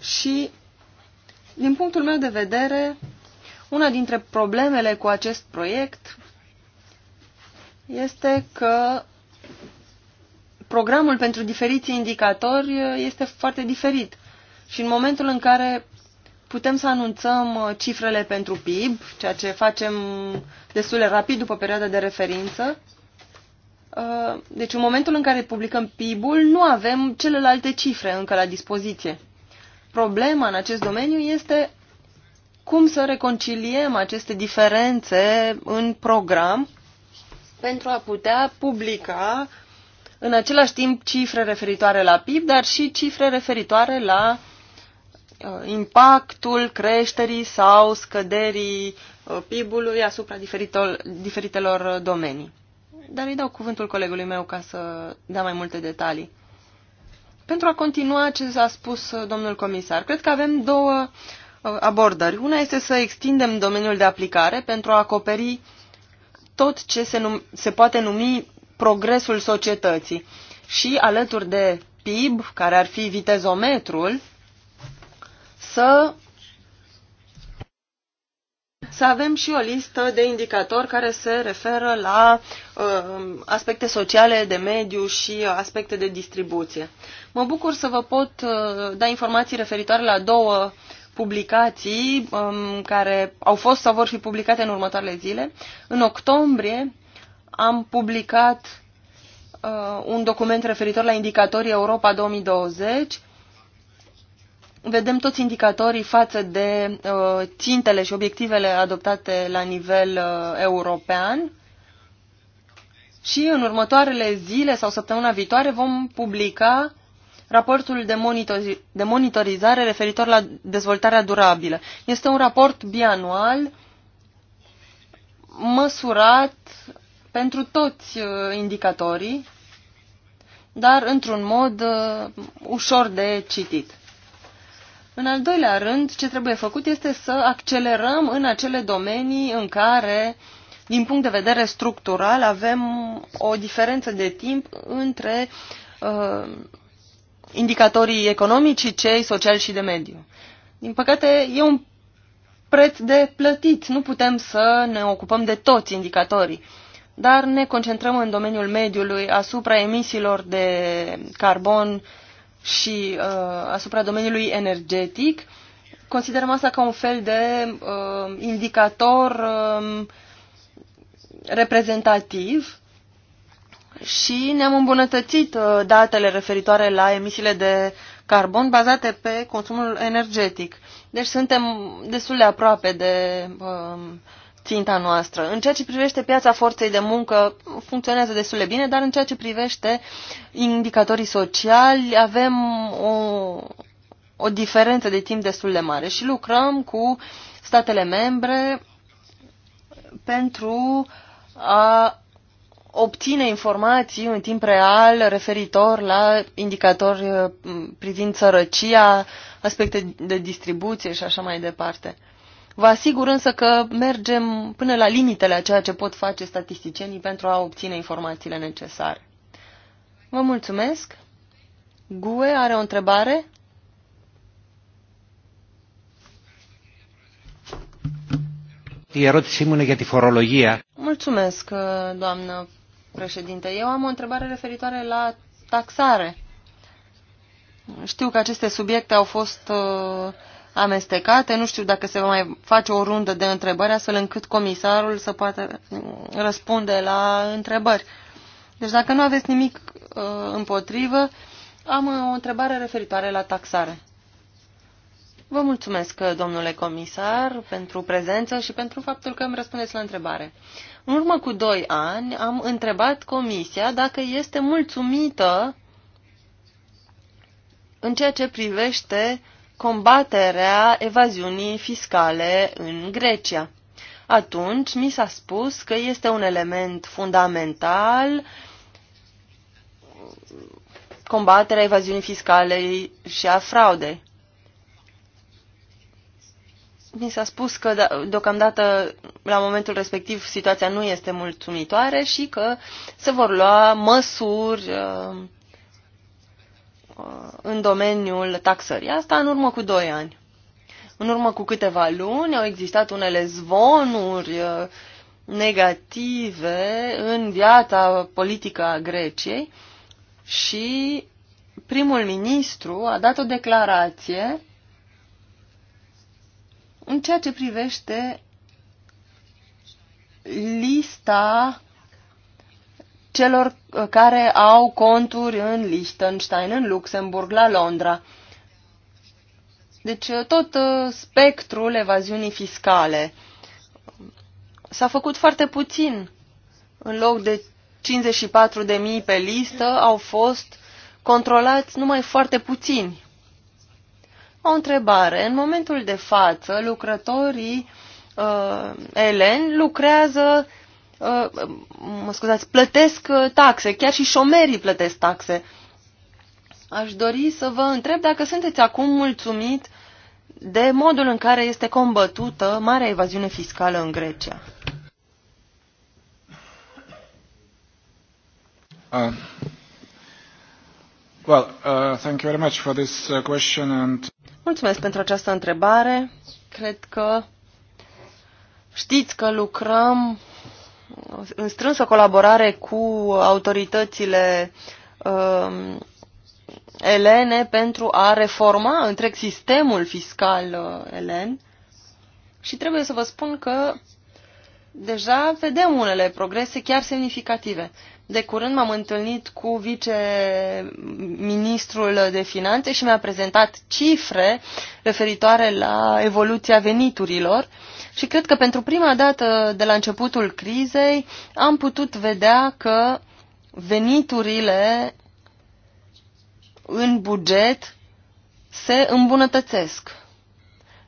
și, din punctul meu de vedere, una dintre problemele cu acest proiect este că programul pentru diferiți indicatori este foarte diferit. Și în momentul în care putem să anunțăm uh, cifrele pentru PIB, ceea ce facem destul de rapid după perioada de referință, uh, deci în momentul în care publicăm PIB-ul, nu avem celelalte cifre încă la dispoziție. Problema în acest domeniu este cum să reconciliem aceste diferențe în program pentru a putea publica în același timp cifre referitoare la PIB, dar și cifre referitoare la uh, impactul creșterii sau scăderii uh, PIB-ului asupra diferitor, diferitelor domenii. Dar îi dau cuvântul colegului meu ca să dea mai multe detalii. Pentru a continua ce a spus domnul comisar, cred că avem două uh, abordări. Una este să extindem domeniul de aplicare pentru a acoperi uh, tot ce se, num se poate numi progresul societății. Și alături de PIB, care ar fi vitezometrul, să, să avem și o listă de indicatori care se referă la uh, aspecte sociale, de mediu și aspecte de distribuție. Mă bucur să vă pot uh, da informații referitoare la două publicații um, care au fost sau vor fi publicate în următoarele zile. În octombrie am publicat uh, un document referitor la indicatorii Europa 2020. Vedem toți indicatorii față de uh, țintele și obiectivele adoptate la nivel uh, european. Și în următoarele zile sau săptămâna viitoare vom publica raportul de, monitorizare referitor la dezvoltarea durabilă. Este un raport bianual măsurat pentru toți uh, indicatorii, dar într-un mod uh, ușor de citit. În al doilea rând, ce trebuie făcut este să accelerăm în acele domenii în care, din punct de vedere structural, avem o diferență de timp între uh, indicatorii economici, cei sociali și de mediu. Din păcate, e un preț de plătit. Nu putem să ne ocupăm de toți indicatorii, dar ne concentrăm în domeniul mediului asupra emisiilor de carbon și uh, asupra domeniului energetic. Considerăm asta ca un fel de uh, indicator uh, reprezentativ și ne-am îmbunătățit uh, datele referitoare la emisiile de carbon bazate pe consumul energetic. Deci suntem destul de aproape de um, ținta noastră. În ceea ce privește piața forței de muncă, funcționează destul de bine, dar în ceea ce privește indicatorii sociali, avem o, o diferență de timp destul de mare și lucrăm cu statele membre pentru a obține informații în timp real referitor la indicatori uh, privind sărăcia, aspecte de distribuție și așa mai departe. Vă asigur însă că mergem până la limitele a ceea ce pot face statisticienii pentru a obține informațiile necesare. Vă mulțumesc. GUE are o întrebare? Mulțumesc, uh, doamnă președinte. Eu am o întrebare referitoare la taxare. Știu că aceste subiecte au fost uh, amestecate, nu știu dacă se va mai face o rundă de întrebări, astfel încât comisarul să poată uh, răspunde la întrebări. Deci dacă nu aveți nimic uh, împotrivă, am uh, o întrebare referitoare la taxare. Vă mulțumesc, domnule comisar, pentru prezență și pentru faptul că îmi răspundeți la întrebare. În urmă cu doi ani am întrebat comisia dacă este mulțumită în ceea ce privește combaterea evaziunii fiscale în Grecia. Atunci mi s-a spus că este un element fundamental combaterea evaziunii fiscale și a fraudei. Mi s-a spus că da, deocamdată, la momentul respectiv, situația nu este mulțumitoare și că se vor lua măsuri uh, uh, în domeniul taxării. Asta în urmă cu doi ani. În urmă cu câteva luni au existat unele zvonuri uh, negative în viața politică a Greciei și primul ministru a dat o declarație în ceea ce privește lista celor uh, care au conturi în Liechtenstein, în Luxemburg, la Londra. Deci uh, tot uh, spectrul evaziunii fiscale. S-a făcut foarte puțin. În loc de 54.000 pe listă au fost controlați numai foarte puțini. O întrebare. În momentul de față, lucrătorii uh, Elen lucrează, uh, mă scuzați, plătesc uh, taxe, chiar și șomerii plătesc taxe. Aș dori să vă întreb dacă sunteți acum mulțumit de modul în care este combătută marea evaziune fiscală în Grecia. Uh. Well, uh, thank you very much for this uh, question and... Mulțumesc pentru această întrebare. Cred că știți că lucrăm în strânsă colaborare cu autoritățile uh, elene pentru a reforma întreg sistemul fiscal uh, elen și trebuie să vă spun că deja vedem unele progrese chiar semnificative. De curând m-am întâlnit cu viceministrul de finanțe și mi-a prezentat cifre referitoare la evoluția veniturilor și cred că pentru prima dată de la începutul crizei am putut vedea că veniturile în buget se îmbunătățesc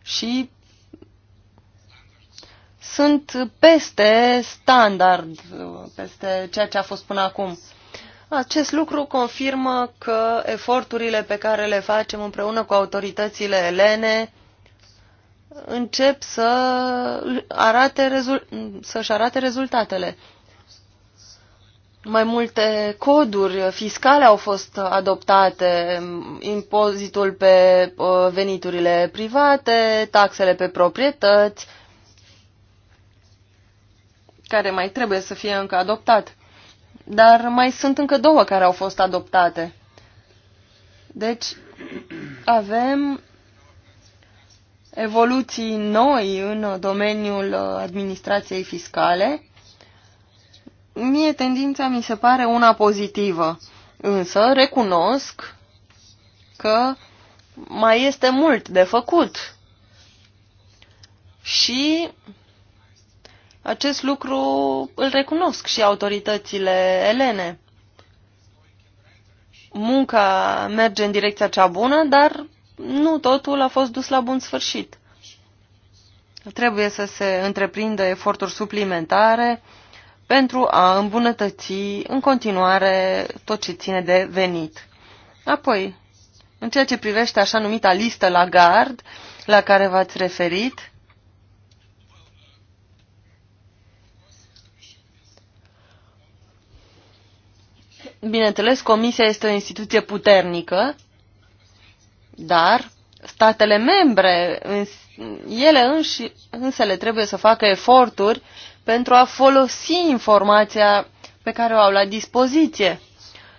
și sunt peste standard, peste ceea ce a fost până acum. Acest lucru confirmă că eforturile pe care le facem împreună cu autoritățile elene încep să arate să-și arate rezultatele. Mai multe coduri fiscale au fost adoptate, impozitul pe uh, veniturile private, taxele pe proprietăți, care mai trebuie să fie încă adoptat. Dar mai sunt încă două care au fost adoptate. Deci avem evoluții noi în domeniul administrației fiscale. Mie tendința mi se pare una pozitivă, însă recunosc că mai este mult de făcut. Și acest lucru îl recunosc și autoritățile elene. Munca merge în direcția cea bună, dar nu totul a fost dus la bun sfârșit. Trebuie să se întreprindă eforturi suplimentare pentru a îmbunătăți în continuare tot ce ține de venit. Apoi, în ceea ce privește așa numita listă la gard, la care v-ați referit, Bineînțeles, Comisia este o instituție puternică, dar statele membre, ele înși, le trebuie să facă eforturi pentru a folosi informația pe care o au la dispoziție.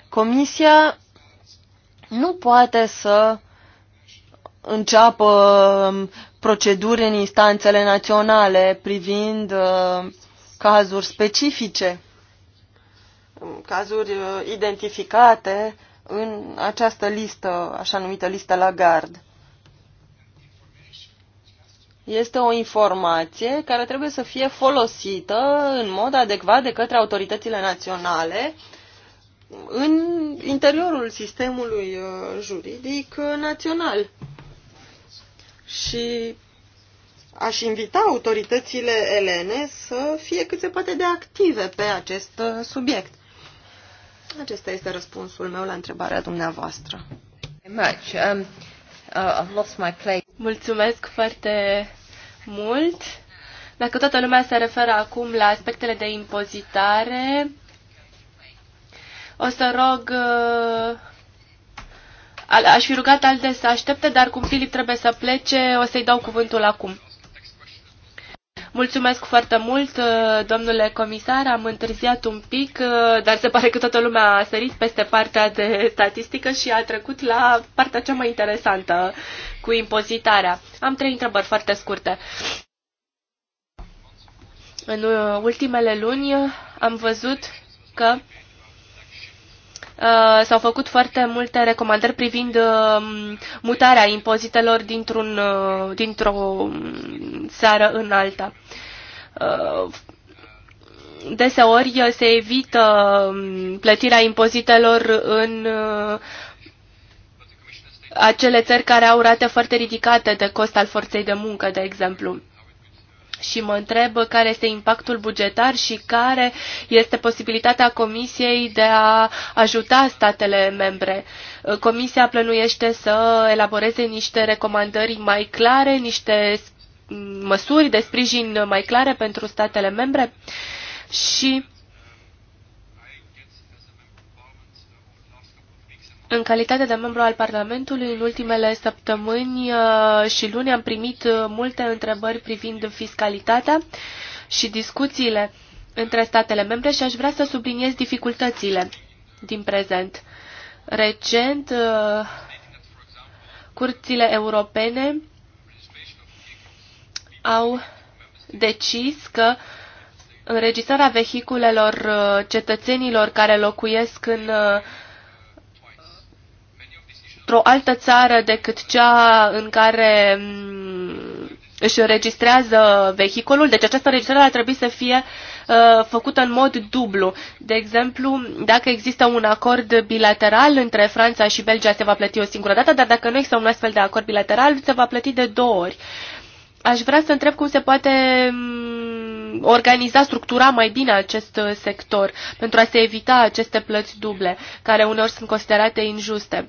Comisia nu poate să înceapă um, proceduri în instanțele naționale privind uh, cazuri specifice cazuri uh, identificate în această listă, așa numită listă la gard. Este o informație care trebuie să fie folosită în mod adecvat de către autoritățile naționale în interiorul sistemului uh, juridic uh, național. Și aș invita autoritățile elene să fie cât se poate de active pe acest subiect. Acesta este răspunsul meu la întrebarea dumneavoastră. Much. Um, uh, I've lost my place. Mulțumesc foarte mult. Dacă toată lumea se referă acum la aspectele de impozitare, o să rog, uh, aș fi rugat al de să aștepte, dar cum Filip trebuie să plece, o să-i dau cuvântul acum. Mulțumesc foarte mult, uh, domnule comisar. Am întârziat un pic, uh, dar se pare că toată lumea a sărit peste partea de statistică și a trecut la partea cea mai interesantă cu impozitarea. Am trei întrebări foarte scurte. În uh, ultimele luni am văzut că Uh, s-au făcut foarte multe recomandări privind uh, mutarea impozitelor dintr-un, uh, dintr-o mm, țară în alta. Uh, deseori se evită mm, plătirea impozitelor în uh, acele țări care au rate foarte ridicate de cost al forței de muncă, de exemplu și mă întreb care este impactul bugetar și care este posibilitatea Comisiei de a ajuta statele membre. Comisia plănuiește să elaboreze niște recomandări mai clare, niște măsuri de sprijin mai clare pentru statele membre și În calitate de membru al Parlamentului, în ultimele săptămâni uh, și luni am primit uh, multe întrebări privind fiscalitatea și discuțiile între statele membre și aș vrea să subliniez dificultățile din prezent. Recent, uh, curțile europene au decis că înregistrarea vehiculelor cetățenilor care locuiesc în într-o altă țară decât cea în care mm, își înregistrează vehiculul, deci această înregistrare ar trebui să fie uh, făcută în mod dublu. De exemplu, dacă există un acord bilateral între Franța și Belgia, se va plăti o singură dată, dar dacă nu există un astfel de acord bilateral, se va plăti de două ori. Aș vrea să întreb cum se poate mm, organiza, structura mai bine acest uh, sector pentru a se evita aceste plăți duble, care uneori sunt considerate injuste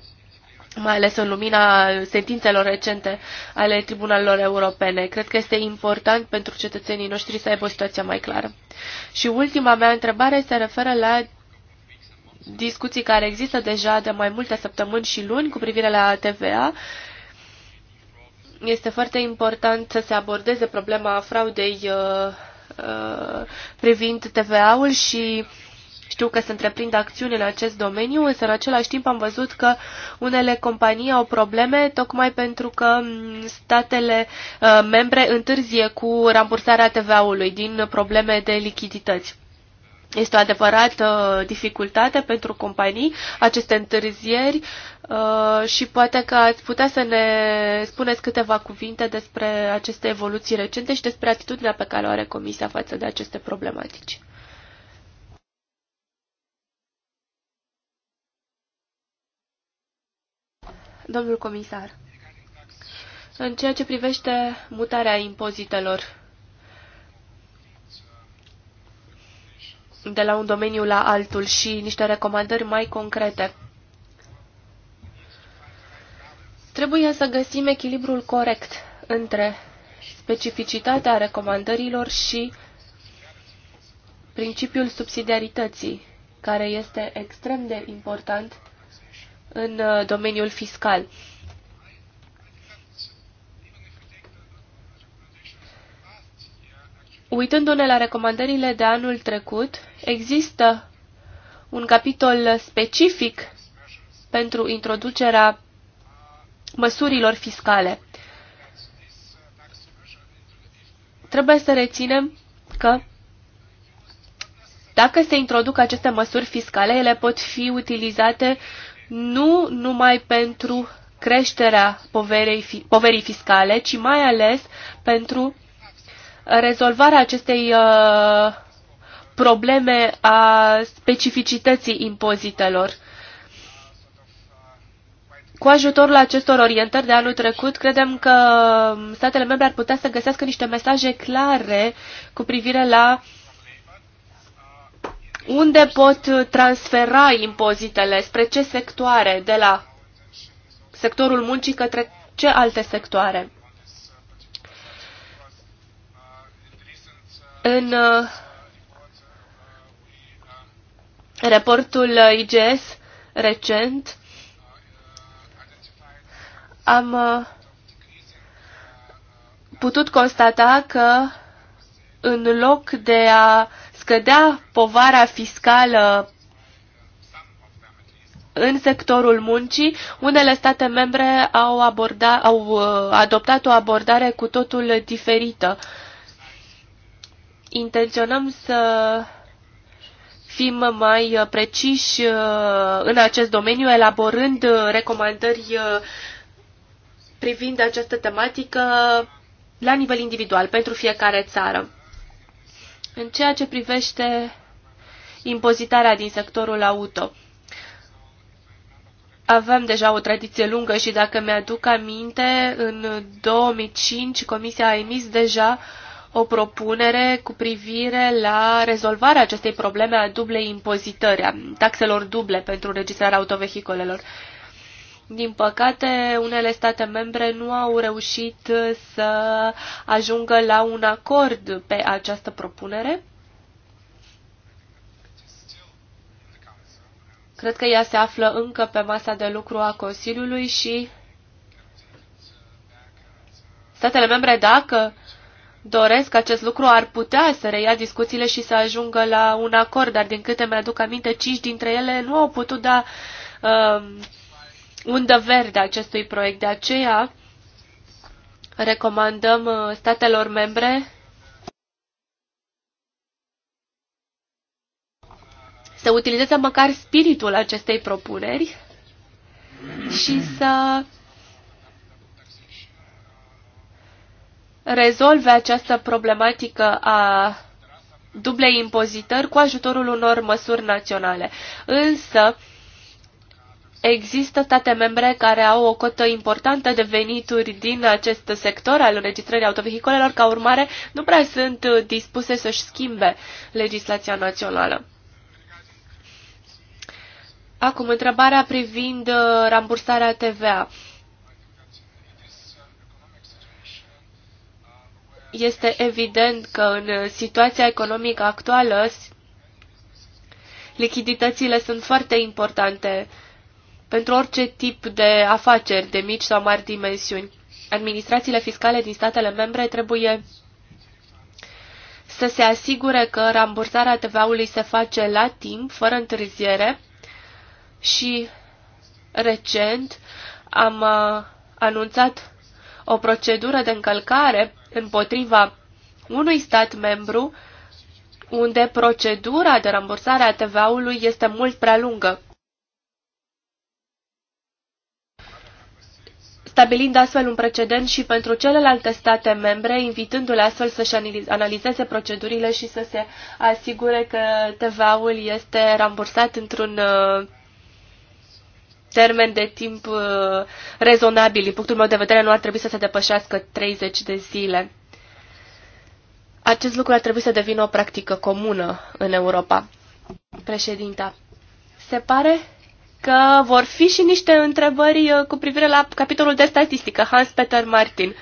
mai ales în lumina sentințelor recente ale tribunalelor europene. Cred că este important pentru cetățenii noștri să aibă o situație mai clară. Și ultima mea întrebare se referă la discuții care există deja de mai multe săptămâni și luni cu privire la TVA. Este foarte important să se abordeze problema fraudei uh, uh, privind TVA-ul și uh, știu că se întreprind acțiuni în acest domeniu, însă în același timp am văzut că unele companii au probleme tocmai pentru că statele uh, membre întârzie cu rambursarea TVA-ului din probleme de lichidități. Este o adevărată uh, dificultate pentru companii aceste întârzieri uh, și poate că ați putea să ne spuneți câteva cuvinte despre aceste evoluții recente și despre atitudinea pe care o are Comisia față de aceste problematici. Domnul comisar, în ceea ce privește mutarea impozitelor de la un domeniu la altul și niște recomandări mai concrete, trebuie să găsim echilibrul corect între specificitatea recomandărilor și principiul subsidiarității, care este extrem de important în uh, domeniul fiscal. Uitându-ne la recomandările de anul trecut, există un capitol specific pentru introducerea măsurilor fiscale. Trebuie să reținem că dacă se introduc aceste măsuri fiscale, ele pot fi utilizate nu numai pentru creșterea poverei, poverii fiscale, ci mai ales pentru rezolvarea acestei uh, probleme a specificității impozitelor. Cu ajutorul acestor orientări de anul trecut, credem că statele membre ar putea să găsească niște mesaje clare cu privire la uh, unde pot transfera impozitele, spre ce sectoare, de la sectorul muncii către ce alte sectoare. În uh, raportul IGS recent am uh, putut constata că în loc de a scădea povara fiscală în sectorul muncii, unele state membre au, aborda, au uh, adoptat o abordare cu totul diferită. Intenționăm să fim mai uh, preciși uh, în acest domeniu, elaborând recomandări privind această tematică la nivel individual pentru fiecare țară. În ceea ce privește impozitarea din sectorul auto, avem deja o tradiție lungă și dacă mi-aduc aminte, în 2005 Comisia a emis deja o propunere cu privire la rezolvarea acestei probleme a dublei impozitări, a taxelor duble pentru înregistrarea autovehicolelor. Din păcate, unele state membre nu au reușit să ajungă la un acord pe această propunere. Cred că ea se află încă pe masa de lucru a Consiliului și statele membre, dacă doresc acest lucru, ar putea să reia discuțiile și să ajungă la un acord, dar din câte mi-aduc aminte, cinci dintre ele nu au putut da uh, undă verde acestui proiect. De aceea recomandăm uh, statelor membre să utilizeze măcar spiritul acestei propuneri și să rezolve această problematică a dublei impozitări cu ajutorul unor măsuri naționale. Însă, Există state membre care au o cotă importantă de venituri din acest sector al înregistrării autovehicolelor, ca urmare nu prea sunt dispuse să-și schimbe legislația națională. Acum, întrebarea privind uh, rambursarea TVA. Este evident că în situația economică actuală lichiditățile sunt foarte importante pentru orice tip de afaceri de mici sau mari dimensiuni. Administrațiile fiscale din statele membre trebuie să se asigure că rambursarea TVA-ului se face la timp, fără întârziere și recent am uh, anunțat o procedură de încălcare împotriva unui stat membru unde procedura de rambursare a TVA-ului este mult prea lungă. stabilind astfel un precedent și pentru celelalte state membre, invitându-le astfel să-și analizeze procedurile și să se asigure că TVA-ul este rambursat într-un uh, termen de timp uh, rezonabil. Din punctul meu de vedere, nu ar trebui să se depășească 30 de zile. Acest lucru ar trebui să devină o practică comună în Europa. Președinta, se pare că vor fi și niște întrebări uh, cu privire la capitolul de statistică, Hans-Peter Martin.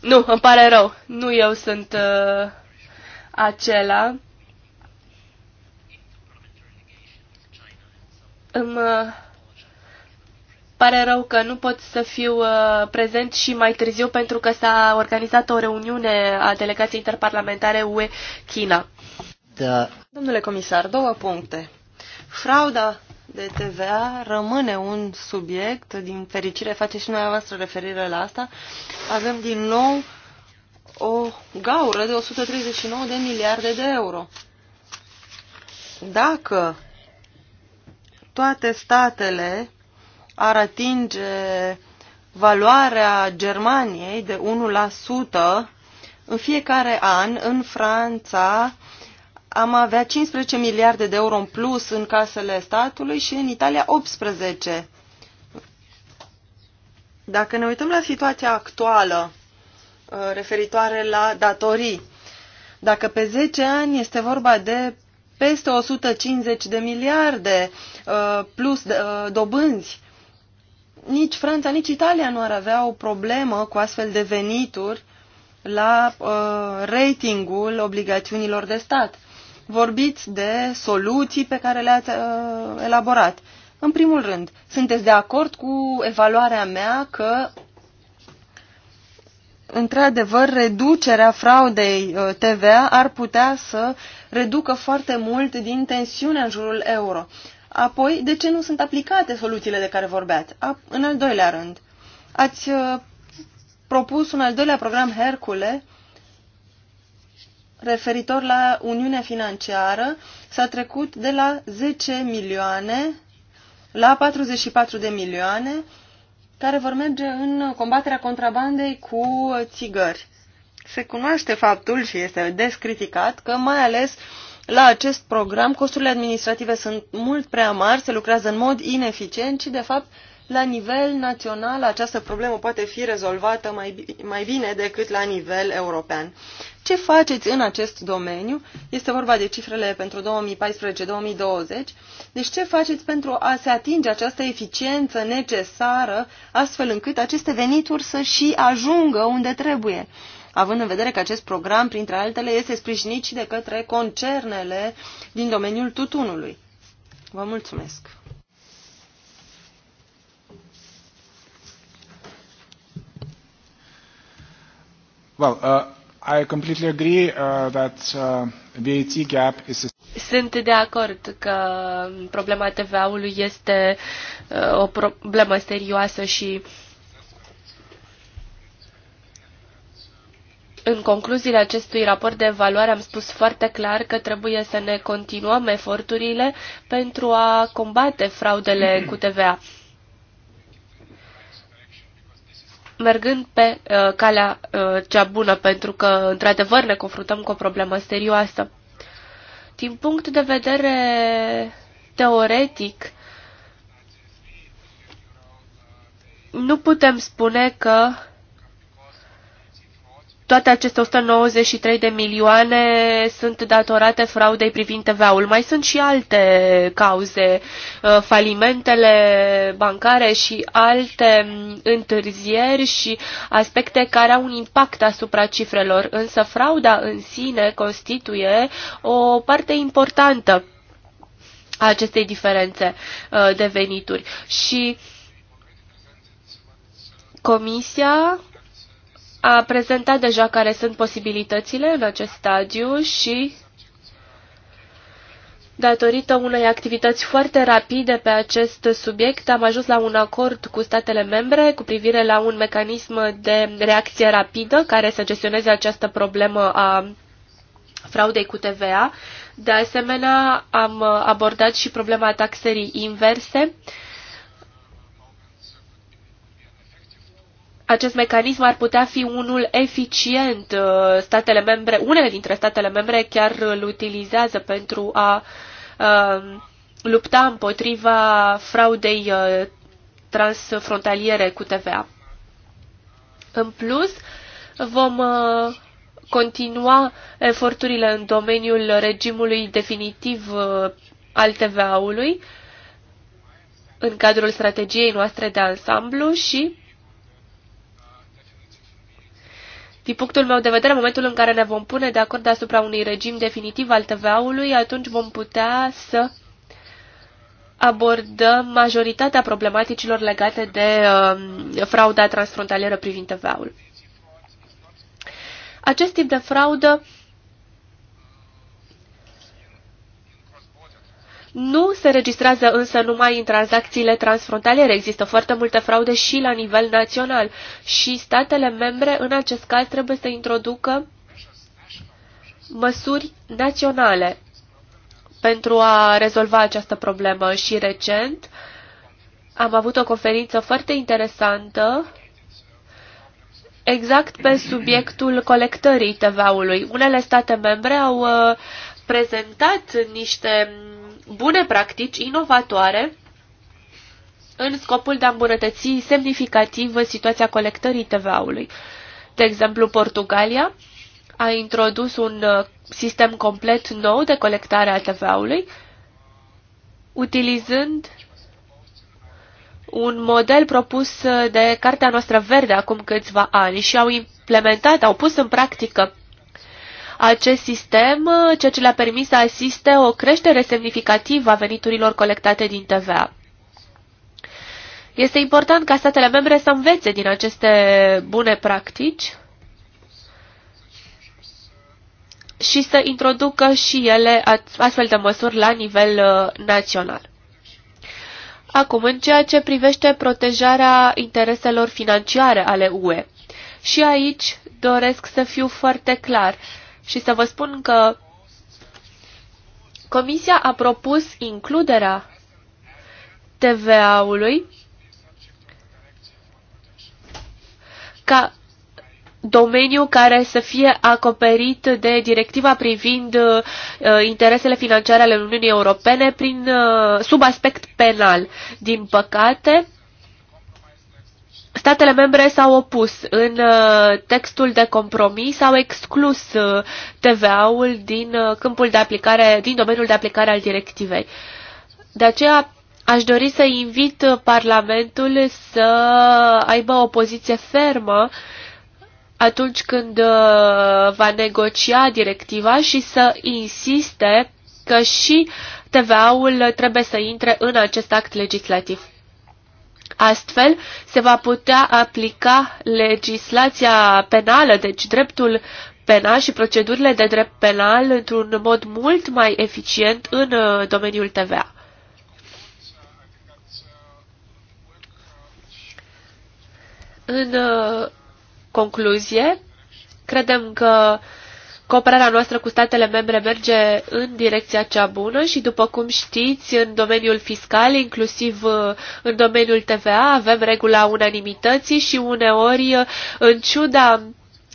Nu, îmi pare rău. Nu eu sunt uh, acela. Îmi uh, pare rău că nu pot să fiu uh, prezent și mai târziu pentru că s-a organizat o reuniune a delegației interparlamentare UE-China. Da. Domnule comisar, două puncte. Frauda de TVA rămâne un subiect, din fericire face și noastră referire la asta. Avem din nou o gaură de 139 de miliarde de euro. Dacă toate statele ar atinge valoarea Germaniei de 1% în fiecare an, în Franța, am avea 15 miliarde de euro în plus în casele statului și în Italia 18. Dacă ne uităm la situația actuală uh, referitoare la datorii, dacă pe 10 ani este vorba de peste 150 de miliarde uh, plus uh, dobânzi, nici Franța, nici Italia nu ar avea o problemă cu astfel de venituri la ratingul obligațiunilor de stat vorbiți de soluții pe care le-ați uh, elaborat. În primul rând, sunteți de acord cu evaluarea mea că, într-adevăr, reducerea fraudei uh, TVA ar putea să reducă foarte mult din tensiunea în jurul euro. Apoi, de ce nu sunt aplicate soluțiile de care vorbeați? A, în al doilea rând, ați uh, propus un al doilea program Hercule, uh, referitor la Uniunea Financiară s-a trecut de la 10 milioane la 44 de milioane care vor merge în combaterea contrabandei cu țigări. Se cunoaște faptul și este des criticat că mai ales la acest program costurile administrative sunt mult prea mari, se lucrează în mod ineficient și de fapt la nivel național această problemă poate fi rezolvată mai, mai bine decât la nivel european. Ce faceți în acest domeniu? Este vorba de cifrele pentru 2014-2020. Deci ce faceți pentru a se atinge această eficiență necesară, astfel încât aceste venituri să și ajungă unde trebuie? având în vedere că acest program, printre altele, este sprijinit și de către concernele din domeniul tutunului. Vă mulțumesc! Well, uh, I completely agree uh, that uh, VAT gap is a sunt de acord că problema TVA-ului este uh, o problemă serioasă și în concluziile acestui raport de evaluare am spus foarte clar că trebuie să ne continuăm eforturile pentru a combate fraudele cu TVA. mergând pe uh, calea uh, cea bună, pentru că, într-adevăr, ne confruntăm cu o problemă serioasă. Din punct de vedere teoretic, nu putem spune că uh, toate aceste 193 de milioane sunt datorate fraudei privind TVA-ul. Mai sunt și alte cauze, uh, falimentele bancare și alte mm, întârzieri și aspecte care au un impact asupra cifrelor, însă frauda în sine constituie o parte importantă a acestei diferențe uh, de venituri. Și Comisia a prezentat deja care sunt posibilitățile în acest stadiu și Datorită unei activități foarte rapide pe acest subiect, am ajuns la un acord cu statele membre cu privire la un mecanism de reacție rapidă care să gestioneze această problemă a fraudei cu TVA. De asemenea, am abordat și problema taxării inverse acest mecanism ar putea fi unul eficient. Uh, statele membre, unele dintre statele membre chiar îl utilizează pentru a uh, lupta împotriva fraudei uh, transfrontaliere cu TVA. În plus, vom continua eforturile în domeniul regimului definitiv al TVA-ului în cadrul strategiei noastre de ansamblu și Din punctul meu de vedere, în momentul în care ne vom pune de acord asupra unui regim definitiv al TVA-ului, atunci vom putea să abordăm majoritatea problematicilor legate de uh, frauda transfrontalieră privind TVA-ul. Acest tip de fraudă Nu se registrează însă numai în tranzacțiile transfrontaliere. Există foarte multe fraude și la nivel național și statele membre în acest caz trebuie să introducă măsuri naționale pentru a rezolva această problemă și recent am avut o conferință foarte interesantă exact pe subiectul colectării TVA-ului. Unele state membre au uh, prezentat niște bune practici inovatoare în scopul de a îmbunătăți semnificativ situația colectării TVA-ului. De exemplu, Portugalia a introdus un uh, sistem complet nou de colectare a TVA-ului, utilizând un model propus uh, de cartea noastră verde acum câțiva ani și au implementat, au pus în practică acest sistem, uh, ceea ce le-a permis să asiste o creștere semnificativă a veniturilor colectate din TVA. Este important ca statele membre să învețe din aceste bune practici și să introducă și ele astfel de măsuri la nivel uh, național. Acum, în ceea ce privește protejarea intereselor financiare ale UE, și aici doresc să fiu foarte clar și să vă spun că Comisia a propus includerea TVA-ului ca domeniu care să fie acoperit de directiva privind uh, interesele financiare ale Uniunii Europene prin, uh, sub aspect penal. Din păcate, Statele membre s-au opus. În uh, textul de compromis au exclus uh, TVA-ul din uh, câmpul de aplicare, din domeniul de aplicare al directivei. De aceea aș dori să invit Parlamentul să aibă o poziție fermă atunci când va negocia directiva și să insiste că și TVA-ul trebuie să intre în acest act legislativ. Astfel, se va putea aplica legislația penală, deci dreptul penal și procedurile de drept penal într-un mod mult mai eficient în uh, domeniul TVA. În uh, concluzie, credem că Cooperarea noastră cu statele membre merge în direcția cea bună și, după cum știți, în domeniul fiscal, inclusiv uh, în domeniul TVA, avem regula unanimității și uneori, uh, în ciuda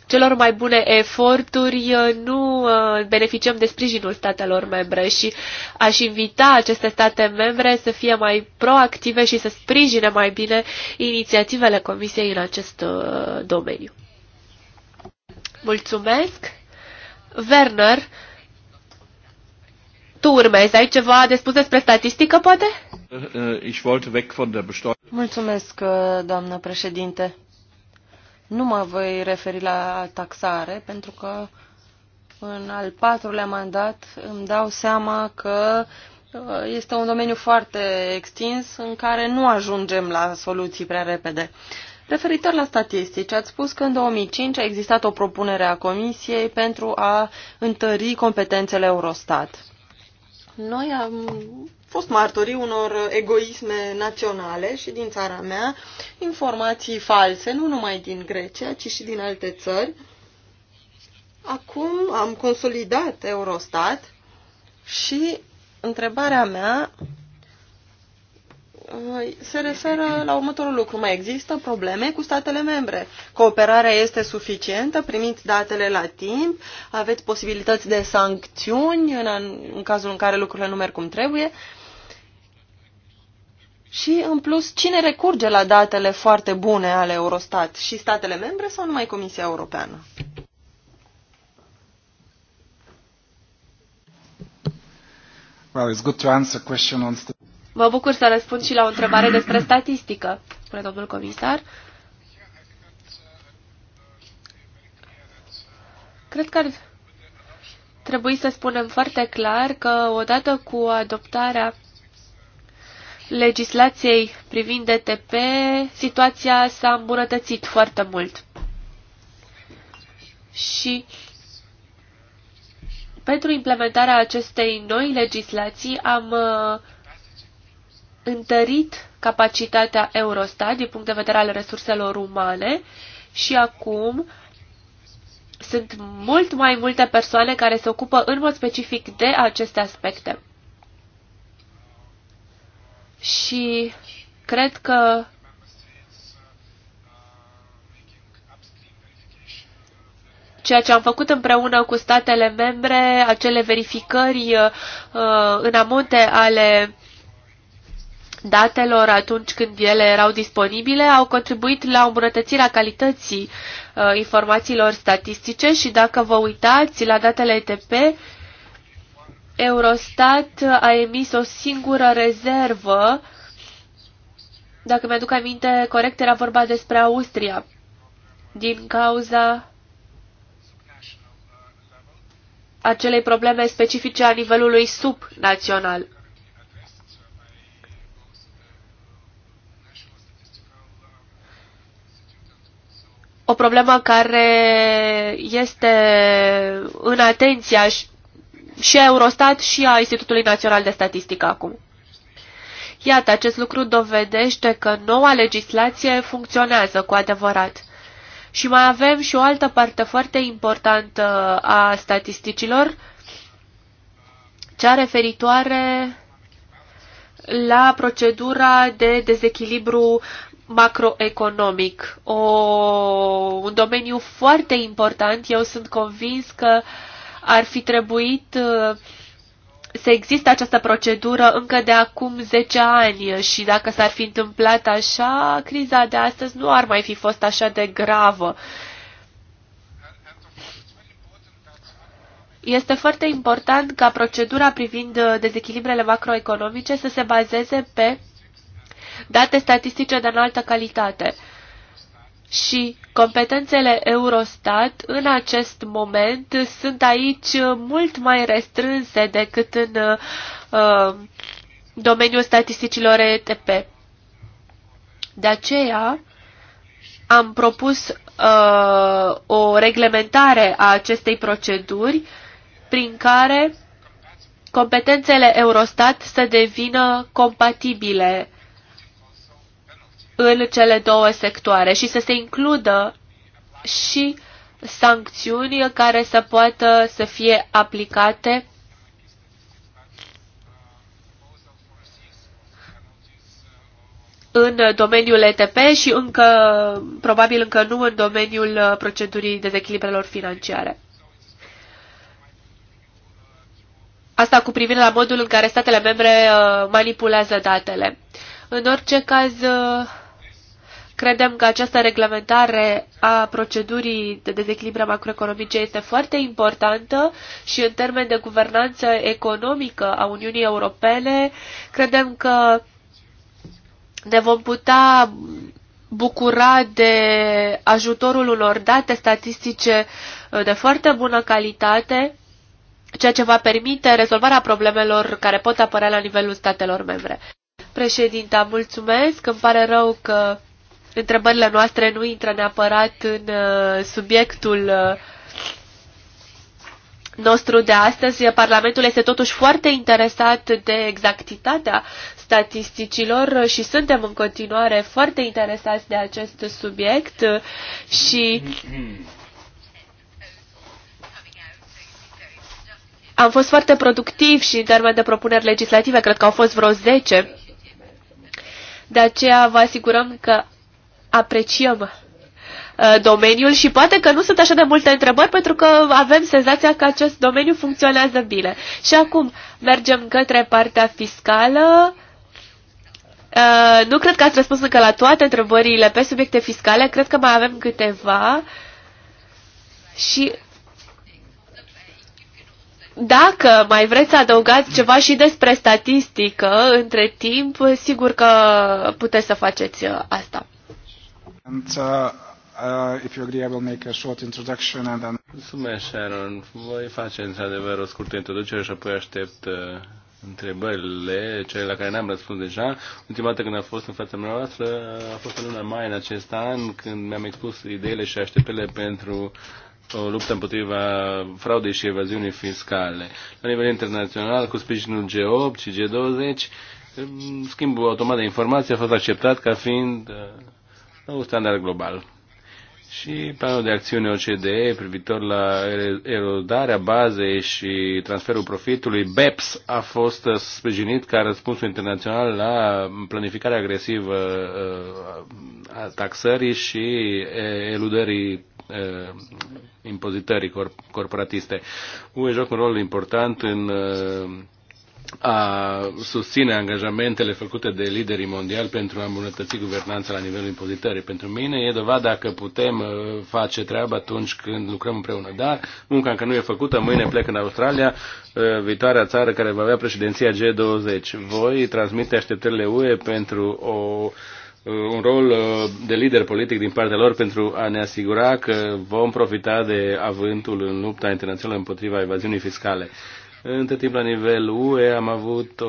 celor mai bune eforturi, uh, nu beneficiem de sprijinul statelor membre și aș invita aceste state membre să fie mai proactive și să sprijine mai bine inițiativele Comisiei în acest domeniu. Mulțumesc! Werner, tu urmezi. Ai ceva de spus despre statistică, poate? Eh, ich wollte weg von der Mulțumesc, eh, doamnă președinte. Nu mă voi referi la taxare, pentru că în al patrulea mandat îmi dau seama că eh, este un domeniu foarte extins în care nu ajungem la soluții prea repede. Referitor la statistici, ați spus că în 2005 a existat o propunere a Comisiei pentru a întări competențele Eurostat. Noi am fost martorii unor egoisme naționale și din țara mea, informații false, nu numai din Grecia, ci și din alte țări. Acum am consolidat Eurostat și întrebarea mea se referă la următorul lucru. Mai există probleme cu statele membre. Cooperarea este suficientă, primiți datele la timp, aveți posibilități de sancțiuni în, în cazul în care lucrurile nu merg cum trebuie. Și, în plus, cine recurge la datele foarte bune ale Eurostat? Și statele membre sau numai Comisia Europeană? Well, it's good to answer question on Mă bucur să răspund și la o întrebare despre statistică, spune domnul comisar. Cred că ar trebui să spunem foarte clar că odată cu adoptarea legislației privind DTP, situația s-a îmbunătățit foarte mult. Și pentru implementarea acestei noi legislații am uh, întărit capacitatea Eurostat din punct de vedere al resurselor umane și acum sunt mult mai multe persoane care se ocupă în mod specific de aceste aspecte. Și cred că ceea ce am făcut împreună cu statele membre, acele verificări uh, în amonte ale datelor atunci când ele erau disponibile au contribuit la îmbunătățirea calității uh, informațiilor statistice și dacă vă uitați la datele ETP, Eurostat a emis o singură rezervă, dacă mi-aduc aminte corect, era vorba despre Austria, din cauza acelei probleme specifice a nivelului subnațional. o problemă care este în atenția și a Eurostat și a Institutului Național de Statistică acum. Iată, acest lucru dovedește că noua legislație funcționează cu adevărat. Și mai avem și o altă parte foarte importantă a statisticilor, cea referitoare la procedura de dezechilibru macroeconomic, o, un domeniu foarte important. Eu sunt convins că ar fi trebuit uh, să există această procedură încă de acum 10 ani și dacă s-ar fi întâmplat așa, criza de astăzi nu ar mai fi fost așa de gravă. Este foarte important ca procedura privind uh, dezechilibrele macroeconomice să se bazeze pe date statistice de înaltă calitate. Și competențele Eurostat în acest moment sunt aici mult mai restrânse decât în uh, domeniul statisticilor ETP. De aceea am propus uh, o reglementare a acestei proceduri prin care competențele Eurostat să devină compatibile în cele două sectoare și să se includă și sancțiuni care să poată să fie aplicate în domeniul ETP și încă, probabil încă nu în domeniul procedurii dezechilibrelor financiare. Asta cu privire la modul în care statele membre uh, manipulează datele. În orice caz, uh, Credem că această reglementare a procedurii de dezechilibre macroeconomice este foarte importantă și în termen de guvernanță economică a Uniunii Europene, credem că ne vom putea bucura de ajutorul unor date statistice uh, de foarte bună calitate, ceea ce va permite rezolvarea problemelor care pot apărea la nivelul statelor membre. Președinta, mulțumesc, îmi pare rău că întrebările noastre nu intră neapărat în uh, subiectul uh, nostru de astăzi. Parlamentul este totuși foarte interesat de exactitatea statisticilor și suntem în continuare foarte interesați de acest subiect și am fost foarte productiv și în termen de propuneri legislative, cred că au fost vreo 10. De aceea vă asigurăm că apreciăm uh, domeniul și poate că nu sunt așa de multe întrebări pentru că avem senzația că acest domeniu funcționează bine. Și acum mergem către partea fiscală. Uh, nu cred că ați răspuns încă la toate întrebările pe subiecte fiscale, cred că mai avem câteva. Și dacă mai vreți să adăugați ceva și despre statistică între timp, sigur că puteți să faceți uh, asta. And, uh, uh, if you agree, I will make a short introduction and then... Mulțumesc, Sharon. Voi face într-adevăr o scurtă introducere și apoi aștept uh, întrebările, cele la care n-am răspuns deja. Ultima dată când a fost în fața mea noastră a fost în luna mai în acest an, când mi-am expus ideile și așteptările pentru o luptă împotriva fraudei și evaziunii fiscale. La nivel internațional, cu sprijinul G8 și G20, schimbul automat de informații a fost acceptat ca fiind uh, un standard global. Și planul de acțiune OCDE privitor la erodarea bazei și transferul profitului BEPS a fost sprijinit ca răspunsul internațional la planificarea agresivă uh, a taxării și uh, eludării uh, impozitării corporatiste. UE joacă un rol important în a susține angajamentele făcute de liderii mondiali pentru a îmbunătăți guvernanța la nivelul impozitării. Pentru mine e dovada că putem uh, face treaba atunci când lucrăm împreună. Dar munca încă nu e făcută, mâine plec în Australia, uh, viitoarea țară care va avea președinția G20. Voi transmite așteptările UE pentru o uh, un rol de lider politic din partea lor pentru a ne asigura că vom profita de avântul în lupta internațională împotriva evaziunii fiscale. Între timp, la nivel UE, am avut, o,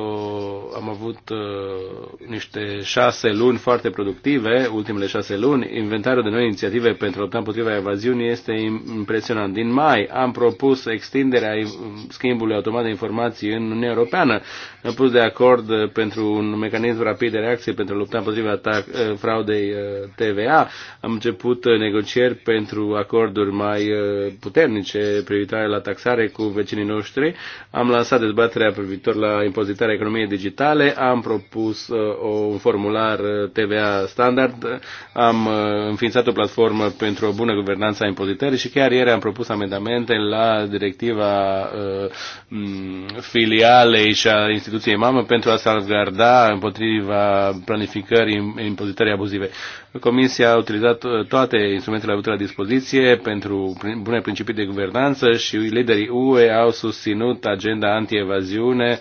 am avut uh, niște șase luni foarte productive, ultimele șase luni. Inventarul de noi inițiative pentru lupta împotriva evaziunii este impresionant. Din mai am propus extinderea schimbului automat de informații în Uniunea Europeană. Am pus de acord uh, pentru un mecanism rapid de reacție pentru lupta împotriva atac, uh, fraudei uh, TVA. Am început uh, negocieri pentru acorduri mai uh, puternice privitoare la taxare cu vecinii noștri am lansat dezbaterea privitor la impozitarea economiei digitale, am propus uh, un formular uh, TVA standard, am uh, înființat o platformă pentru o bună guvernanță a impozitării și chiar ieri am propus amendamente la directiva filialei și a instituției mamă pentru a salvgarda împotriva planificării impozitării abuzive. Comisia a utilizat uh, toate instrumentele avute la dispoziție pentru bune principii de guvernanță și liderii UE au susținut agenda antievaziune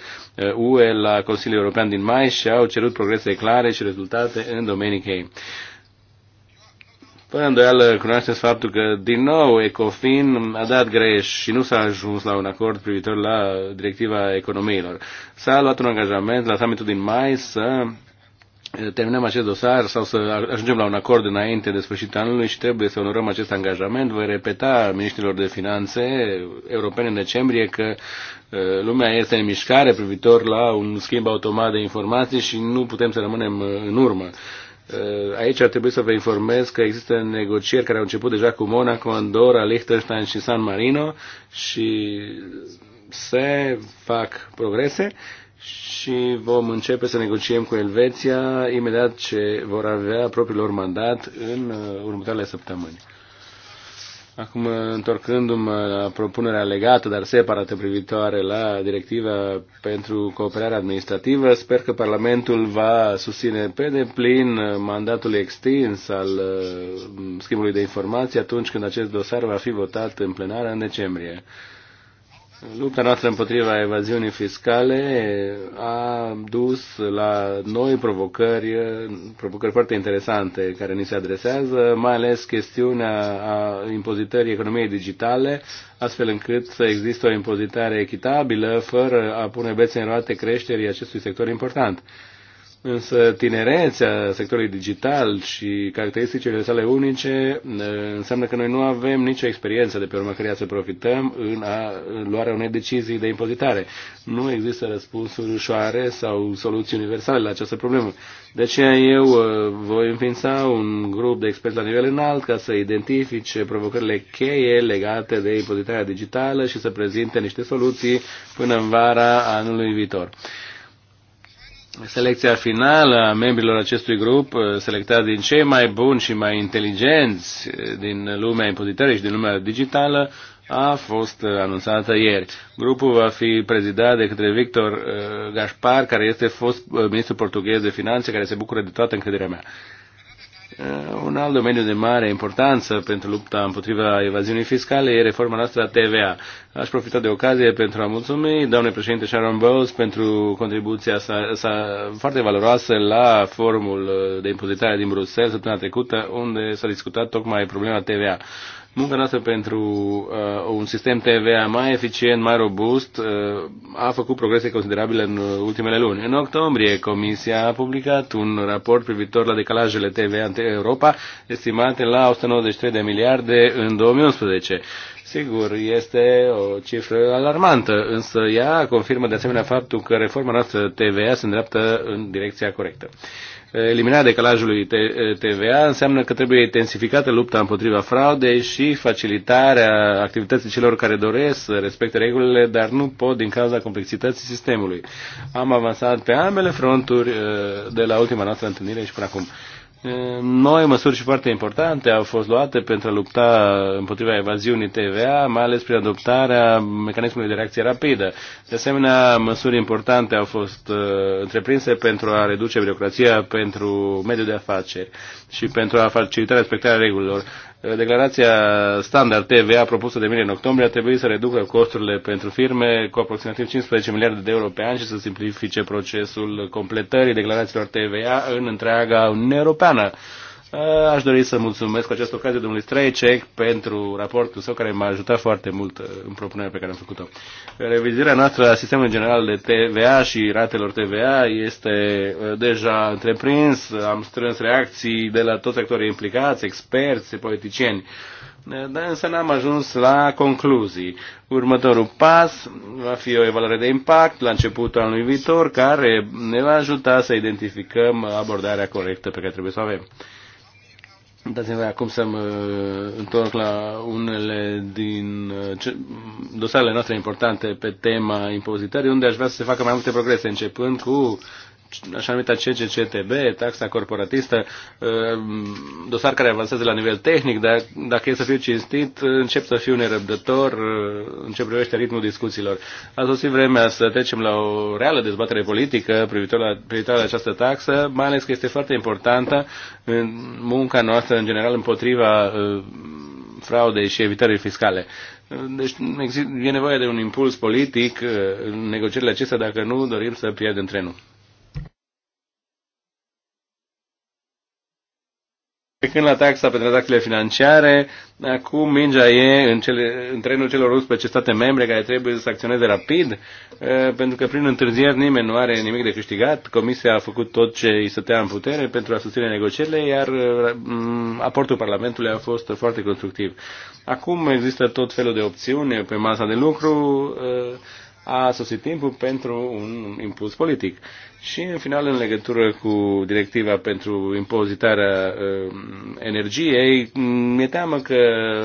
UE uh, la Consiliul European din mai și au cerut progrese clare și rezultate în domenii cheie. Fără îndoială cunoașteți faptul că din nou Ecofin a dat greș și nu s-a ajuns la un acord privitor la directiva economiilor. S-a luat un angajament la summitul din mai să terminăm acest dosar sau să ajungem la un acord înainte de sfârșitul anului și trebuie să onorăm acest angajament. Voi repeta ministrilor de finanțe europene în decembrie că lumea este în mișcare privitor la un schimb automat de informații și nu putem să rămânem în urmă. Aici ar trebui să vă informez că există negocieri care au început deja cu Monaco, Andorra, Liechtenstein și San Marino și se fac progrese și vom începe să negociem cu Elveția imediat ce vor avea propriul lor mandat în uh, următoarele săptămâni. Acum, întorcându-mă la propunerea legată, dar separată privitoare la directiva pentru cooperarea administrativă, sper că Parlamentul va susține pe deplin mandatul extins al uh, schimbului de informații atunci când acest dosar va fi votat în plenară în decembrie. Lupta noastră împotriva evaziunii fiscale a dus la noi provocări, provocări foarte interesante care ni se adresează, mai ales chestiunea a impozitării economiei digitale, astfel încât să există o impozitare echitabilă fără a pune bețe în roate creșterii acestui sector important. Însă tinerețea sectorului digital și caracteristicile sale unice înseamnă că noi nu avem nicio experiență de pe urma căreia să profităm în a luarea unei decizii de impozitare. Nu există răspunsuri ușoare sau soluții universale la această problemă. De aceea eu voi înființa un grup de experți la nivel înalt ca să identifice provocările cheie legate de impozitarea digitală și să prezinte niște soluții până în vara anului viitor selecția finală a membrilor acestui grup, uh, selectat din cei mai buni și mai inteligenți uh, din lumea impozitării și din lumea digitală, a fost uh, anunțată ieri. Grupul va fi prezidat de către Victor Gaspar, care este fost ministru portughez de finanțe, care se bucură de toată încrederea mea. Eh, un alt domeniu de mare importanță pentru lupta împotriva evaziunii fiscale e reforma noastră a TVA. Aș profita de ocazie pentru a mulțumi doamnei președinte Sharon Bowles pentru contribuția sa, sa foarte valoroasă la forumul de impozitare din Bruxelles săptămâna trecută, unde s-a discutat tocmai problema TVA. Munca noastră pentru uh, un sistem TVA mai eficient, mai robust, uh, a făcut progrese considerabile în ultimele luni. În octombrie, Comisia a publicat un raport privitor la decalajele TVA în Europa, estimate la 193 de miliarde în 2011. Sigur, este o cifră alarmantă, însă ea confirmă de asemenea faptul că reforma noastră TVA se îndreaptă în direcția corectă. Uh, Eliminarea decalajului TVA înseamnă că trebuie intensificată lupta împotriva fraudei și facilitarea activității celor care doresc să respecte regulile, dar nu pot din cauza complexității sistemului. Am avansat pe ambele fronturi uh, de la ultima noastră întâlnire și până acum. Noi măsuri și foarte importante au fost luate pentru a lupta împotriva evaziunii TVA, mai ales prin adoptarea mecanismului de reacție rapidă. De asemenea, măsuri importante au fost uh, întreprinse pentru a reduce birocrația pentru mediul de afaceri și pentru a facilita respectarea regulilor declarația standard TVA propusă de mine în octombrie a trebuit să reducă costurile pentru firme cu aproximativ 15 miliarde de euro pe an și să simplifice procesul completării declarațiilor TVA în întreaga Uniune Europeană. Aș dori să mulțumesc cu această ocazie domnului Strejcek pentru raportul său care m-a ajutat foarte mult uh, în propunerea pe care am făcut-o. Revizirea noastră a sistemului general de TVA și ratelor TVA este uh, deja întreprins. Am strâns reacții de la toți actorii implicați, experți, politicieni. Dar însă n-am ajuns la concluzii. Următorul pas va fi o evaluare de impact la începutul anului viitor, care ne va ajuta să identificăm abordarea corectă pe care trebuie să o avem. Dați-mi voi acum să mă întorc la unele din uh, dosarele noastre importante pe tema impozitării, unde aș vrea să se facă mai multe progrese, începând cu așa numită CCCTB, taxa corporatistă, uh, dosar care avansează la nivel tehnic, dar dacă e să fiu cinstit, încep să fiu nerăbdător uh, în ce privește ritmul discuțiilor. A sosit vremea să trecem la o reală dezbatere politică privitor la, privitor la această taxă, mai ales că este foarte importantă în munca noastră, în general, împotriva uh, fraudei și evitării fiscale. Deci e nevoie de un impuls politic în negocierile acestea dacă nu dorim să pierdem trenul. Pe când la taxa pe tranzacțiile financiare, acum mingea e în, cele, în trenul celor 11 state membre care trebuie să acționeze rapid, eh, pentru că prin întârzieri nimeni nu are nimic de câștigat. Comisia a făcut tot ce îi stătea în putere pentru a susține negocierile, iar mm, aportul Parlamentului a fost foarte constructiv. Acum există tot felul de opțiuni pe masa de lucru, eh, a sosit timpul pentru un impuls politic. Și, în final, în legătură cu directiva pentru impozitarea uh, energiei, mi-e teamă că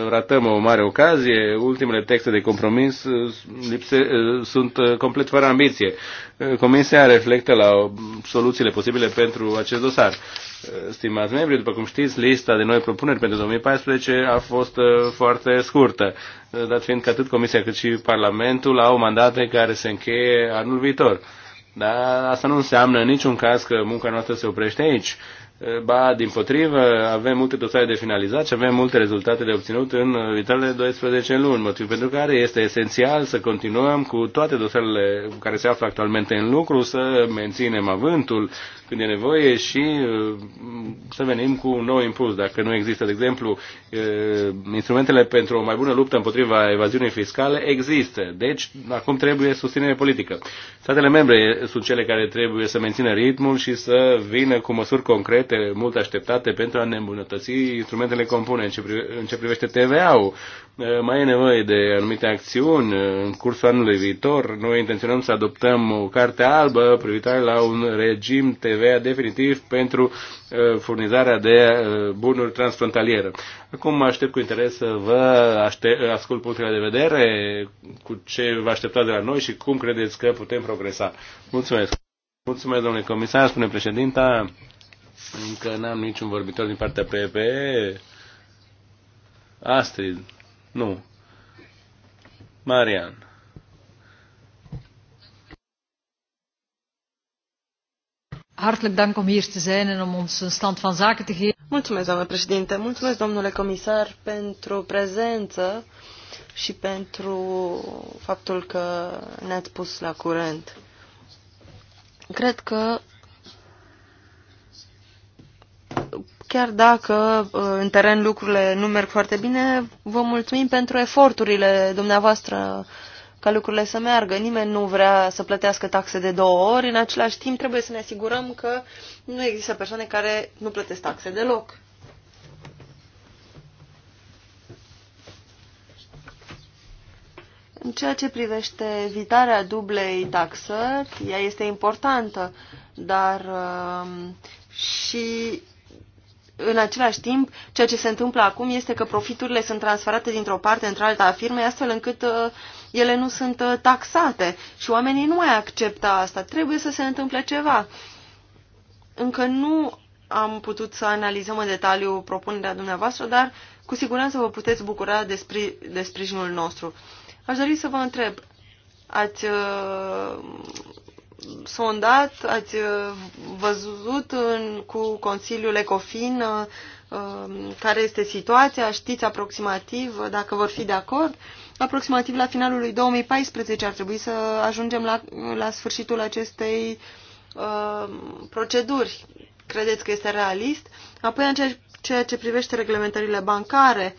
ratăm o mare ocazie. Ultimele texte de compromis uh, lipse, uh, sunt uh, complet fără ambiție. Uh, Comisia reflectă la um, soluțiile posibile pentru acest dosar. Uh, stimați membri, după cum știți, lista de noi propuneri pentru 2014 a fost uh, foarte scurtă, uh, dat fiind că atât Comisia cât și Parlamentul au mandate care se încheie anul viitor. Uh, dar asta nu înseamnă în niciun caz că munca noastră se oprește aici. Ba, din potrivă, avem multe dosare de finalizat și avem multe rezultate de obținut în viitoarele 12 luni, motiv pentru care este esențial să continuăm cu toate dosarele care se află actualmente în lucru, să menținem avântul, când e nevoie și uh, să venim cu un nou impuls. Dacă nu există, de exemplu, uh, instrumentele pentru o mai bună luptă împotriva evaziunii fiscale există. Deci, acum trebuie susținere politică. Statele membre sunt cele care trebuie să mențină ritmul și să vină cu măsuri concrete, mult așteptate, pentru a ne îmbunătăți instrumentele compune în ce, pri- în ce privește TVA-ul. Eh, mai e nevoie de anumite acțiuni. Eh, în cursul anului viitor, noi intenționăm să adoptăm o carte albă privitoare la un regim TVA definitiv pentru eh, furnizarea de bunuri transfrontaliere Acum aștept cu interes să vă aștept, ascult punctele de vedere, cu ce vă așteptați de la noi și cum credeți că putem progresa. Mulțumesc! Mulțumesc, domnule comisar, spune președinta. Încă n-am niciun vorbitor din partea PPE. Astrid. Nu. Marian. Hartelijk dank om hier te zijn en om ons een stand van zaken te geven. Mulțumesc, doamnă președinte. Mulțumesc, domnule comisar, pentru prezență și pentru faptul că ne-ați pus la curent. Cred că Chiar dacă uh, în teren lucrurile nu merg foarte bine, vă mulțumim pentru eforturile dumneavoastră ca lucrurile să meargă. Nimeni nu vrea să plătească taxe de două ori. În același timp, trebuie să ne asigurăm că nu există persoane care nu plătesc taxe deloc. În ceea ce privește evitarea dublei taxări, ea este importantă, dar uh, și în același timp, ceea ce se întâmplă acum este că profiturile sunt transferate dintr-o parte într-alta a firmei, astfel încât uh, ele nu sunt uh, taxate și oamenii nu mai acceptă asta. Trebuie să se întâmple ceva. Încă nu am putut să analizăm în detaliu propunerea dumneavoastră, dar cu siguranță vă puteți bucura de, spri, de sprijinul nostru. Aș dori să vă întreb, ați uh, sondat, ați uh, văzut în, cu Consiliul Ecofin uh, um, care este situația, știți aproximativ uh, dacă vor fi de acord. Aproximativ la finalul lui 2014 ar trebui să ajungem la, la sfârșitul acestei uh, proceduri. Credeți că este realist? Apoi, în ceea ce privește reglementările bancare,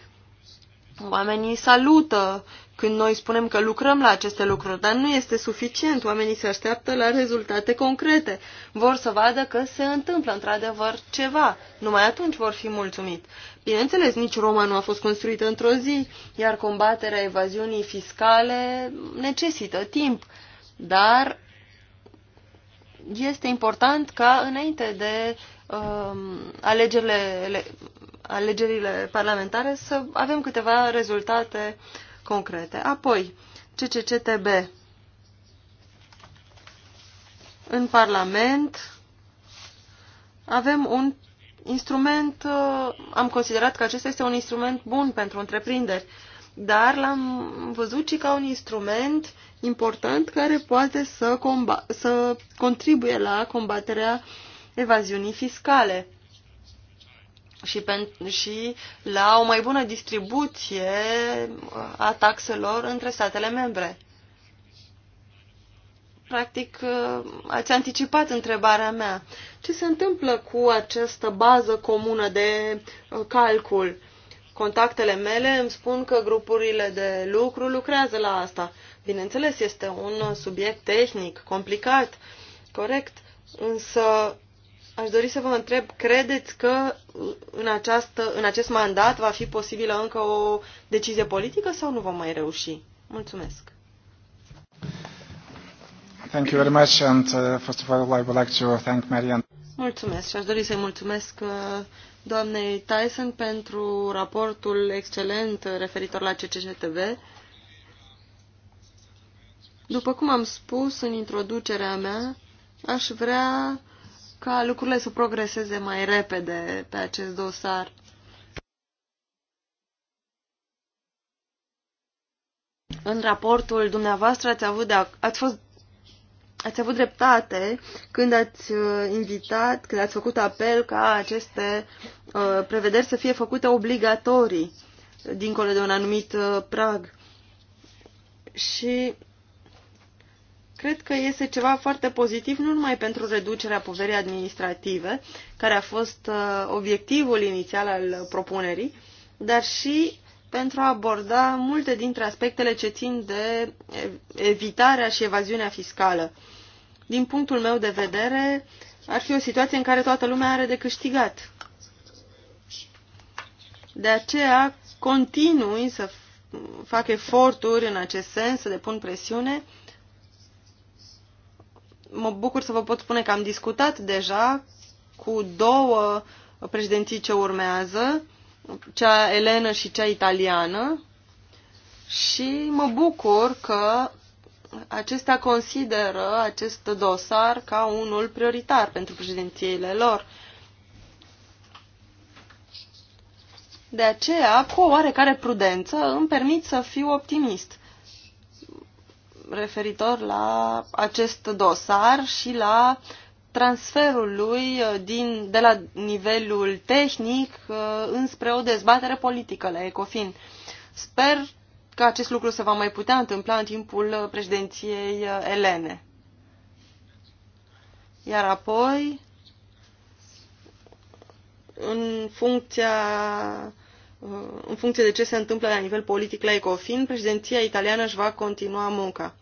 oamenii salută când noi spunem că lucrăm la aceste lucruri, dar nu este suficient. Oamenii se așteaptă la rezultate concrete. Vor să vadă că se întâmplă într-adevăr ceva. Numai atunci vor fi mulțumit. Bineînțeles, nici Roma nu a fost construită într-o zi, iar combaterea evaziunii fiscale necesită timp. Dar este important ca înainte de um, alegerile, alegerile parlamentare să avem câteva rezultate uh, concrete. Apoi, CCCTB. În Parlament avem un instrument, uh, am considerat că acesta este un instrument bun pentru întreprinderi, dar l-am văzut și ca un instrument important care poate să, să contribuie la combaterea evaziunii fiscale și, pen, și la o mai bună distribuție a taxelor între statele membre. Practic, ați anticipat întrebarea mea. Ce se întâmplă cu această bază comună de uh, calcul? Contactele mele îmi spun că grupurile de lucru lucrează la asta. Bineînțeles, este un subiect tehnic, complicat, corect, însă Aș dori să vă întreb, credeți că în, această, în acest mandat va fi posibilă încă o decizie politică sau nu vom mai reuși? Mulțumesc. Thank you very much and uh, first of all I would like to thank Marian. Mulțumesc și aș dori să-i mulțumesc uh, doamnei Tyson pentru raportul excelent uh, referitor la CCCTV. După cum am spus în introducerea mea, aș vrea ca lucrurile să progreseze mai repede pe acest dosar. În raportul dumneavoastră ați avut, de, ați fost, ați avut dreptate când ați uh, invitat, când ați făcut apel ca aceste uh, prevederi să fie făcute obligatorii dincolo de un anumit uh, prag. Și Cred că este ceva foarte pozitiv nu numai pentru reducerea poverii administrative, care a fost uh, obiectivul inițial al propunerii, dar și pentru a aborda multe dintre aspectele ce țin de evitarea și evaziunea fiscală. Din punctul meu de vedere, ar fi o situație în care toată lumea are de câștigat. De aceea continui să fac eforturi în acest sens, să depun presiune mă bucur să vă pot spune că am discutat deja cu două președinții ce urmează, cea elenă și cea italiană, și mă bucur că acestea consideră acest dosar ca unul prioritar pentru președințiile lor. De aceea, cu o oarecare prudență, îmi permit să fiu optimist referitor la acest dosar și la transferul lui uh, din, de la nivelul tehnic uh, înspre o dezbatere politică la ECOFIN. Sper că acest lucru se va mai putea întâmpla în timpul uh, președinției Elene. Iar apoi, în funcția Uh, în funcție de ce se întâmplă la nivel politic la ECOFIN, președinția italiană își va continua munca.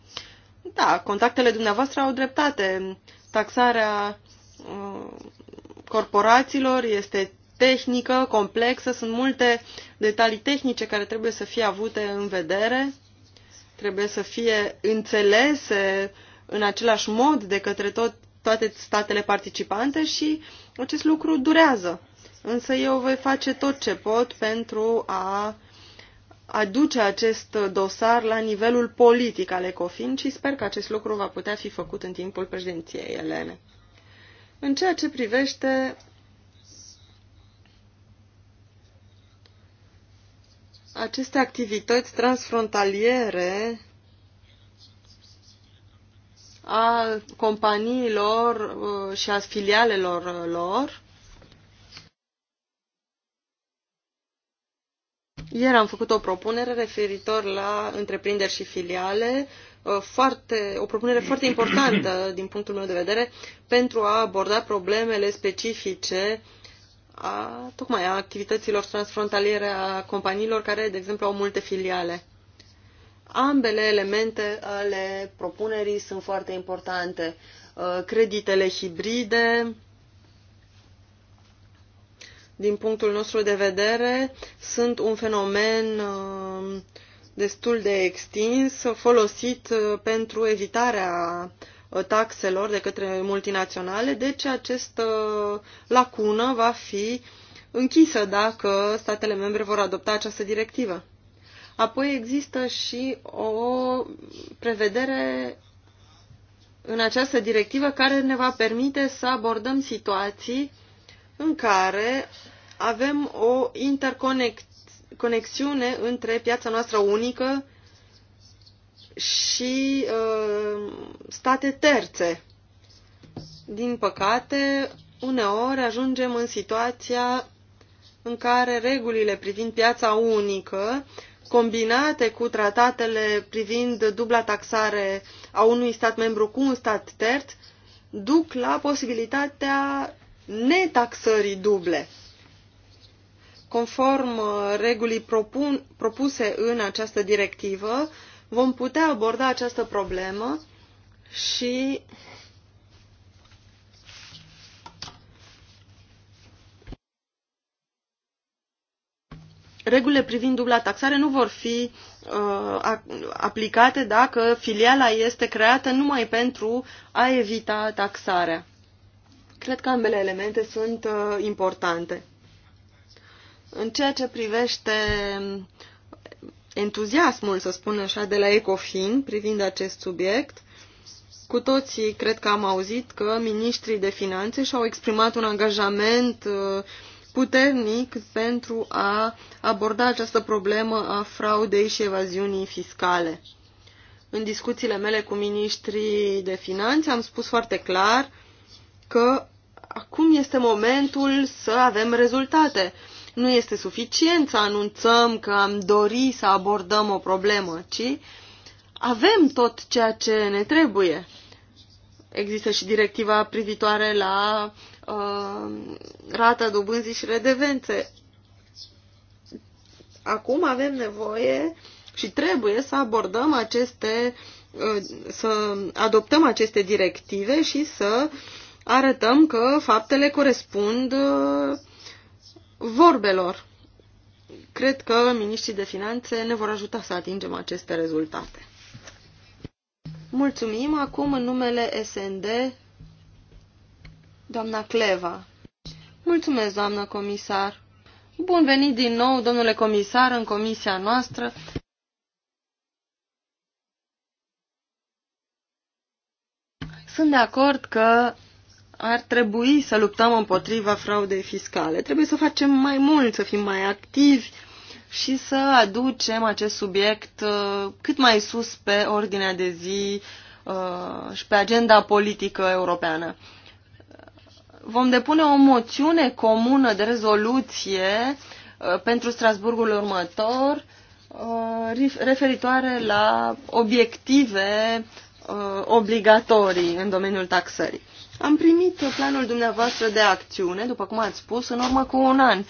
Da, contactele dumneavoastră au dreptate. Taxarea uh, corporațiilor este tehnică, complexă, sunt multe detalii tehnice care trebuie să fie avute în vedere, trebuie să fie înțelese în același mod de către tot, toate statele participante și acest lucru durează. Însă eu voi face tot ce pot pentru a aduce acest dosar la nivelul politic al ECOFIN și sper că acest lucru va putea fi făcut în timpul președinției elene. În ceea ce privește aceste activități transfrontaliere a companiilor uh, și a filialelor uh, lor, Ieri am făcut o propunere referitor la întreprinderi și filiale, uh, foarte, o propunere foarte importantă <clears throat> din punctul meu de vedere pentru a aborda problemele specifice a, tocmai a activităților transfrontaliere a companiilor care, de exemplu, au multe filiale. Ambele elemente ale propunerii sunt foarte importante. Uh, creditele hibride, din punctul nostru de vedere, sunt un fenomen uh, destul de extins, folosit uh, pentru evitarea uh, taxelor de către multinaționale, deci această lacună va fi închisă dacă statele membre vor adopta această directivă. Apoi există și o prevedere în această directivă care ne va permite să abordăm situații uh, în care avem o interconexiune între piața noastră unică și uh, state terțe. Din păcate, uneori ajungem în situația în care regulile privind piața unică, combinate cu tratatele privind dubla taxare a unui stat membru cu un stat terț, duc la posibilitatea netaxării duble. Conform uh, regulii propun, propuse în această directivă, vom putea aborda această problemă și regulile privind dubla taxare nu vor fi uh, aplicate dacă filiala este creată numai pentru a evita taxarea. Cred că ambele elemente sunt uh, importante. În ceea ce privește entuziasmul, să spun așa, de la Ecofin privind acest subiect, cu toții cred că am auzit că ministrii de finanțe și-au exprimat un angajament uh, puternic pentru a aborda această problemă a fraudei și evaziunii fiscale. În discuțiile mele cu ministrii de finanțe am spus foarte clar că acum este momentul să avem rezultate. Nu este suficient să anunțăm că am dori să abordăm o problemă, ci avem tot ceea ce ne trebuie. Există și directiva privitoare la uh, rata dobânzii și redevențe. Acum avem nevoie și trebuie să abordăm aceste, uh, să adoptăm aceste directive și să uh, arătăm că faptele corespund uh, vorbelor. Cred că miniștrii de finanțe ne vor ajuta să atingem aceste rezultate. Mulțumim. Acum, în numele SND, doamna Cleva. Mulțumesc, doamnă comisar. Bun venit din nou, domnule comisar, în comisia noastră. Sunt de acord că ar trebui să luptăm împotriva fraudei fiscale. Trebuie să facem mai mult, să fim mai activi și să aducem acest subiect uh, cât mai sus pe ordinea de zi uh, și pe agenda politică europeană. Vom depune o moțiune comună de rezoluție uh, pentru Strasburgul următor referitoare la obiective obligatorii în domeniul taxării. Am primit planul dumneavoastră de acțiune, după cum ați spus, în urmă cu un an,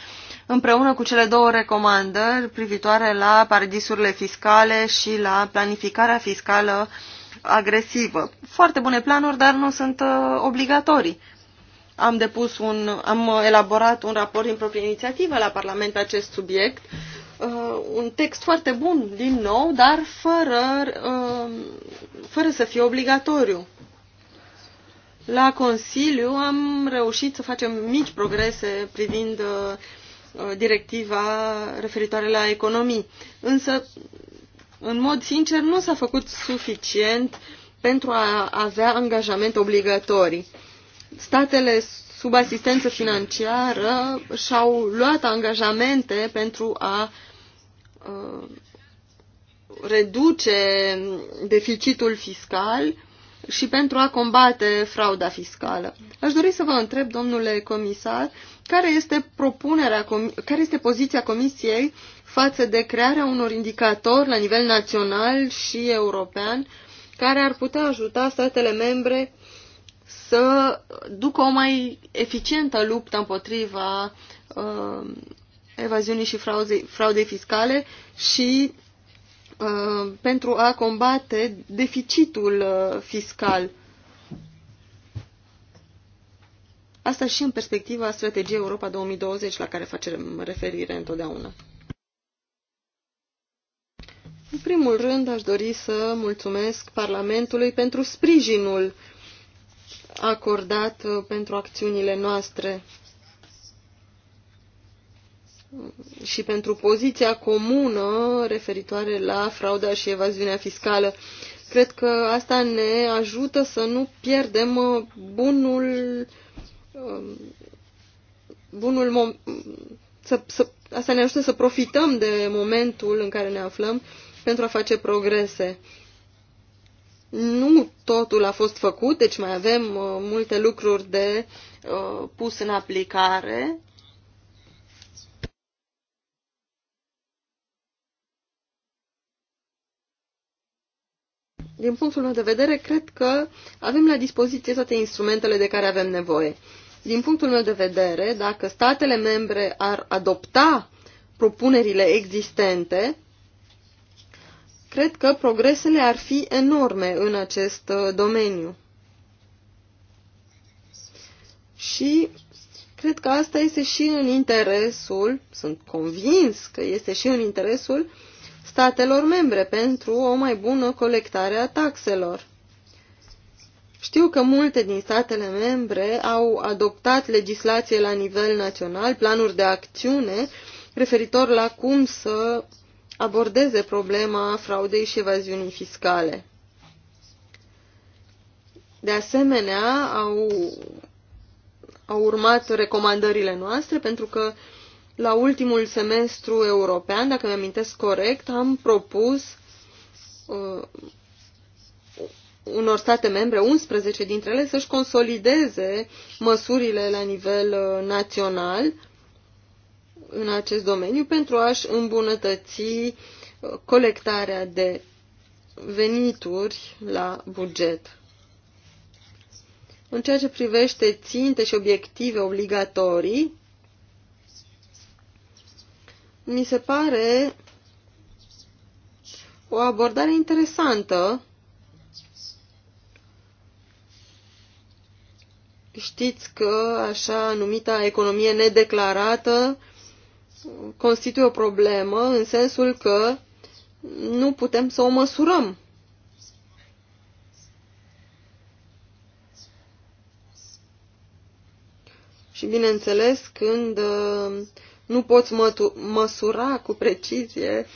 împreună cu cele două recomandări privitoare la paradisurile fiscale și la planificarea fiscală agresivă. Foarte bune planuri, dar nu sunt uh, obligatorii. Am depus un, am elaborat un raport din proprie inițiativă la Parlament pe acest subiect, uh, un text foarte bun, din nou, dar fără, uh, fără să fie obligatoriu. La Consiliu am reușit să facem mici progrese privind uh, directiva referitoare la economii. Însă, în mod sincer, nu s-a făcut suficient pentru a avea angajamente obligatorii. Statele sub asistență financiară și-au luat angajamente pentru a uh, reduce deficitul fiscal și pentru a combate frauda fiscală. Aș dori să vă întreb, domnule comisar, care este propunerea, care este poziția Comisiei față de crearea unor indicatori la nivel național și european care ar putea ajuta statele membre să ducă o mai eficientă luptă împotriva uh, evaziunii și fraudei, fraudei fiscale și Uh, pentru a combate deficitul uh, fiscal. Asta și în perspectiva strategiei Europa 2020, la care facem referire întotdeauna. În primul rând, aș dori să mulțumesc Parlamentului pentru sprijinul acordat uh, pentru acțiunile noastre și pentru poziția comună referitoare la frauda și evaziunea fiscală. Cred că asta ne ajută să nu pierdem uh, bunul um, bunul să, să, asta ne ajută să profităm de momentul în care ne aflăm pentru a face progrese. Nu totul a fost făcut, deci mai avem uh, multe lucruri de uh, pus în aplicare din punctul meu de vedere, cred că avem la dispoziție toate instrumentele de care avem nevoie. Din punctul meu de vedere, dacă statele membre ar adopta propunerile existente, cred că progresele ar fi enorme în acest uh, domeniu. Și cred că asta este și în interesul, sunt convins că este și în interesul uh, statelor membre pentru o mai bună colectare a taxelor. Știu că multe din statele membre au adoptat legislație la nivel național, planuri de acțiune referitor la cum să abordeze problema fraudei și evaziunii fiscale. De asemenea, au, au urmat recomandările noastre pentru că uh, la ultimul semestru european, dacă mi-amintesc corect, am propus uh, unor state membre, 11 dintre ele, să-și consolideze măsurile la nivel uh, național în acest domeniu pentru a-și îmbunătăți uh, colectarea de venituri la buget. În ceea ce privește ținte și obiective obligatorii, mi se pare o abordare interesantă. Știți că așa numita economie nedeclarată constituie o problemă în sensul că nu putem să o măsurăm. Și bineînțeles, când uh, nu poți măsura cu precizie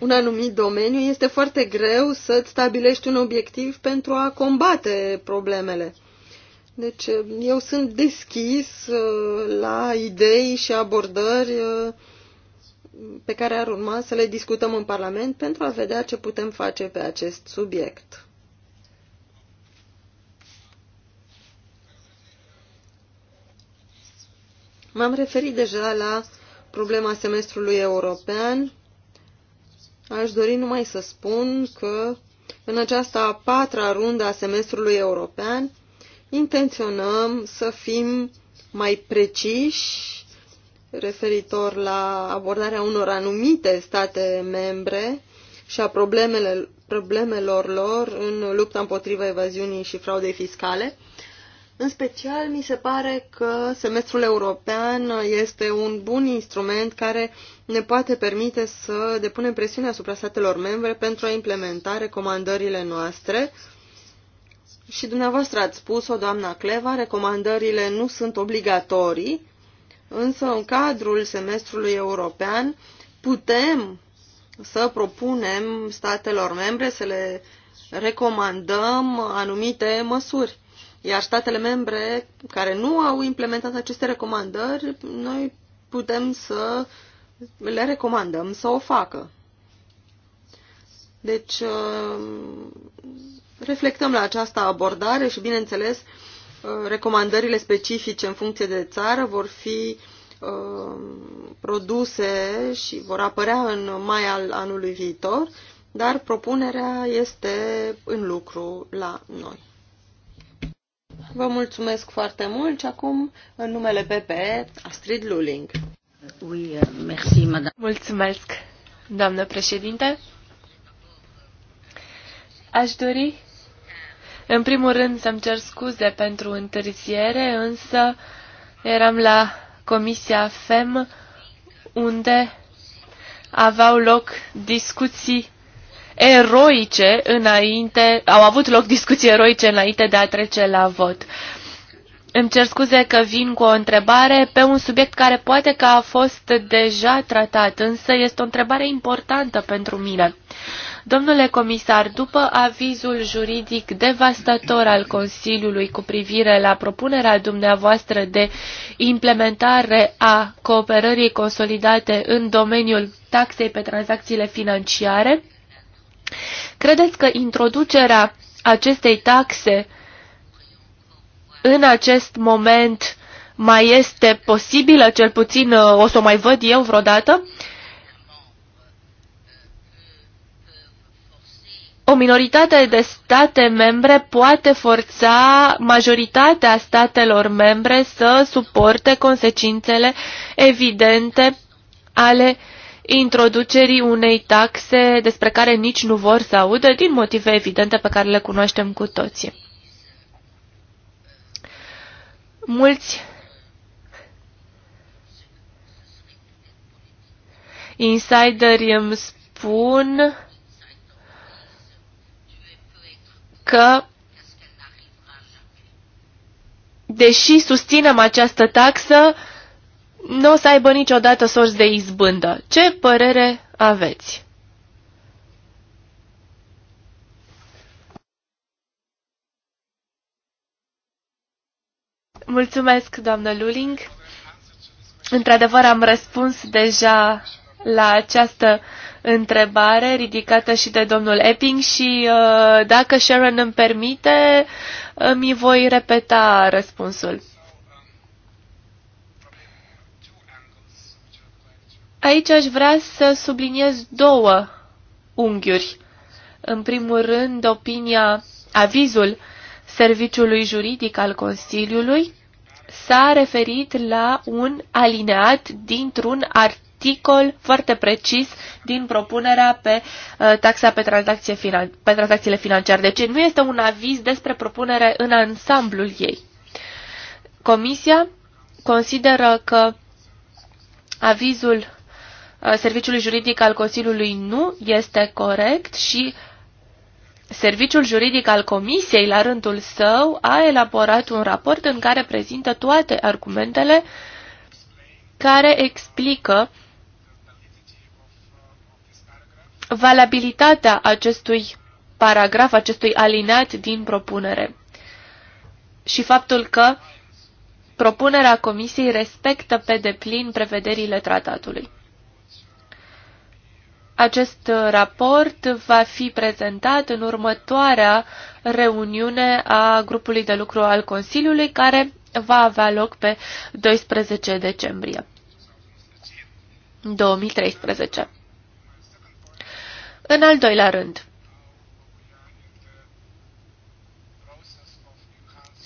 un anumit domeniu, este foarte greu să-ți stabilești un obiectiv pentru a combate problemele. Deci eu sunt deschis uh, la idei și abordări uh, pe care ar urma să le discutăm în Parlament pentru a vedea ce putem face pe acest subiect. M-am referit deja la problema semestrului european. Aș dori numai să spun că în această a patra rundă a semestrului european intenționăm să fim mai preciși referitor la abordarea unor anumite state membre și a problemele, problemelor lor în lupta împotriva evaziunii și fraudei fiscale în special, mi se pare că semestrul european este un bun instrument care ne poate permite să depunem presiune asupra statelor membre pentru a implementa recomandările noastre. Și dumneavoastră ați spus-o, doamna Cleva, recomandările nu sunt obligatorii, însă în cadrul semestrului european putem să propunem statelor membre să le recomandăm anumite măsuri iar statele membre care nu au implementat aceste recomandări, noi putem să le recomandăm să o facă. Deci, uh, reflectăm la această abordare și, bineînțeles, uh, recomandările specifice în funcție de țară vor fi uh, produse și vor apărea în mai al anului viitor, dar propunerea este în lucru la noi. Vă mulțumesc foarte mult și acum, în numele PPE, Astrid Luling. Oui, euh, merci, madame. Mulțumesc, doamnă președinte. Aș dori, în primul rând, să-mi cer scuze pentru întârziere, însă eram la Comisia FEM, unde aveau loc discuții eroice înainte, au avut loc discuții eroice înainte de a trece la vot. Îmi cer scuze că vin cu o întrebare pe un subiect care poate că a fost deja tratat, însă este o întrebare importantă pentru mine. Domnule comisar, după avizul juridic devastator al Consiliului cu privire la propunerea dumneavoastră de implementare a cooperării consolidate în domeniul taxei pe tranzacțiile financiare, Credeți că introducerea acestei taxe în acest moment mai este posibilă, cel puțin uh, o să o mai văd eu vreodată? o minoritate de state membre poate forța majoritatea statelor membre să suporte consecințele evidente ale introducerii unei taxe despre care nici nu vor să audă, din motive evidente pe care le cunoaștem cu toții. Mulți insideri îmi spun că deși susținem această taxă, nu o să aibă niciodată sorți de izbândă. Ce părere aveți? Mulțumesc, doamnă Luling. Într-adevăr, am răspuns deja la această întrebare ridicată și de domnul Epping și uh, dacă Sharon îmi permite, mi voi repeta răspunsul. Aici aș vrea să subliniez două unghiuri. În primul rând, opinia, avizul Serviciului Juridic al Consiliului s-a referit la un alineat dintr-un articol foarte precis din propunerea pe uh, taxa pe, tranzacție finan- pe tranzacțiile financiare. Deci nu este un aviz despre propunere în ansamblul ei. Comisia consideră că avizul Uh, serviciului juridic al Consiliului nu este corect și Serviciul juridic al Comisiei, la rândul său, a elaborat un raport în care prezintă toate argumentele care explică valabilitatea acestui paragraf, acestui alineat din propunere și faptul că propunerea Comisiei respectă pe deplin prevederile tratatului. Acest raport va fi prezentat în următoarea reuniune a grupului de lucru al Consiliului, care va avea loc pe 12 decembrie 2013. În al doilea rând,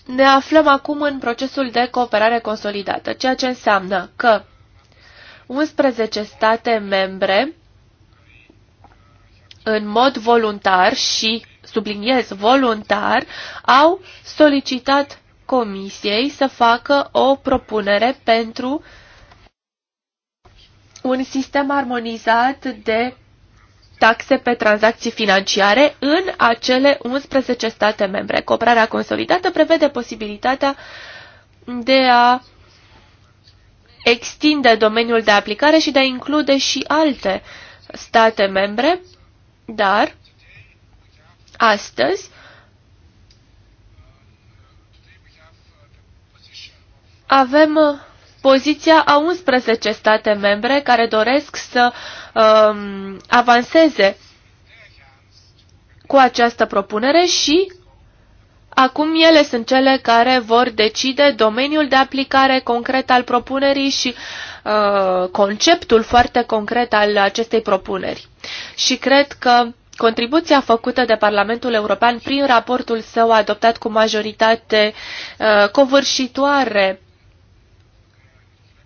ne aflăm acum în procesul de cooperare consolidată, ceea ce înseamnă că 11 state membre în mod voluntar și subliniez voluntar, au solicitat comisiei să facă o propunere pentru un sistem armonizat de taxe pe tranzacții financiare în acele 11 state membre. Cooperarea consolidată prevede posibilitatea de a extinde domeniul de aplicare și de a include și alte state membre dar, astăzi, avem uh, poziția a 11 state membre care doresc să um, avanseze cu această propunere și acum ele sunt cele care vor decide domeniul de aplicare concret al propunerii și uh, Uh, conceptul foarte concret al acestei propuneri. Și cred că Contribuția făcută de Parlamentul European prin raportul său adoptat cu majoritate uh, covârșitoare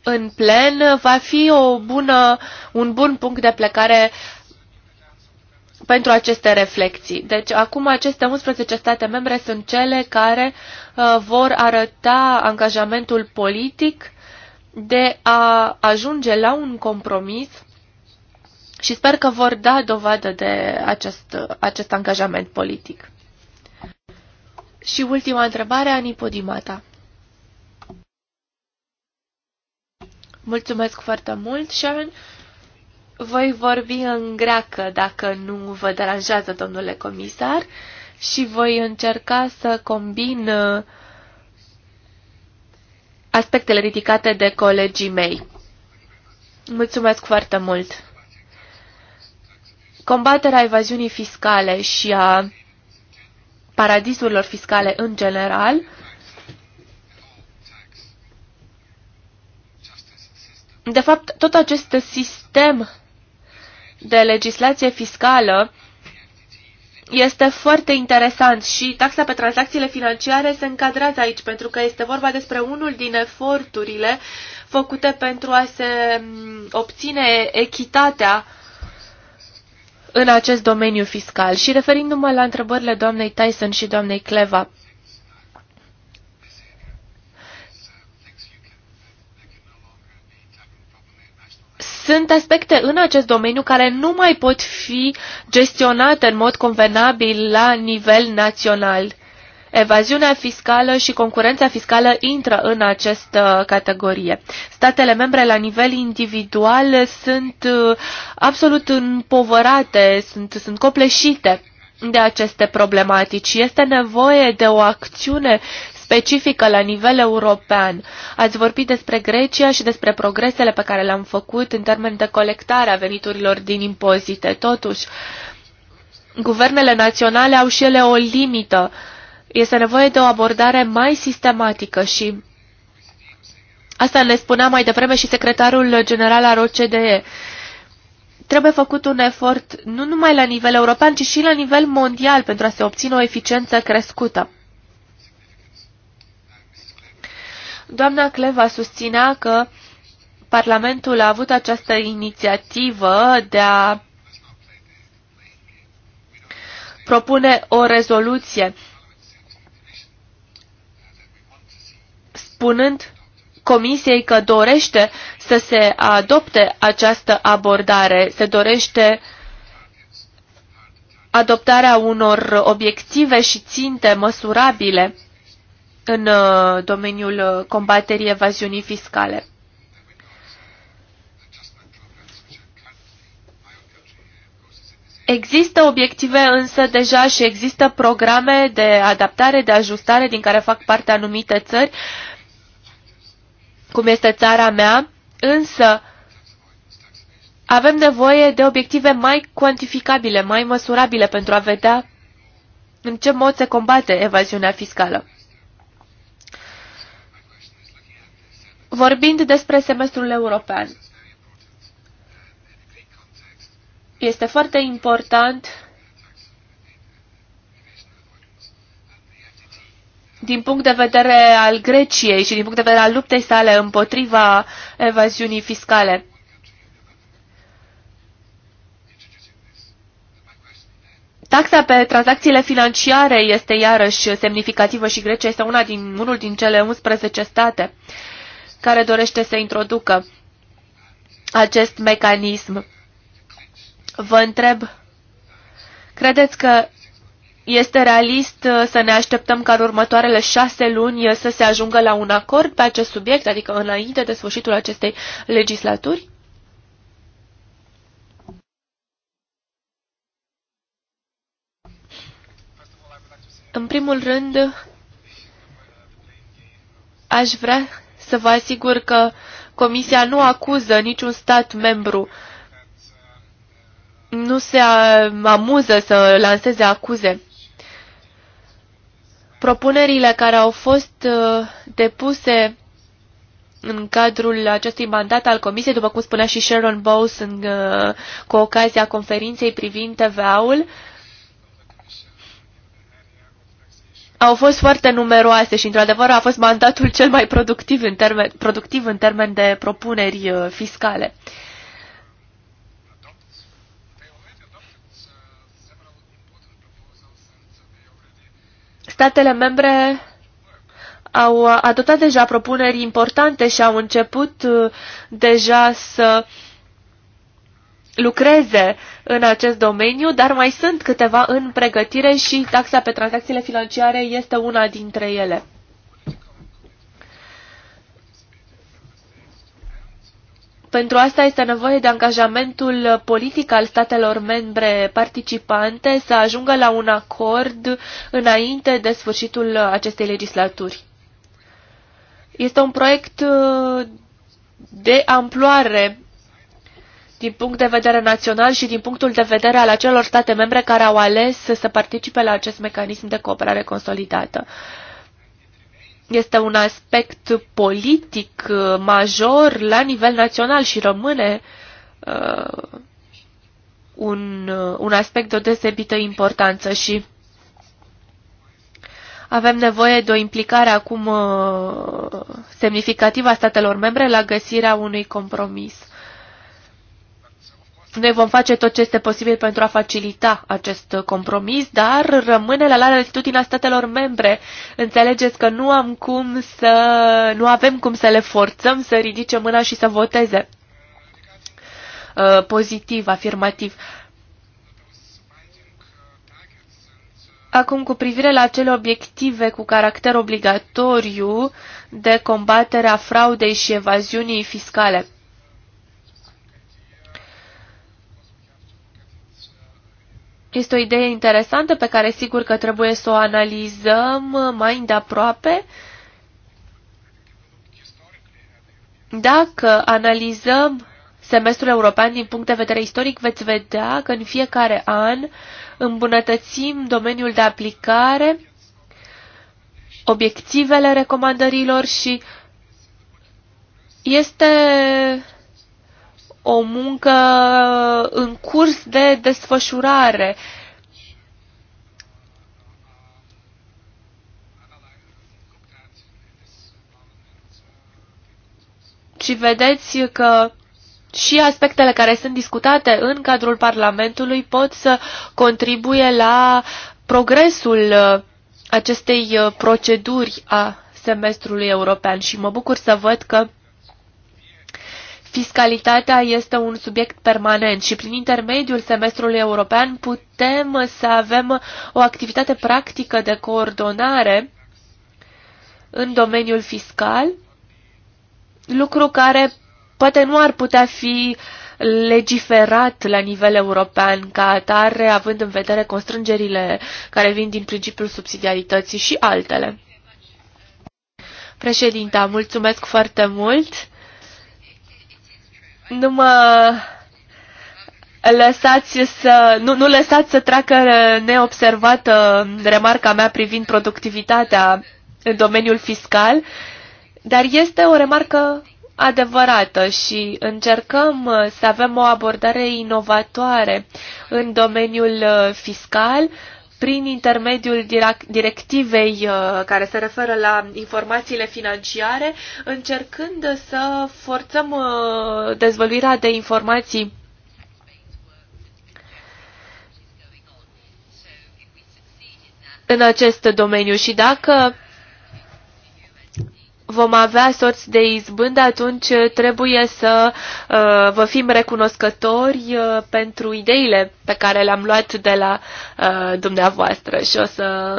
în plen va fi o bună, un bun punct de plecare pentru aceste reflexii. Deci acum aceste 11 state membre sunt cele care uh, vor arăta angajamentul politic de a ajunge la un compromis și sper că vor da dovadă de acest, acest angajament politic. Și ultima întrebare a Podimata. Mulțumesc foarte mult, Sharon. Voi vorbi în greacă, dacă nu vă deranjează, domnule comisar, și voi încerca să combin uh, aspectele ridicate de colegii mei. Mulțumesc foarte mult! Combaterea evaziunii fiscale și a paradisurilor fiscale în general De fapt, tot acest sistem de legislație fiscală este foarte interesant și taxa pe tranzacțiile financiare se încadrează aici pentru că este vorba despre unul din eforturile făcute pentru a se obține echitatea în acest domeniu fiscal. Și referindu-mă la întrebările doamnei Tyson și doamnei Cleva, Sunt aspecte în acest domeniu care nu mai pot fi gestionate în mod convenabil la nivel național. Evaziunea fiscală și concurența fiscală intră în această categorie. Statele membre la nivel individual sunt uh, absolut împovărate, sunt, sunt copleșite de aceste problematici. Este nevoie de o acțiune specifică la nivel european. Ați vorbit despre Grecia și despre progresele pe care le-am făcut în termen de colectare a veniturilor din impozite. Totuși, guvernele naționale au și ele o limită. Este nevoie de o abordare mai sistematică și asta ne spunea mai devreme și secretarul general al OCDE trebuie făcut un efort nu numai la nivel european, ci și la nivel mondial pentru a se obține o eficiență crescută. Doamna Cleva susținea că Parlamentul a avut această inițiativă de a propune o rezoluție spunând Comisiei că dorește să se adopte această abordare, se dorește adoptarea unor obiective și ținte măsurabile în uh, domeniul uh, combaterii evaziunii fiscale. Există obiective însă deja și există programe de adaptare, de ajustare din care fac parte anumite țări, cum este țara mea, însă avem nevoie de obiective mai cuantificabile, mai măsurabile pentru a vedea în ce mod se combate evaziunea fiscală. Vorbind despre semestrul european, este foarte important din punct de vedere al Greciei și din punct de vedere al luptei sale împotriva evaziunii fiscale. Taxa pe tranzacțiile financiare este iarăși semnificativă și Grecia este una din, unul din cele 11 state uh, care dorește să introducă acest mecanism. Vă întreb, credeți că este realist uh, să ne așteptăm ca în următoarele șase luni uh, să se ajungă la un acord pe acest subiect, adică înainte de sfârșitul acestei legislaturi? În primul rând, aș vrea să vă asigur că Comisia nu acuză niciun stat membru, nu se amuză să lanseze acuze. Propunerile care au fost uh, depuse în cadrul acestui mandat al Comisiei, după cum spunea și Sharon Bowes în, uh, cu ocazia conferinței privind TVA-ul, uh, au fost foarte numeroase și, într-adevăr, a fost mandatul cel mai productiv în termen, productiv în termen de propuneri uh, fiscale. Statele membre au adoptat deja propuneri importante și au început uh, deja să uh, lucreze în acest domeniu, dar mai sunt câteva în pregătire și taxa pe tranzacțiile financiare este una dintre ele. Pentru asta este nevoie de angajamentul politic al statelor membre participante să ajungă la un acord înainte de sfârșitul acestei legislaturi. Este un proiect uh, de amploare din punct de vedere național și din punctul de vedere al acelor state membre care au ales să participe la acest mecanism de cooperare consolidată. Este un aspect politic uh, major la nivel național și rămâne uh, un, uh, un aspect de o desebită importanță și avem nevoie de o implicare acum uh, semnificativă a statelor membre la găsirea unui compromis. Noi vom face tot ce este posibil pentru a facilita acest compromis, dar rămâne la latitudinea statelor membre. Înțelegeți că nu am cum să nu avem cum să le forțăm să ridice mâna și să voteze uh, pozitiv, afirmativ. Acum, cu privire la acele obiective cu caracter obligatoriu de combaterea fraudei și evaziunii fiscale. Este o idee interesantă pe care sigur că trebuie să o analizăm mai îndeaproape. Dacă analizăm semestrul european din punct de vedere istoric, veți vedea că în fiecare an îmbunătățim domeniul de aplicare, obiectivele recomandărilor și este o muncă în curs de desfășurare. Și vedeți că și aspectele care sunt discutate în cadrul Parlamentului pot să contribuie la progresul uh, acestei uh, proceduri a semestrului european și mă bucur să văd că Fiscalitatea este un subiect permanent și prin intermediul semestrului european putem să avem o activitate practică de coordonare în domeniul fiscal, lucru care poate nu ar putea fi legiferat la nivel european ca atare, având în vedere constrângerile care vin din principiul subsidiarității și altele. Președinta, mulțumesc foarte mult! nu mă lăsați să, nu, nu lăsați să treacă neobservată remarca mea privind productivitatea în domeniul fiscal, dar este o remarcă adevărată și încercăm să avem o abordare inovatoare în domeniul fiscal, prin intermediul directivei uh, care se referă la informațiile financiare, încercând să forțăm uh, dezvăluirea de informații în acest domeniu și dacă vom avea sorți de izbând, atunci trebuie să uh, vă fim recunoscători uh, pentru ideile pe care le-am luat de la uh, dumneavoastră și o să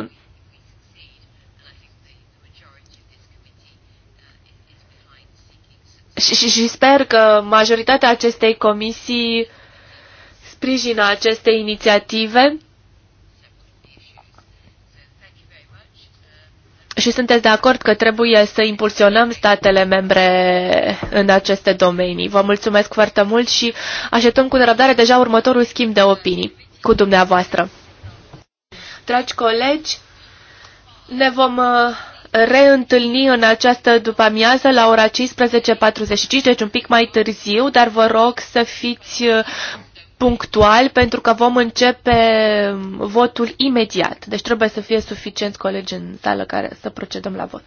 și, și, și sper că majoritatea acestei comisii sprijină aceste inițiative și sunteți de acord că trebuie să impulsionăm statele membre în aceste domenii. Vă mulțumesc foarte mult și așteptăm cu nerăbdare deja următorul schimb de opinii cu dumneavoastră. Dragi colegi, ne vom uh, reîntâlni în această după-amiază la ora 15.45, deci un pic mai târziu, dar vă rog să fiți uh, punctual pentru că vom începe votul imediat. Deci trebuie să fie suficienți colegi în sală care să procedăm la vot.